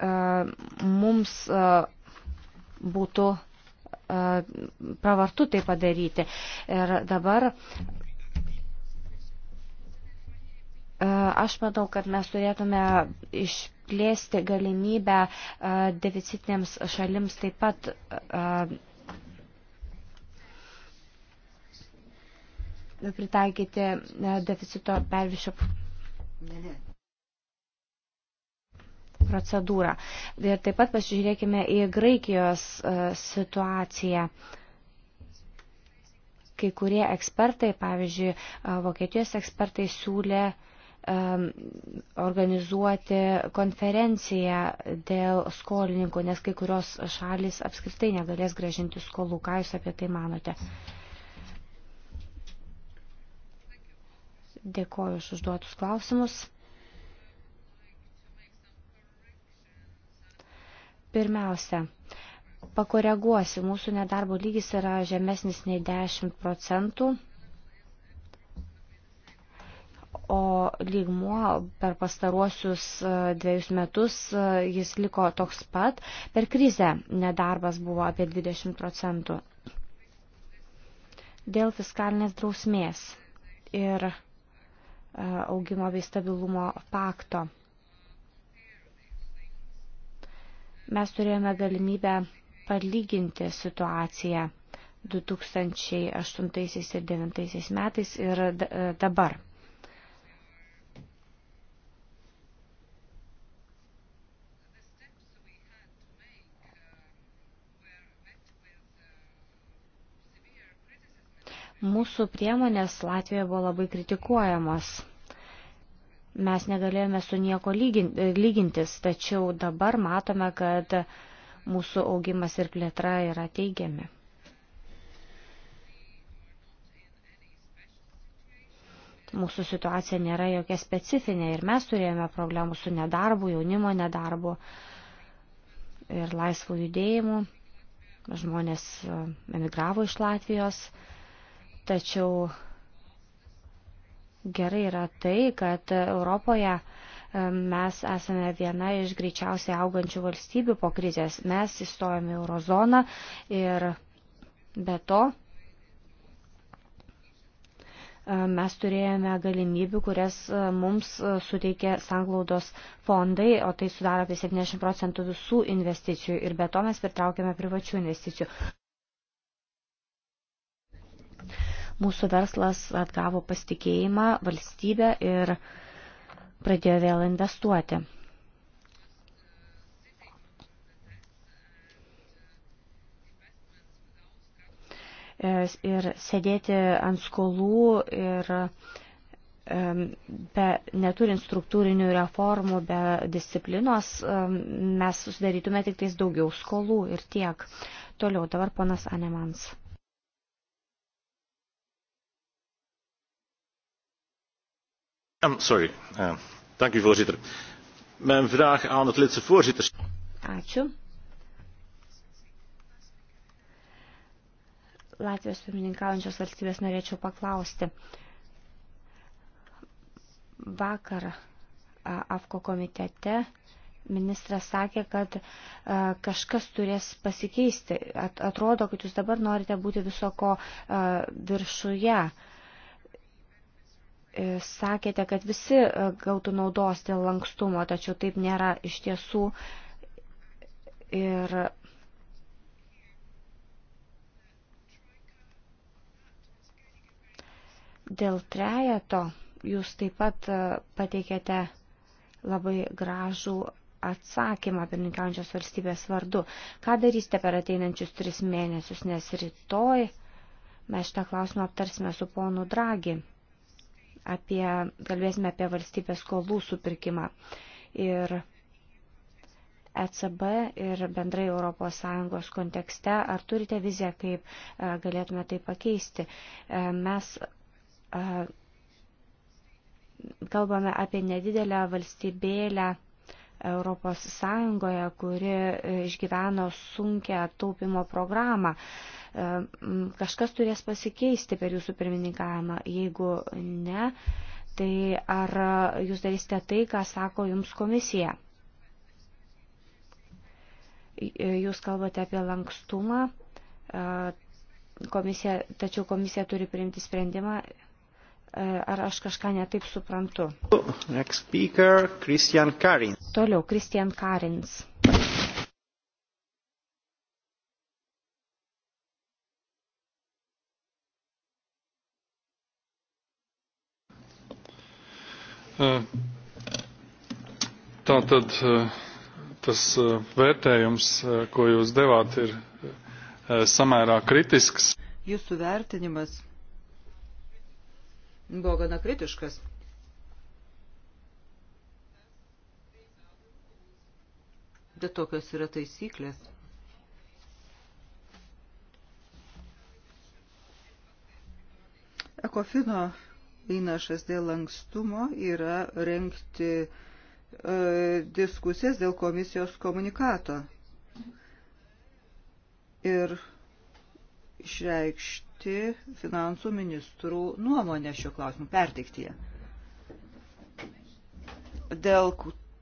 mums būtų pravartu tai padaryti. Ir dabar E, aš manau, kad mes turėtume išplėsti galimybę e, deficitiniams šalims taip pat e, pritaikyti deficito pervišio procedūrą. Ir taip pat pasižiūrėkime į Graikijos situaciją kai kurie ekspertai, pavyzdžiui, Vokietijos ekspertai siūlė uh, Um, organizuoti konferenciją dėl skolininkų, nes kai kurios šalis apskritai negalės gražinti skolų. Ką Jūs apie tai manote? Dėkoju už užduotus klausimus. Pirmiausia, pakoreguosi, mūsų nedarbo lygis yra žemesnis nei 10 procentų o lygmuo per pastaruosius e, dviejus metus e, jis liko toks pat. Per krizę nedarbas buvo apie 20 procentų. Dėl fiskalinės drausmės ir e, augimo bei stabilumo pakto mes turėjome galimybę palyginti situaciją 2008 ir 2009 metais ir dabar. Mūsų priemonės Latvijoje buvo labai kritikuojamos. Mes negalėjome su nieko lygintis, tačiau dabar matome, kad mūsų augimas ir plėtra yra teigiami. Mūsų situacija nėra jokia specifinė ir mes turėjome problemų su nedarbu, jaunimo nedarbu ir laisvų judėjimų. Žmonės emigravo iš Latvijos Tačiau gerai yra tai, kad Europoje e, mes esame viena iš greičiausiai augančių valstybių po krizės. Mes įstojame eurozoną ir be to e, mes turėjome galimybių, kurias e, mums suteikė sanglaudos fondai, o tai sudaro apie 70 procentų visų investicijų ir be to mes pritraukėme privačių investicijų. Mūsų verslas atgavo pasitikėjimą valstybę ir pradėjo vėl investuoti. Ir sėdėti ant skolų ir be, neturint struktūrinių reformų, be disciplinos, mes susidarytume tik tais daugiau skolų ir tiek. Toliau dabar ponas Anemans. Dank u, voorzitter. Mijn vraag aan het Litse voorzitterschap. Ačiū. Latvijos pirmininkaujančios valstybės norėčiau paklausti. Vakar AFKO komitete ministras sakė, kad a, kažkas turės pasikeisti. At, atrodo, kad jūs dabar norite būti visoko a, viršuje. A, E, sakėte, kad visi e, gautų naudos dėl lankstumo, tačiau taip nėra iš tiesų. Ir dėl trejato jūs taip pat e, pateikėte labai gražų atsakymą pirmininkaujančios valstybės vardu. Ką darysite per ateinančius tris mėnesius, nes rytoj mes šitą klausimą aptarsime su ponu Dragi apie, kalbėsime apie valstybės skolų supirkimą. Ir ECB ir bendrai ES kontekste, ar turite viziją, kaip e, galėtume tai pakeisti? E, mes e, kalbame apie nedidelę valstybėlę Europos Sąjungoje, kuri e, išgyveno sunkę taupimo programą. E, kažkas turės pasikeisti per jūsų pirmininkavimą. Jeigu ne, tai ar jūs darysite tai, ką sako jums komisija? E, jūs kalbate apie lankstumą, komisija, tačiau komisija turi priimti sprendimą ar aš kažką netaip suprantu. Next speaker, Christian Karins. Toliau, Christian Karins. Tātad tas vērtējums, ko jūs devāt, ir samērā kritisks. Jūsu vērtinimas buvo gana kritiškas. Bet tokios yra taisyklės. Ekofino įnašas dėl lankstumo yra renkti e, diskusijas dėl komisijos komunikato. Ir išreikšti finansų ministrų nuomonę šiuo klausimu, perteikti ją. Dėl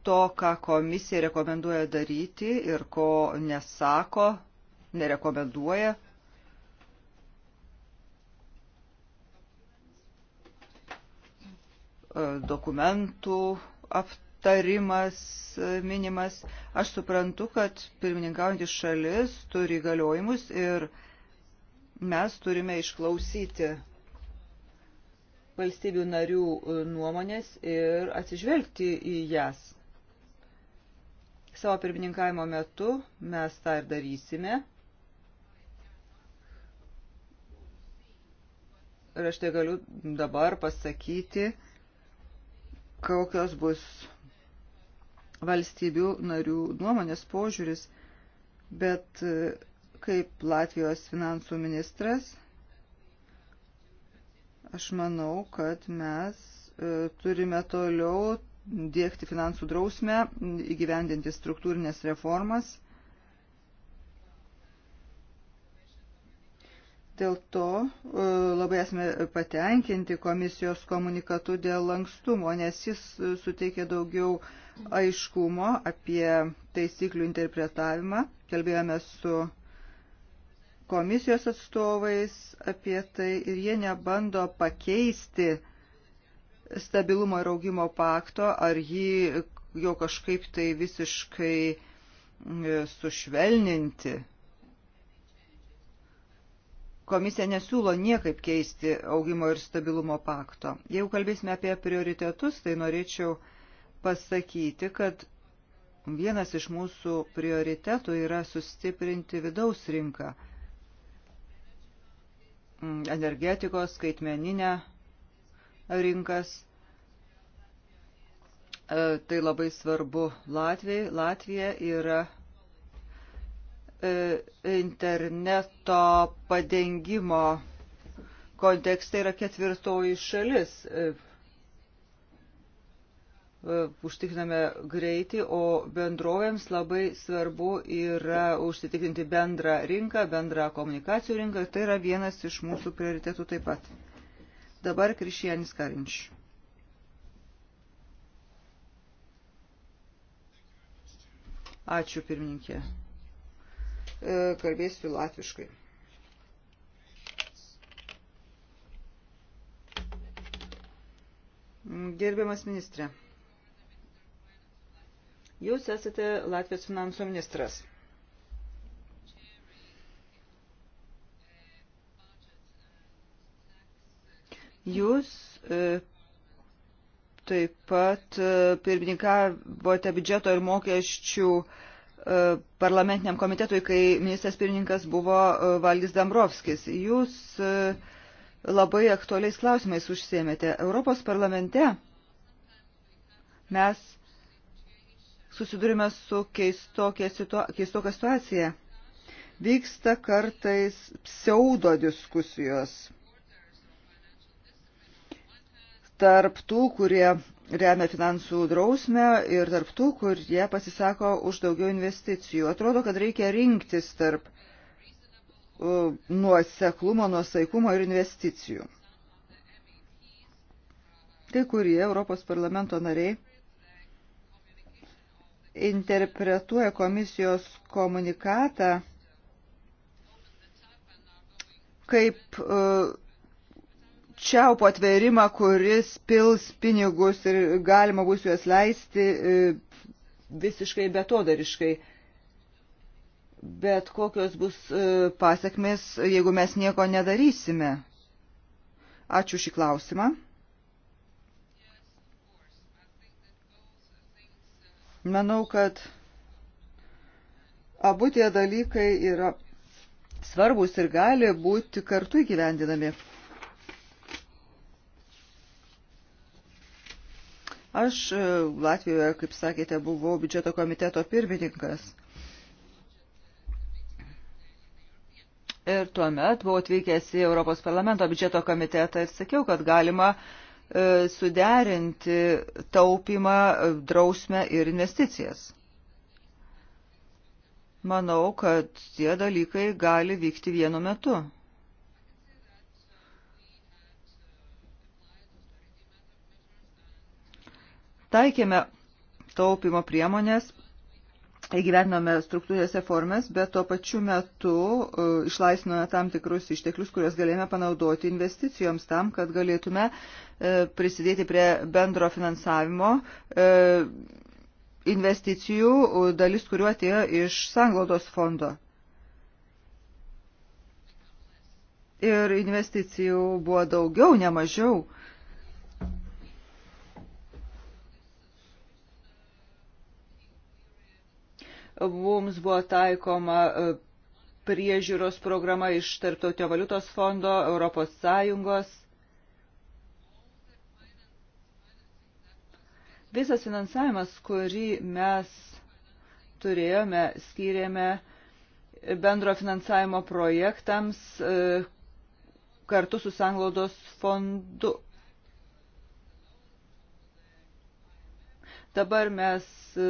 to, ką komisija rekomenduoja daryti ir ko nesako, nerekomenduoja. E, dokumentų aptarimas minimas. Aš suprantu, kad pirmininkaujantis šalis turi galiojimus ir uh, mes turime išklausyti valstybių narių e, nuomonės ir atsižvelgti į jas. Savo pirmininkavimo metu mes tą ir darysime. Ir aš tai galiu dabar pasakyti, kokios bus valstybių narių nuomonės požiūris, bet e, kaip Latvijos finansų ministras, aš manau, kad mes e, turime toliau dėkti finansų drausmę, įgyvendinti struktūrinės reformas. Dėl to e, labai esame patenkinti komisijos komunikatu dėl lankstumo, nes jis e, suteikė daugiau aiškumo apie taisyklių interpretavimą. Kalbėjome su komisijos atstovais apie tai ir jie nebando pakeisti stabilumo ir augimo pakto, ar jį jo kažkaip tai visiškai sušvelninti. Komisija nesiūlo niekaip keisti augimo ir stabilumo pakto. Jeigu kalbėsime apie prioritetus, tai norėčiau pasakyti, kad vienas iš mūsų prioritetų yra sustiprinti vidaus rinką. Mm, energetikos, skaitmeninę rinkas. E, tai labai svarbu Latvijai. Latvija yra e, interneto padengimo kontekste yra ketvirtoji šalis e, E, užtikriname greitį, o bendrovėms labai svarbu yra užsitikrinti bendrą rinką, bendrą komunikacijų rinką. Tai yra vienas iš mūsų prioritetų taip pat. Dabar Krišienis Karinč. Ačiū pirmininkė. E, kalbėsiu latviškai. Gerbiamas ministrė. Jūs esate Latvijos finansų ministras. Jūs e, taip pat e, pirmininkavote biudžeto ir mokesčių e, parlamentiniam komitetui, kai ministras pirmininkas buvo Valgis Dambrovskis. Jūs labai aktualiais klausimais užsėmėte. Europos parlamente mes susidurime su keistokia situa keistokia situacija. Vyksta kartais pseudo diskusijos tarp tų, kurie remia finansų drausmę ir tarp tų, kurie pasisako už daugiau investicijų. Atrodo, kad reikia rinktis tarp uh, nuoseklumo, nuosaikumo ir investicijų. Kai kurie Europos parlamento nariai interpretuoja komisijos komunikatą kaip e, čiaupo atverimą, kuris pils pinigus ir galima bus juos leisti e, visiškai betodariškai. Bet kokios bus e, pasiekmes, jeigu mes nieko nedarysime? Ačiū šį klausimą. Manau, kad abu tie dalykai yra svarbus ir gali būti kartu įgyvendinami. Aš e, Latvijoje, kaip sakėte, buvau biudžeto komiteto pirmininkas. Ir tuomet buvau atvykęs į Europos parlamento biudžeto komitetą ir sakiau, kad galima uh, E, suderinti taupimą, e, drausmę ir investicijas. Manau, kad tie dalykai gali vykti vienu metu. Taikėme taupimo priemonės įgyvenome struktūrės reformas, bet tuo pačiu metu e, išlaisvinome tam tikrus išteklius, kuriuos galėjome panaudoti investicijoms tam, kad galėtume e, prisidėti prie bendro finansavimo e, investicijų, dalis kuriuo atėjo iš sanglaudos fondo. Ir investicijų buvo daugiau, ne mažiau. mums buvo taikoma e, priežiūros programa iš Tarptautinio valiutos fondo, Europos Sąjungos. Visas finansavimas, kurį mes turėjome, skyrėme bendro finansavimo projektams e, kartu su Sanglaudos fondu Dabar mes e,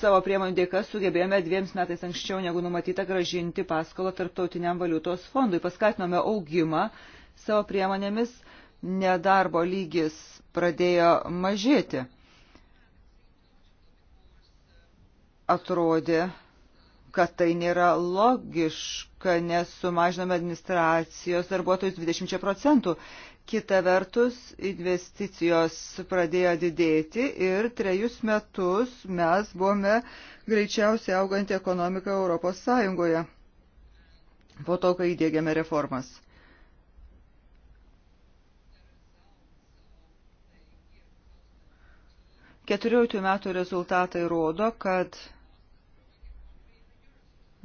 savo priemonių dėka sugebėjome dviems metais anksčiau negu numatyta gražinti paskolą tarptautiniam valiutos fondui. Paskatinome augimą savo priemonėmis, nedarbo lygis pradėjo mažėti. Atrodė, kad tai nėra logiška, nes sumažinome administracijos darbuotojus 20 procentų Kita vertus, investicijos pradėjo didėti ir trejus metus mes buvome greičiausiai auganti ekonomika Europos Sąjungoje po to, kai įdėgėme reformas. Keturiųjų metų rezultatai rodo, kad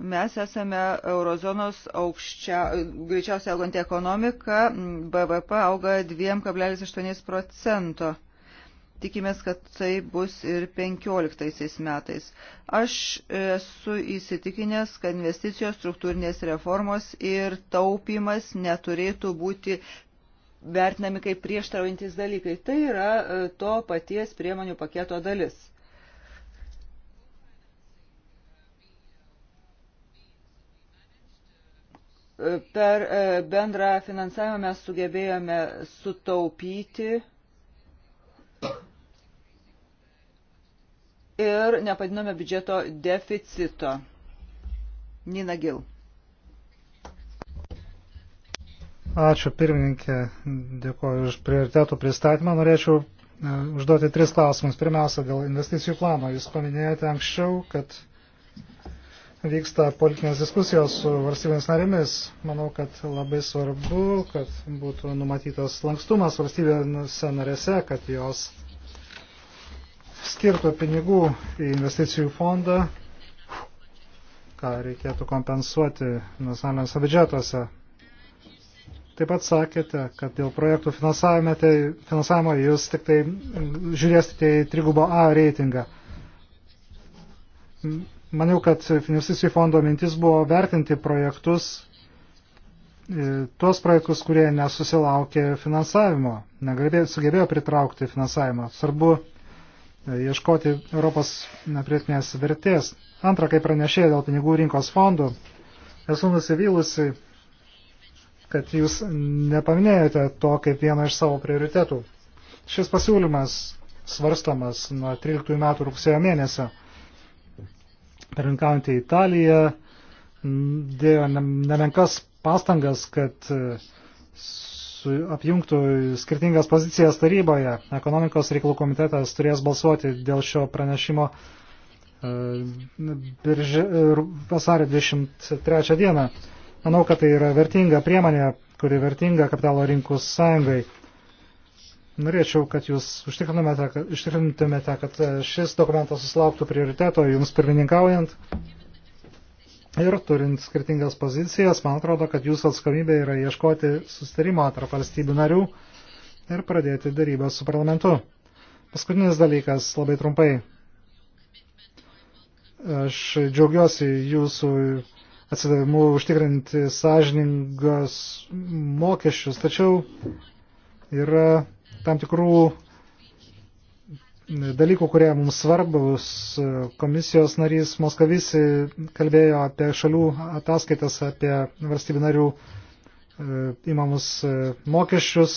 Mes esame eurozonos aukščia, greičiausiai auganti ekonomika, BVP auga 2,8 procento. Tikimės, kad tai bus ir 15 metais. Aš esu įsitikinęs, kad investicijos struktūrinės reformos ir taupimas neturėtų būti vertinami kaip prieštraujantis dalykai. Tai yra e, to paties priemonių paketo dalis. Per e, bendrą finansavimą mes sugebėjome sutaupyti ir nepadinome biudžeto deficito. Nina Gil. Ačiū pirmininkė, dėkuoju už prioritetų pristatymą. Norėčiau e, užduoti tris klausimus. Pirmiausia, dėl investicijų plano. Jūs paminėjote anksčiau, kad vyksta politinės diskusijos su valstybėmis narėmis. Manau, kad labai svarbu, kad būtų numatytas lankstumas valstybėse narėse, kad jos skirtų pinigų į investicijų fondą, ką reikėtų kompensuoti nacionaliniuose biudžetuose. Taip pat sakėte, kad dėl projektų finansavimo, tai, finansavimo jūs tik tai žiūrėsite į trigubo A reitingą Maniau, kad investicijų fondo mintis buvo vertinti projektus, e, tuos projektus, kurie nesusilaukė finansavimo, negalbė, sugebėjo pritraukti finansavimą. Svarbu e, ieškoti Europos neprietinės vertės. Antra, kaip pranešė dėl pinigų rinkos fondų, esu nusivylusi, kad jūs nepaminėjote to kaip vieną iš savo prioritetų. Šis pasiūlymas svarstamas nuo 13 metų rugsėjo mėnesio. Pirinkaujantį Italiją dėjo nemenkas pastangas, kad e, apjungtų skirtingas pozicijas taryboje. Ekonomikos reikalų komitetas turės balsuoti dėl šio pranešimo e, biržė, e, vasario 23 dieną. Manau, kad tai yra vertinga priemonė, kuri vertinga kapitalo rinkų sąjungai. Norėčiau, kad jūs užtikrintumėte, kad, užtikrintumėte, kad e, šis dokumentas susilauktų prioriteto jums pirmininkaujant. Ir turint skirtingas pozicijas, man atrodo, kad jūsų atskamybė yra ieškoti sustarimo tarp valstybių narių ir pradėti darybą su parlamentu. Paskutinis dalykas, labai trumpai. Aš džiaugiuosi jūsų atsidavimu užtikrinti sąžiningas mokesčius, tačiau yra tam tikrų dalykų, kurie mums svarbus. Komisijos narys Moskavisi kalbėjo apie šalių ataskaitas, apie valstybių narių e, įmamus e, mokesčius.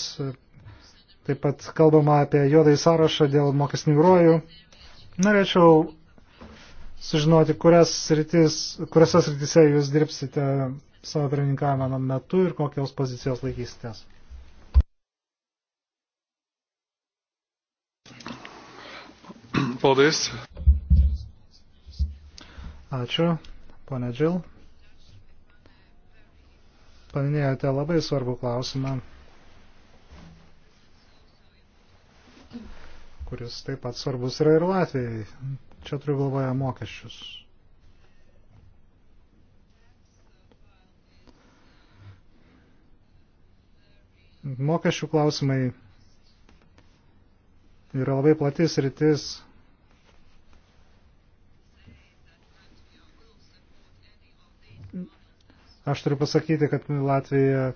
Taip pat kalbama apie juodai sąrašą dėl mokesnių rojų. Norėčiau sužinoti, kurias sritis, kuriuose sritise jūs dirbsite savo pirmininkavimo metu ir kokios pozicijos laikysitės. for this. Ačiū, ponė Džil. Paminėjote labai svarbų klausimą, kuris taip pat svarbus yra ir Latvijai. Čia turiu galvoje mokesčius. Mokesčių klausimai yra labai platis rytis. Aš turiu pasakyti, kad Latvija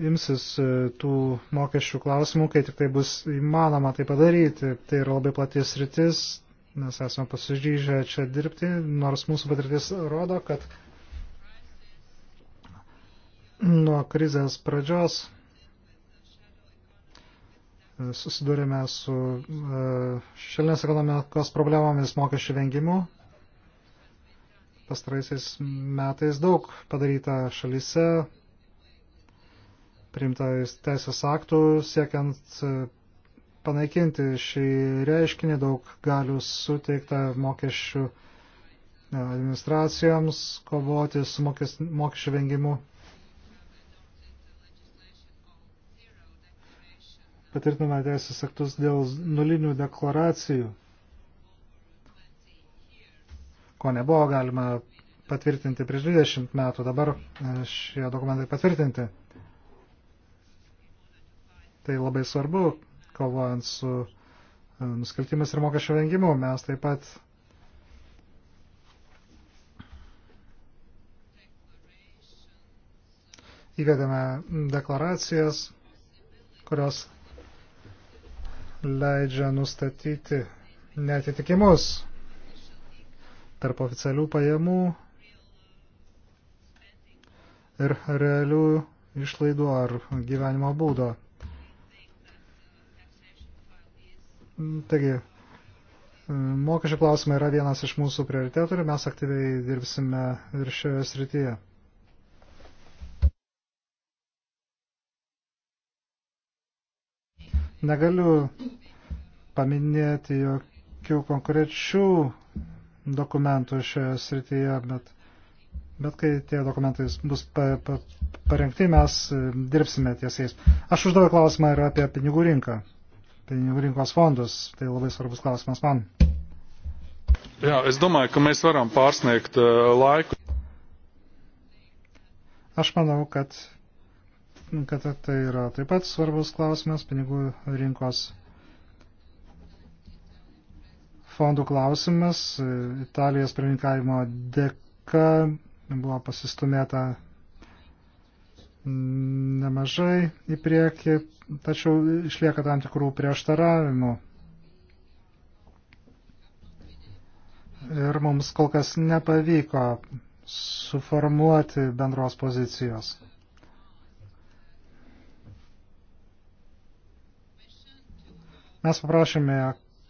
imsis e, tų mokesčių klausimų, kai tik tai bus įmanoma tai padaryti. Tai yra labai platis rytis, mes esame pasiryžę čia dirbti, nors mūsų patirtis rodo, kad nuo krizės pradžios susidūrėme su e, šešėlinės ekonomikos problemomis mokesčių vengimu. Pastaraisiais metais daug padaryta šalyse, priimta teisės aktų, siekiant e, panaikinti šį reiškinį, daug galių suteikta mokesčių e, administracijoms kovoti su mokesčių vengimu. patvirtiname teisės aktus dėl nulinių deklaracijų, ko nebuvo galima patvirtinti prieš 20 metų, dabar e, šie dokumentai patvirtinti. Tai labai svarbu, kovojant su e, nusikaltimis ir mokesčio vengimu. Mes taip pat įvedėme deklaracijas, kurios leidžia nustatyti netitikimus tarp oficialių pajamų ir realių išlaidų ar gyvenimo būdo. Taigi, mokesčių klausimai yra vienas iš mūsų prioritetų ir mes aktyviai dirbsime ir šioje srityje. Negaliu paminėti jokių konkrečių dokumentų šioje srityje, bet, bet kai tie dokumentai bus pa, pa, parengti, mes dirbsime tiesiais. Aš uždaviau klausimą ir apie pinigų rinką, pinigų rinkos fondus. Tai labai svarbus klausimas man. Jā, es domāju, ka mēs varam pārsniegt uh, laiku. Aš manau, kad kad tai yra taip pat svarbus klausimas, pinigų rinkos fondų klausimas. Italijos pirmininkavimo dėka buvo pasistumėta nemažai į priekį, tačiau išlieka tam tikrų prieštaravimų. Ir mums kol kas nepavyko suformuoti bendros pozicijos. Mes paprašėme,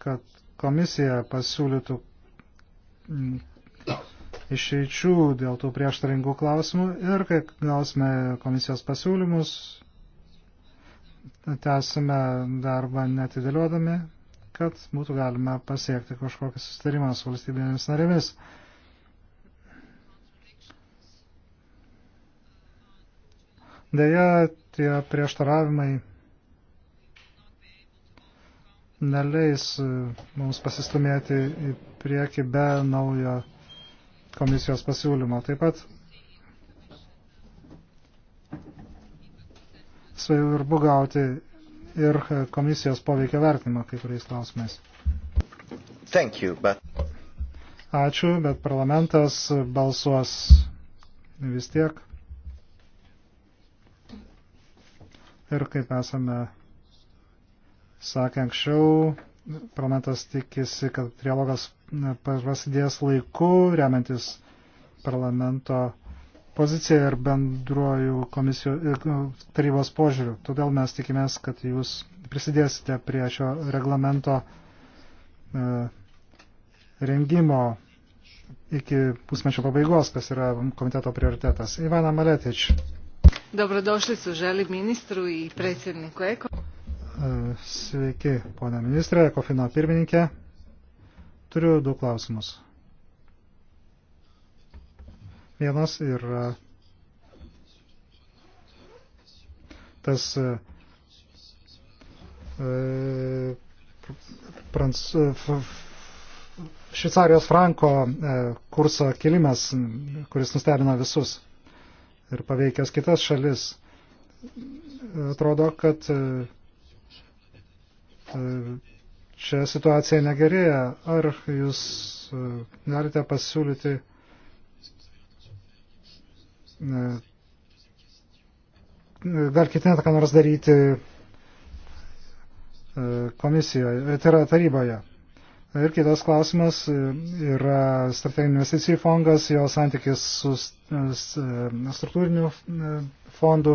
kad komisija pasiūlytų mm, išeičių dėl tų prieštaringų klausimų ir kai gausime komisijos pasiūlymus, tęsime darbą netidėliodami, kad būtų galima pasiekti kažkokį sustarimą su valstybinėmis narėmis. Deja, tie prieštaravimai neleis e, mums pasistumėti į priekį be naujo komisijos pasiūlymo. Taip pat svarbu gauti ir komisijos poveikio vertinimą kai kuriais klausimais. Thank you, but... Ačiū, bet parlamentas balsuos vis tiek. Ir kaip esame sakė anksčiau, parlamentas tikisi, kad trialogas prasidės laiku, remiantis parlamento poziciją ir bendruoju komisijų e, tarybos požiūriu. Todėl mes tikimės, kad jūs prisidėsite prie šio reglamento e, rengimo iki pusmečio pabaigos, kas yra komiteto prioritetas. Ivana Maletič. Dobrodošli su želi ministru i predsjedniku Eko. E, sveiki, ponia ministrė, Kofino pirmininkė. Turiu du klausimus. Vienas yra tas e, prans, Šveicarijos franko e, kurso kilimas, kuris nustebino visus ir paveikęs kitas šalis. Atrodo, kad čia situacija negerėja. Ar jūs galite e, pasiūlyti e, dar ketinate ką nors daryti e, komisijoje, tai yra taryboje. Ir kitas klausimas yra strateginių investicijų fondas, jo santykis su struktūriniu fondu.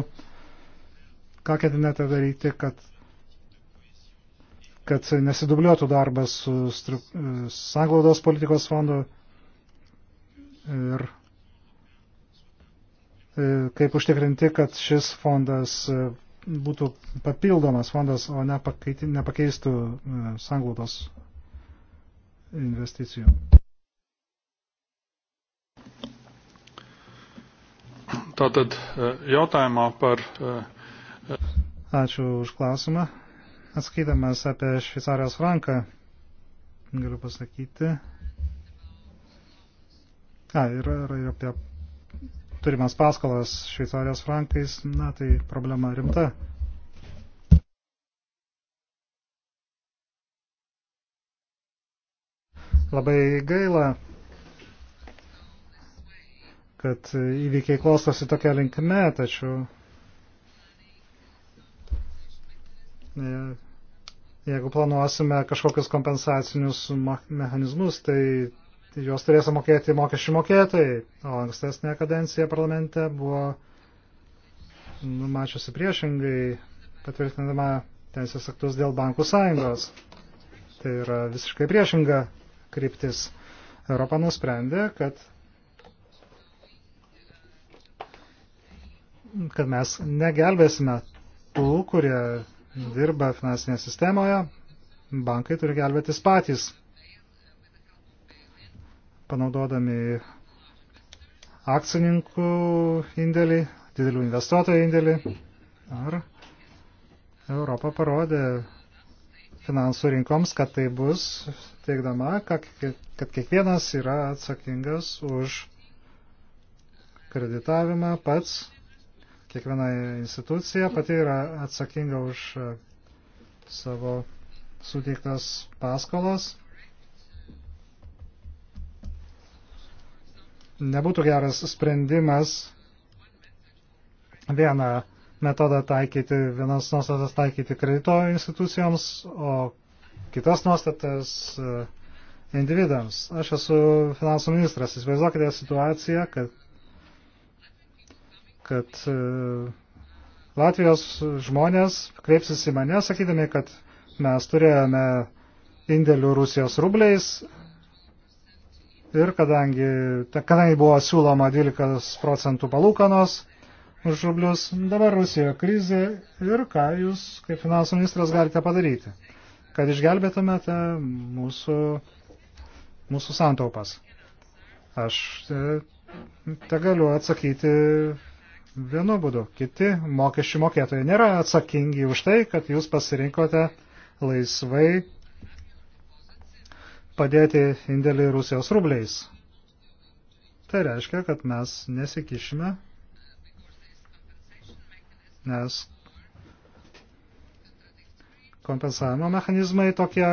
Ką ketinate daryti, kad kad nesidubliuotų darbas su stru... E, sanglaudos politikos fondu ir e, kaip užtikrinti, kad šis fondas e, būtų papildomas fondas, o nepakeiti, nepakeistų sanglaudos investicijų. Tātad jautājumā par. Ačiū už klausimą atskaidamas apie Šveicarijos franką, galiu pasakyti. A, ir, ir, ir apie turimas paskolas Šveicarijos frankais, na tai problema rimta. Labai gaila, kad įvykiai klostosi tokia linkme, tačiau E, jeigu planuosime kažkokius kompensacinius mechanizmus, tai juos turės mokėti mokesčių mokėtojai, o ankstesnė kadencija parlamente buvo numačiusi priešingai patvirtinama teisės aktus dėl bankų sąjungos. Tai yra visiškai priešinga kryptis. Europa nusprendė, kad, kad mes negelbėsime tų, kurie dirba finansinėje sistemoje, bankai turi gelbėtis patys, panaudodami akcininkų indėlį, didelių investuotojų indėlį. Ar Europa parodė finansų rinkoms, kad tai bus, teikdama, kad kiekvienas yra atsakingas už kreditavimą pats Kiekviena institucija pati yra atsakinga už e, savo suteiktas paskolas. Nebūtų geras sprendimas vieną metodą taikyti, vienas nuostatas taikyti kredito institucijoms, o kitas nuostatas e, individams. Aš esu finansų ministras. Įsivaizduokite situaciją, kad kad e, Latvijos žmonės kreipsis į mane, sakydami, kad mes turėjome indėlių Rusijos rubliais ir kadangi, kadangi buvo siūloma 12 procentų palūkanos už rublius, dabar Rusijoje krizė ir ką jūs kaip finansų ministras galite padaryti, kad išgelbėtumėte mūsų, mūsų santaupas. Aš te, te galiu atsakyti vienu būdu. Kiti mokesčių mokėtojai nėra atsakingi už tai, kad jūs pasirinkote laisvai padėti indėlį Rusijos rubliais. Tai reiškia, kad mes nesikišime, nes kompensavimo mechanizmai tokie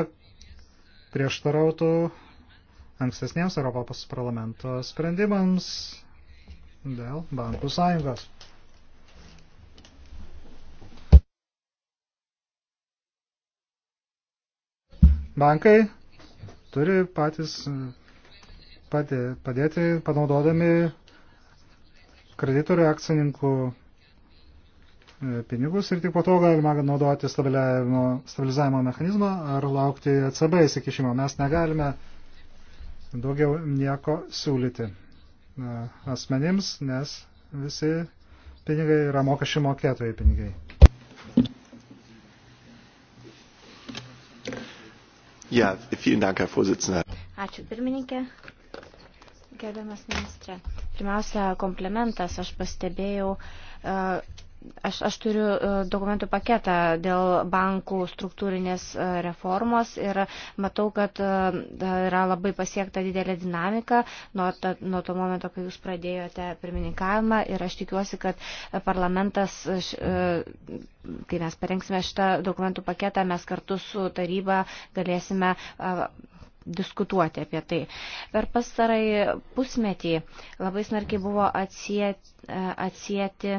prieštarautų ankstesniems Europos parlamento sprendimams dėl bankų sąjungos. Bankai turi patys e, padėti panaudodami kreditorių akcininkų e, pinigus ir tik po to galima naudoti stabilizavimo mechanizmą ar laukti ECB įsikišimo. Mes negalime daugiau nieko siūlyti asmenims, nes visi pinigai yra mokesčių mokėtojai pinigai. Ja, vielen Dank, Herr Vorsitzender. Ačiū, pirmininkė. Gerbiamas ministrė. Pirmiausia, komplementas. Aš pastebėjau uh, Aš, aš turiu e, dokumentų paketą dėl bankų struktūrinės e, reformos ir matau, kad e, yra labai pasiekta didelė dinamika nuo, ta, nuo to momento, kai jūs pradėjote pirmininkavimą ir aš tikiuosi, kad parlamentas, kai mes parengsime šitą dokumentų paketą, mes kartu su taryba galėsime diskutuoti apie tai. Per pastarąjį pusmetį labai snarkiai buvo atsieti, atsieti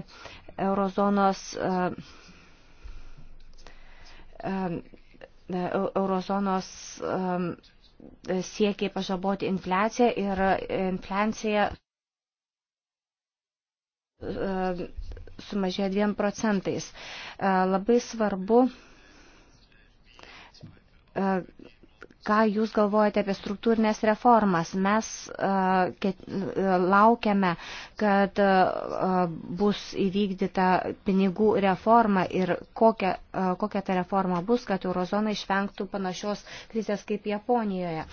eurozonos e, e, e, eurozonos siekiai pažaboti infliaciją ir infliacija sumažėjo 2 procentais. Labai svarbu ką Jūs galvojate apie struktūrinės reformas. Mes e, e, laukiame, kad e, bus įvykdyta pinigų reforma ir kokia, kokia ta reforma bus, kad eurozona išvengtų panašios krizės kaip Japonijoje.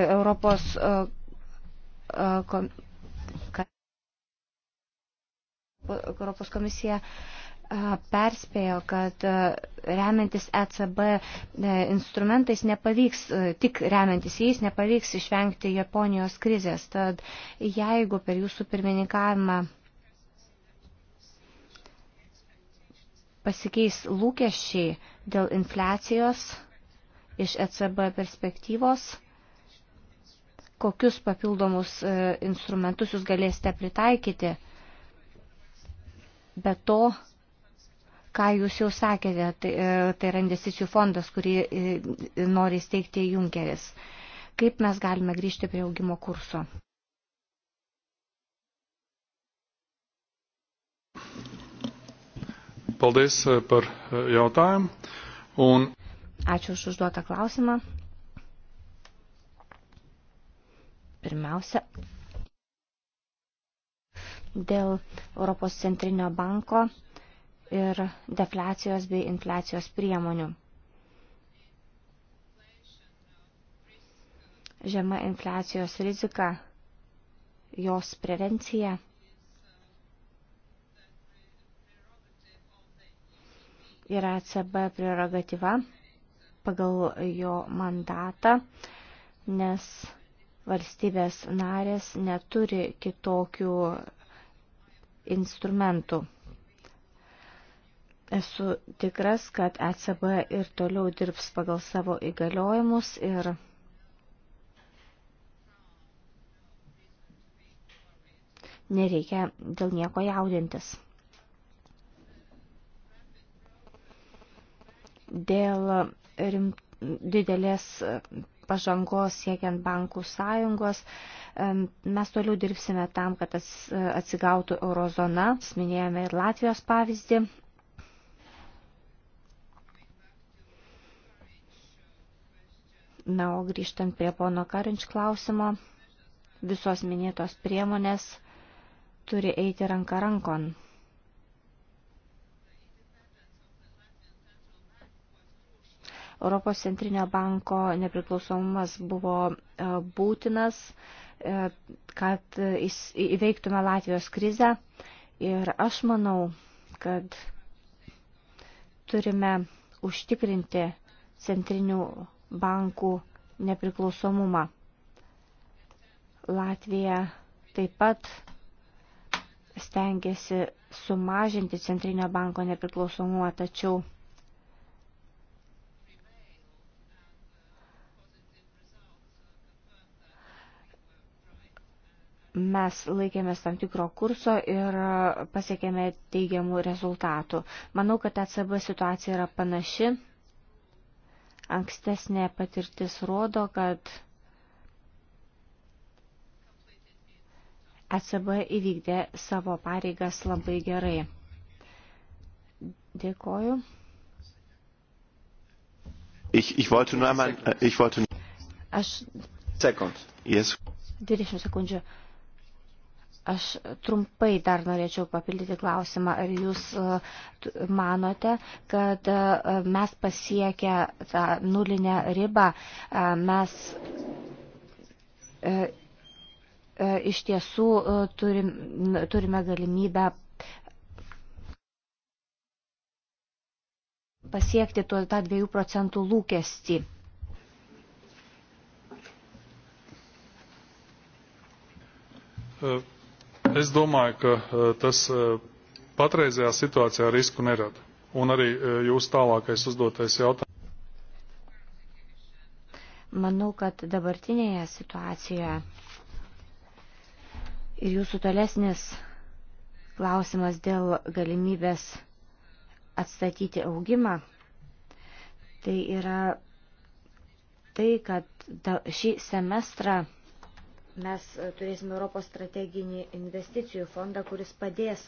Europos Europos komisija uh, perspėjo, kad e, remiantis ECB e, instrumentais nepavyks, e, tik remiantis jais nepavyks išvengti Japonijos krizės. Tad jeigu per jūsų pirmininkavimą pasikeis lūkesčiai dėl infliacijos iš ECB perspektyvos, kokius papildomus instrumentus jūs galėsite pritaikyti. Be to, ką jūs jau sakėte, tai, e, tai yra investicijų fondas, kurį e, e, nori steigti Junkeris. Kaip mes galime grįžti prie augimo kurso? Paldies par jautājumu. Un... Ačiū už užduotą klausimą. Pirmiausia, dėl Europos centrinio banko ir defliacijos bei infliacijos priemonių. Žema infliacijos rizika, jos prevencija yra ECB prerogatyva pagal jo mandatą, nes valstybės narės neturi kitokių instrumentų. Esu tikras, kad ECB ir toliau dirbs pagal savo įgaliojimus ir nereikia dėl nieko jaudintis. Dėl rim, didelės pažangos siekiant bankų sąjungos. Mes toliau dirbsime tam, kad atsigautų eurozona. Minėjome ir Latvijos pavyzdį. Na, o grįžtant prie pono Karinč klausimo, visos minėtos priemonės turi eiti ranka rankon. Europos centrinio banko nepriklausomumas buvo e, būtinas, e, kad įveiktume Latvijos krizę. Ir aš manau, kad turime užtikrinti centrinių bankų nepriklausomumą. Latvija taip pat stengiasi sumažinti Centrinio banko nepriklausomumą, tačiau mes laikėmės tam tikro kurso ir pasiekėme teigiamų rezultatų. Manau, kad ECB situacija yra panaši Ankstesnė patirtis rodo, kad ECB įvykdė savo pareigas labai gerai. Dėkoju. Ich, ich wollte nur einmal, äh, ich wollte... Aš... Sekund. Yes. 20 sekundžių. Uh, Aš trumpai dar norėčiau papildyti klausimą, ar jūs e, manote, kad e, mes pasiekę tą nulinę ribą, e, mes iš tiesų turim, turime galimybę pasiekti tuo, tą 2 procentų lūkestį. Uh. Es domāju, ka e, tas e, patreizajā situācijā risku nerada. Un arī e, jūsu tālākais uzdotais jautājums. Manau, kad dabartinėje situacijoje ir jūsų tolesnis klausimas dėl galimybės atstatyti augimą, tai yra tai, kad šį semestrą mes e, turėsime Europos strateginį investicijų fondą, kuris padės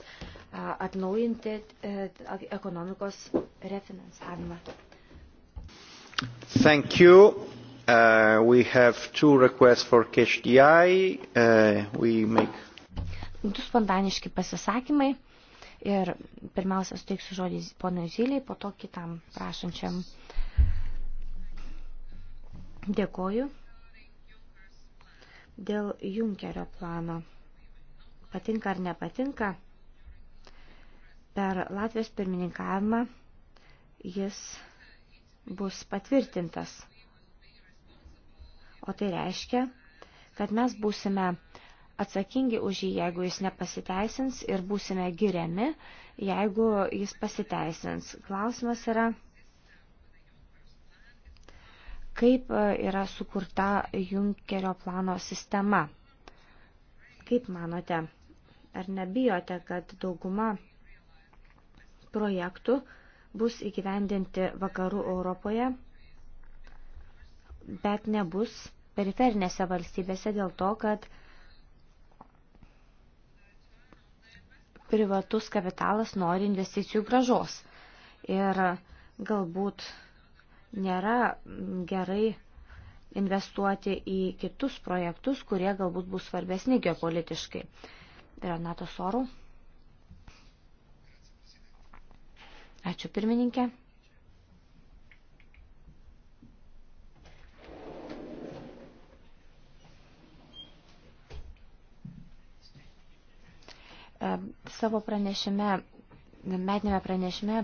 atnaujinti e, ekonomikos refinansavimą. Thank you. Uh, we have two requests for KHDI. Uh, we make... Du spontaniški pasisakymai. Ir pirmiausia, suteiksiu žodį ponui Zyliai, po to kitam prašančiam. Dėkoju dėl Junkerio plano. Patinka ar nepatinka, per Latvijos pirmininkavimą jis bus patvirtintas. O tai reiškia, kad mes būsime atsakingi už jį, jeigu jis nepasiteisins, ir būsime giriami, jeigu jis pasiteisins. Klausimas yra, kaip e, yra sukurta Junkerio plano sistema. Kaip manote, ar nebijote, kad dauguma projektų bus įgyvendinti vakarų Europoje, bet nebus periferinėse valstybėse dėl to, kad privatus kapitalas nori investicijų gražos. Ir galbūt nėra gerai investuoti į kitus projektus, kurie galbūt bus svarbesni geopolitiškai. Renato Sorų. Ačiū pirmininkė. Savo pranešime metinėme pranešime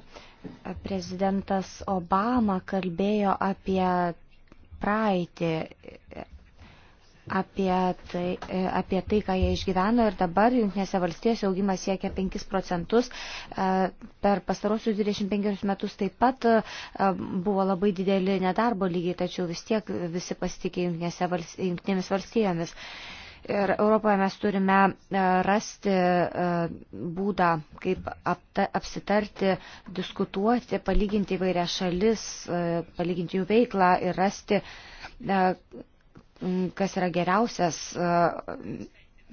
prezidentas Obama kalbėjo apie praeitį, apie tai, apie tai ką jie išgyveno ir dabar Junktinėse valstijose augimas siekia 5 procentus. Per pastarosius 25 metus taip pat e, buvo labai dideli nedarbo lygiai, tačiau vis tiek visi pasitikė Junktinėmis valstijomis. Ir Europoje mes turime e, rasti e, būdą, kaip apsitarti, diskutuoti, palyginti įvairią šalis, e, palyginti jų veiklą ir rasti, kas yra geriausias.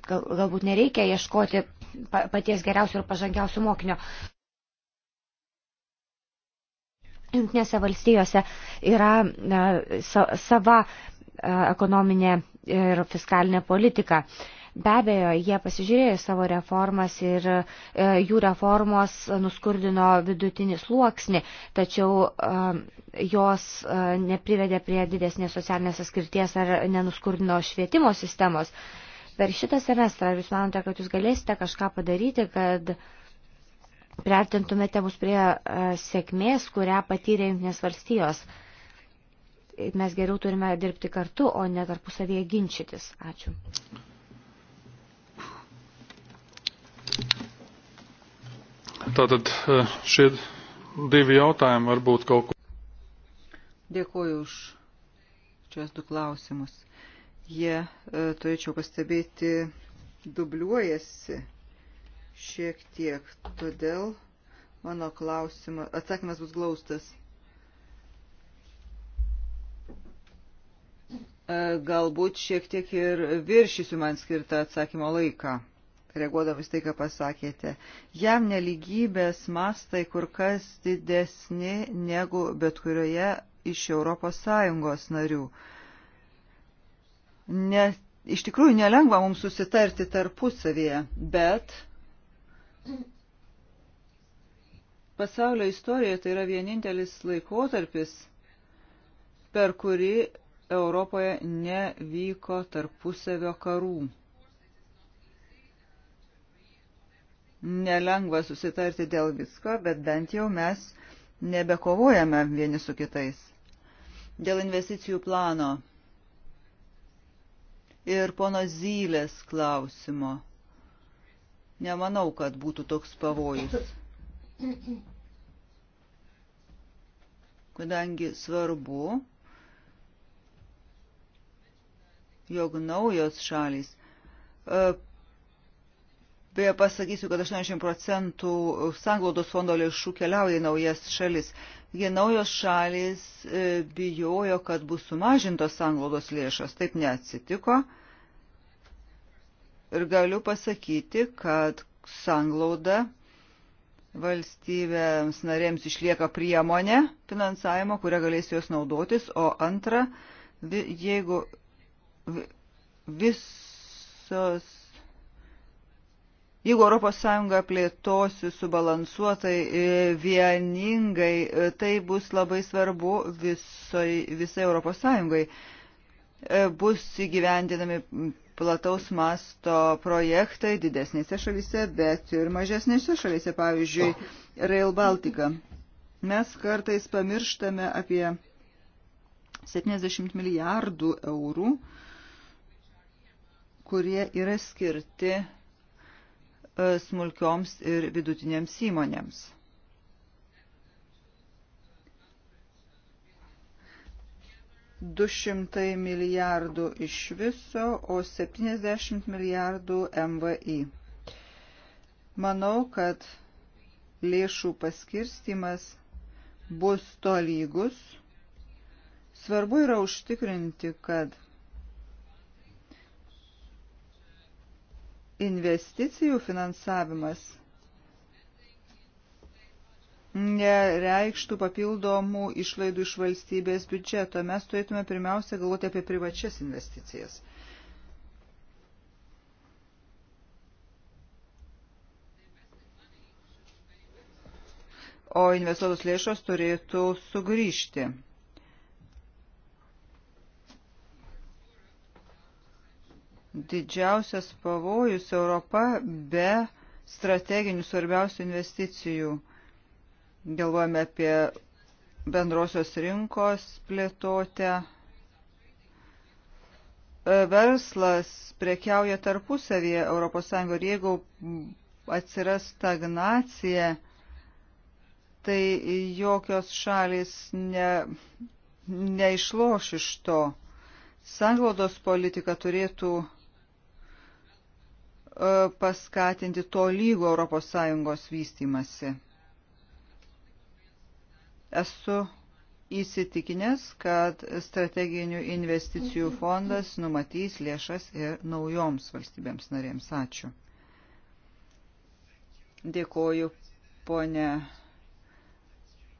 Galbūt nereikia ieškoti paties geriausio ir pažangiausio mokinio. Junktinėse valstijose yra sava ekonominė ir fiskalinę politiką. Be abejo, jie pasižiūrėjo savo reformas ir e, jų reformos nuskurdino vidutinį sluoksnį, tačiau e, jos e, neprivedė prie didesnės socialinės atskirties ar nenuskurdino švietimo sistemos. Per šitą semestrą, ar jūs manote, kad jūs galėsite kažką padaryti, kad priartintumėte mus prie e, sėkmės, kurią patyrė Junktinės valstijos? E, mes geriau turime dirbti kartu, o ne tarpusavėje ginčytis. Ačiū. Tātad e, šie divi jautājumi varbūt kaut ko. Dėkuoju už šios du klausimus. Jie, e, turėčiau pastebėti, dubliuojasi šiek tiek, todėl mano klausimas, atsakymas bus glaustas. E, galbūt šiek tiek ir viršysiu man skirtą atsakymo laiką, reaguodamas tai, ką pasakėte. Jam neligybės mastai kur kas didesni negu bet kurioje iš ES narių. Ne, iš tikrųjų nelengva mums susitarti tarpusavėje, bet pasaulio istorijoje tai yra vienintelis laikotarpis, per kurį Europoje nevyko tarpusavio karų. Nelengva susitarti dėl visko, bet bent jau mes nebekovojame vieni su kitais. Dėl investicijų plano ir pono Zylės klausimo. Nemanau, kad būtų toks pavojus. Kadangi svarbu, jog naujos šalys. E, beje, pasakysiu, kad 80 procentų sanglaudos fondo lėšų keliauja į naujas šalis. Jie naujos šalis e, bijojo, kad bus sumažintos sanglaudos lėšos. Taip neatsitiko. Ir galiu pasakyti, kad sanglauda valstybėms narėms išlieka priemonė finansavimo, kurią galės jos naudotis, o antra, jeigu visos Jeigu ES plėtosi subalansuotai, e, vieningai, e, tai bus labai svarbu visai, visai ES. Bus įgyvendinami plataus masto projektai didesnėse šalyse, bet ir mažesnėse šalyse, pavyzdžiui, Rail Baltica. Mes kartais pamirštame apie 70 milijardų eurų kurie yra skirti e, smulkioms ir vidutinėms įmonėms. Du šimtai milijardų iš viso, o 70 milijardų MVI. Manau, kad lėšų paskirstimas bus tolygus. Svarbu yra užtikrinti, kad investicijų finansavimas nereikštų papildomų išlaidų iš valstybės biudžeto. Mes turėtume pirmiausia galvoti apie privačias investicijas. O investuotos lėšos turėtų sugrįžti didžiausias pavojus Europa be strateginių svarbiausių investicijų. Galvojame apie bendrosios rinkos plėtotę. Verslas prekiauja tarpusavėje ES ir jeigu atsiras stagnacija, tai jokios šalis ne, neišloš iš to. Sanglaudos politika turėtų E, paskatinti to lygo ES vystimasi. Esu įsitikinęs, kad strateginių investicijų fondas numatys lėšas ir naujoms valstybėms narėms. Ačiū. Dėkoju, ponė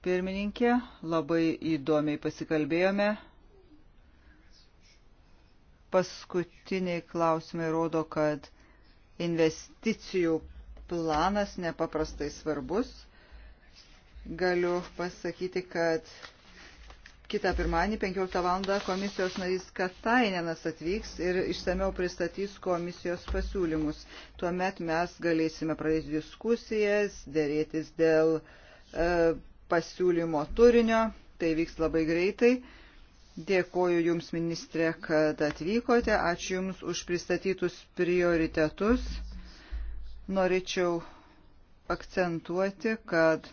pirmininkė, labai įdomiai pasikalbėjome. Paskutiniai klausimai rodo, kad investicijų planas nepaprastai svarbus. Galiu pasakyti, kad kitą pirmąjį 15 val. komisijos narys Katainenas atvyks ir išsameu pristatys komisijos pasiūlymus. Tuomet mes galėsime pradėti diskusijas, dėrėtis dėl e, pasiūlymo turinio. Tai vyks labai greitai. E, Dėkoju Jums, ministrė, kad atvykote. Ačiū Jums už pristatytus prioritetus. Norėčiau akcentuoti, kad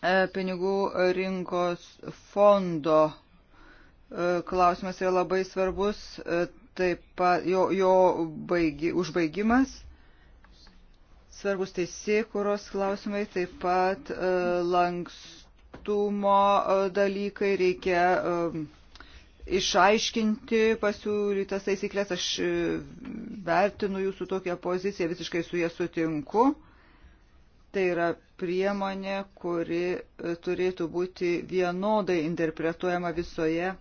e, pinigų rinkos fondo e, klausimas yra labai svarbus, e, taip pat jo, jo baigi, užbaigimas svarbus teisėkuros klausimai, taip pat lanks lankstumo e, dalykai, reikia e, išaiškinti pasiūlytas taisyklės. Aš e, vertinu jūsų tokią poziciją, visiškai su jie sutinku. Tai yra priemonė, kuri turėtų būti vienodai interpretuojama visoje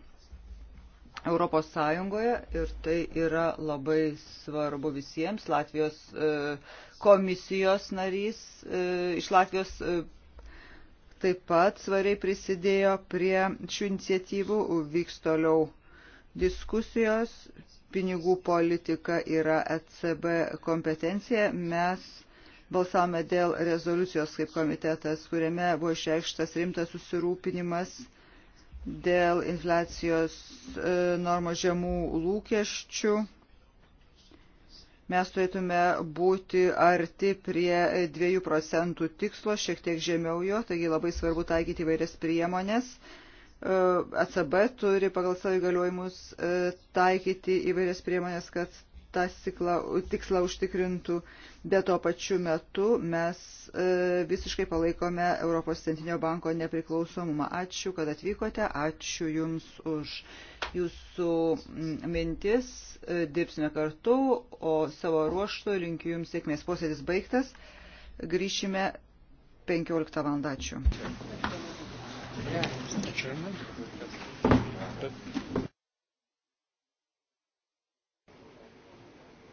Europos Sąjungoje ir tai yra labai svarbu visiems. Latvijos komisijos narys iš Latvijos taip pat svariai prisidėjo prie šių iniciatyvų, vyks toliau diskusijos, pinigų politika yra ECB kompetencija, mes balsavome dėl rezoliucijos kaip komitetas, kuriame buvo išreikštas rimtas susirūpinimas dėl infliacijos e, normos žemų lūkesčių mes turėtume būti arti prie 2 procentų tikslo, šiek tiek žemiau jo, taigi labai svarbu taikyti įvairias priemonės. ECB turi pagal savo įgaliojimus e, taikyti įvairias priemonės, kad tą siklą, tikslą užtikrintų, bet tuo pačiu metu mes e, visiškai palaikome Europos centrinio banko nepriklausomumą. Ačiū, kad atvykote, ačiū Jums už Jūsų mm, mintis, e, dirbsime kartu, o savo ruoštų linkiu Jums sėkmės. Posėdis baigtas, grįšime 15 val. Ačiū. Yeah. Chairman, but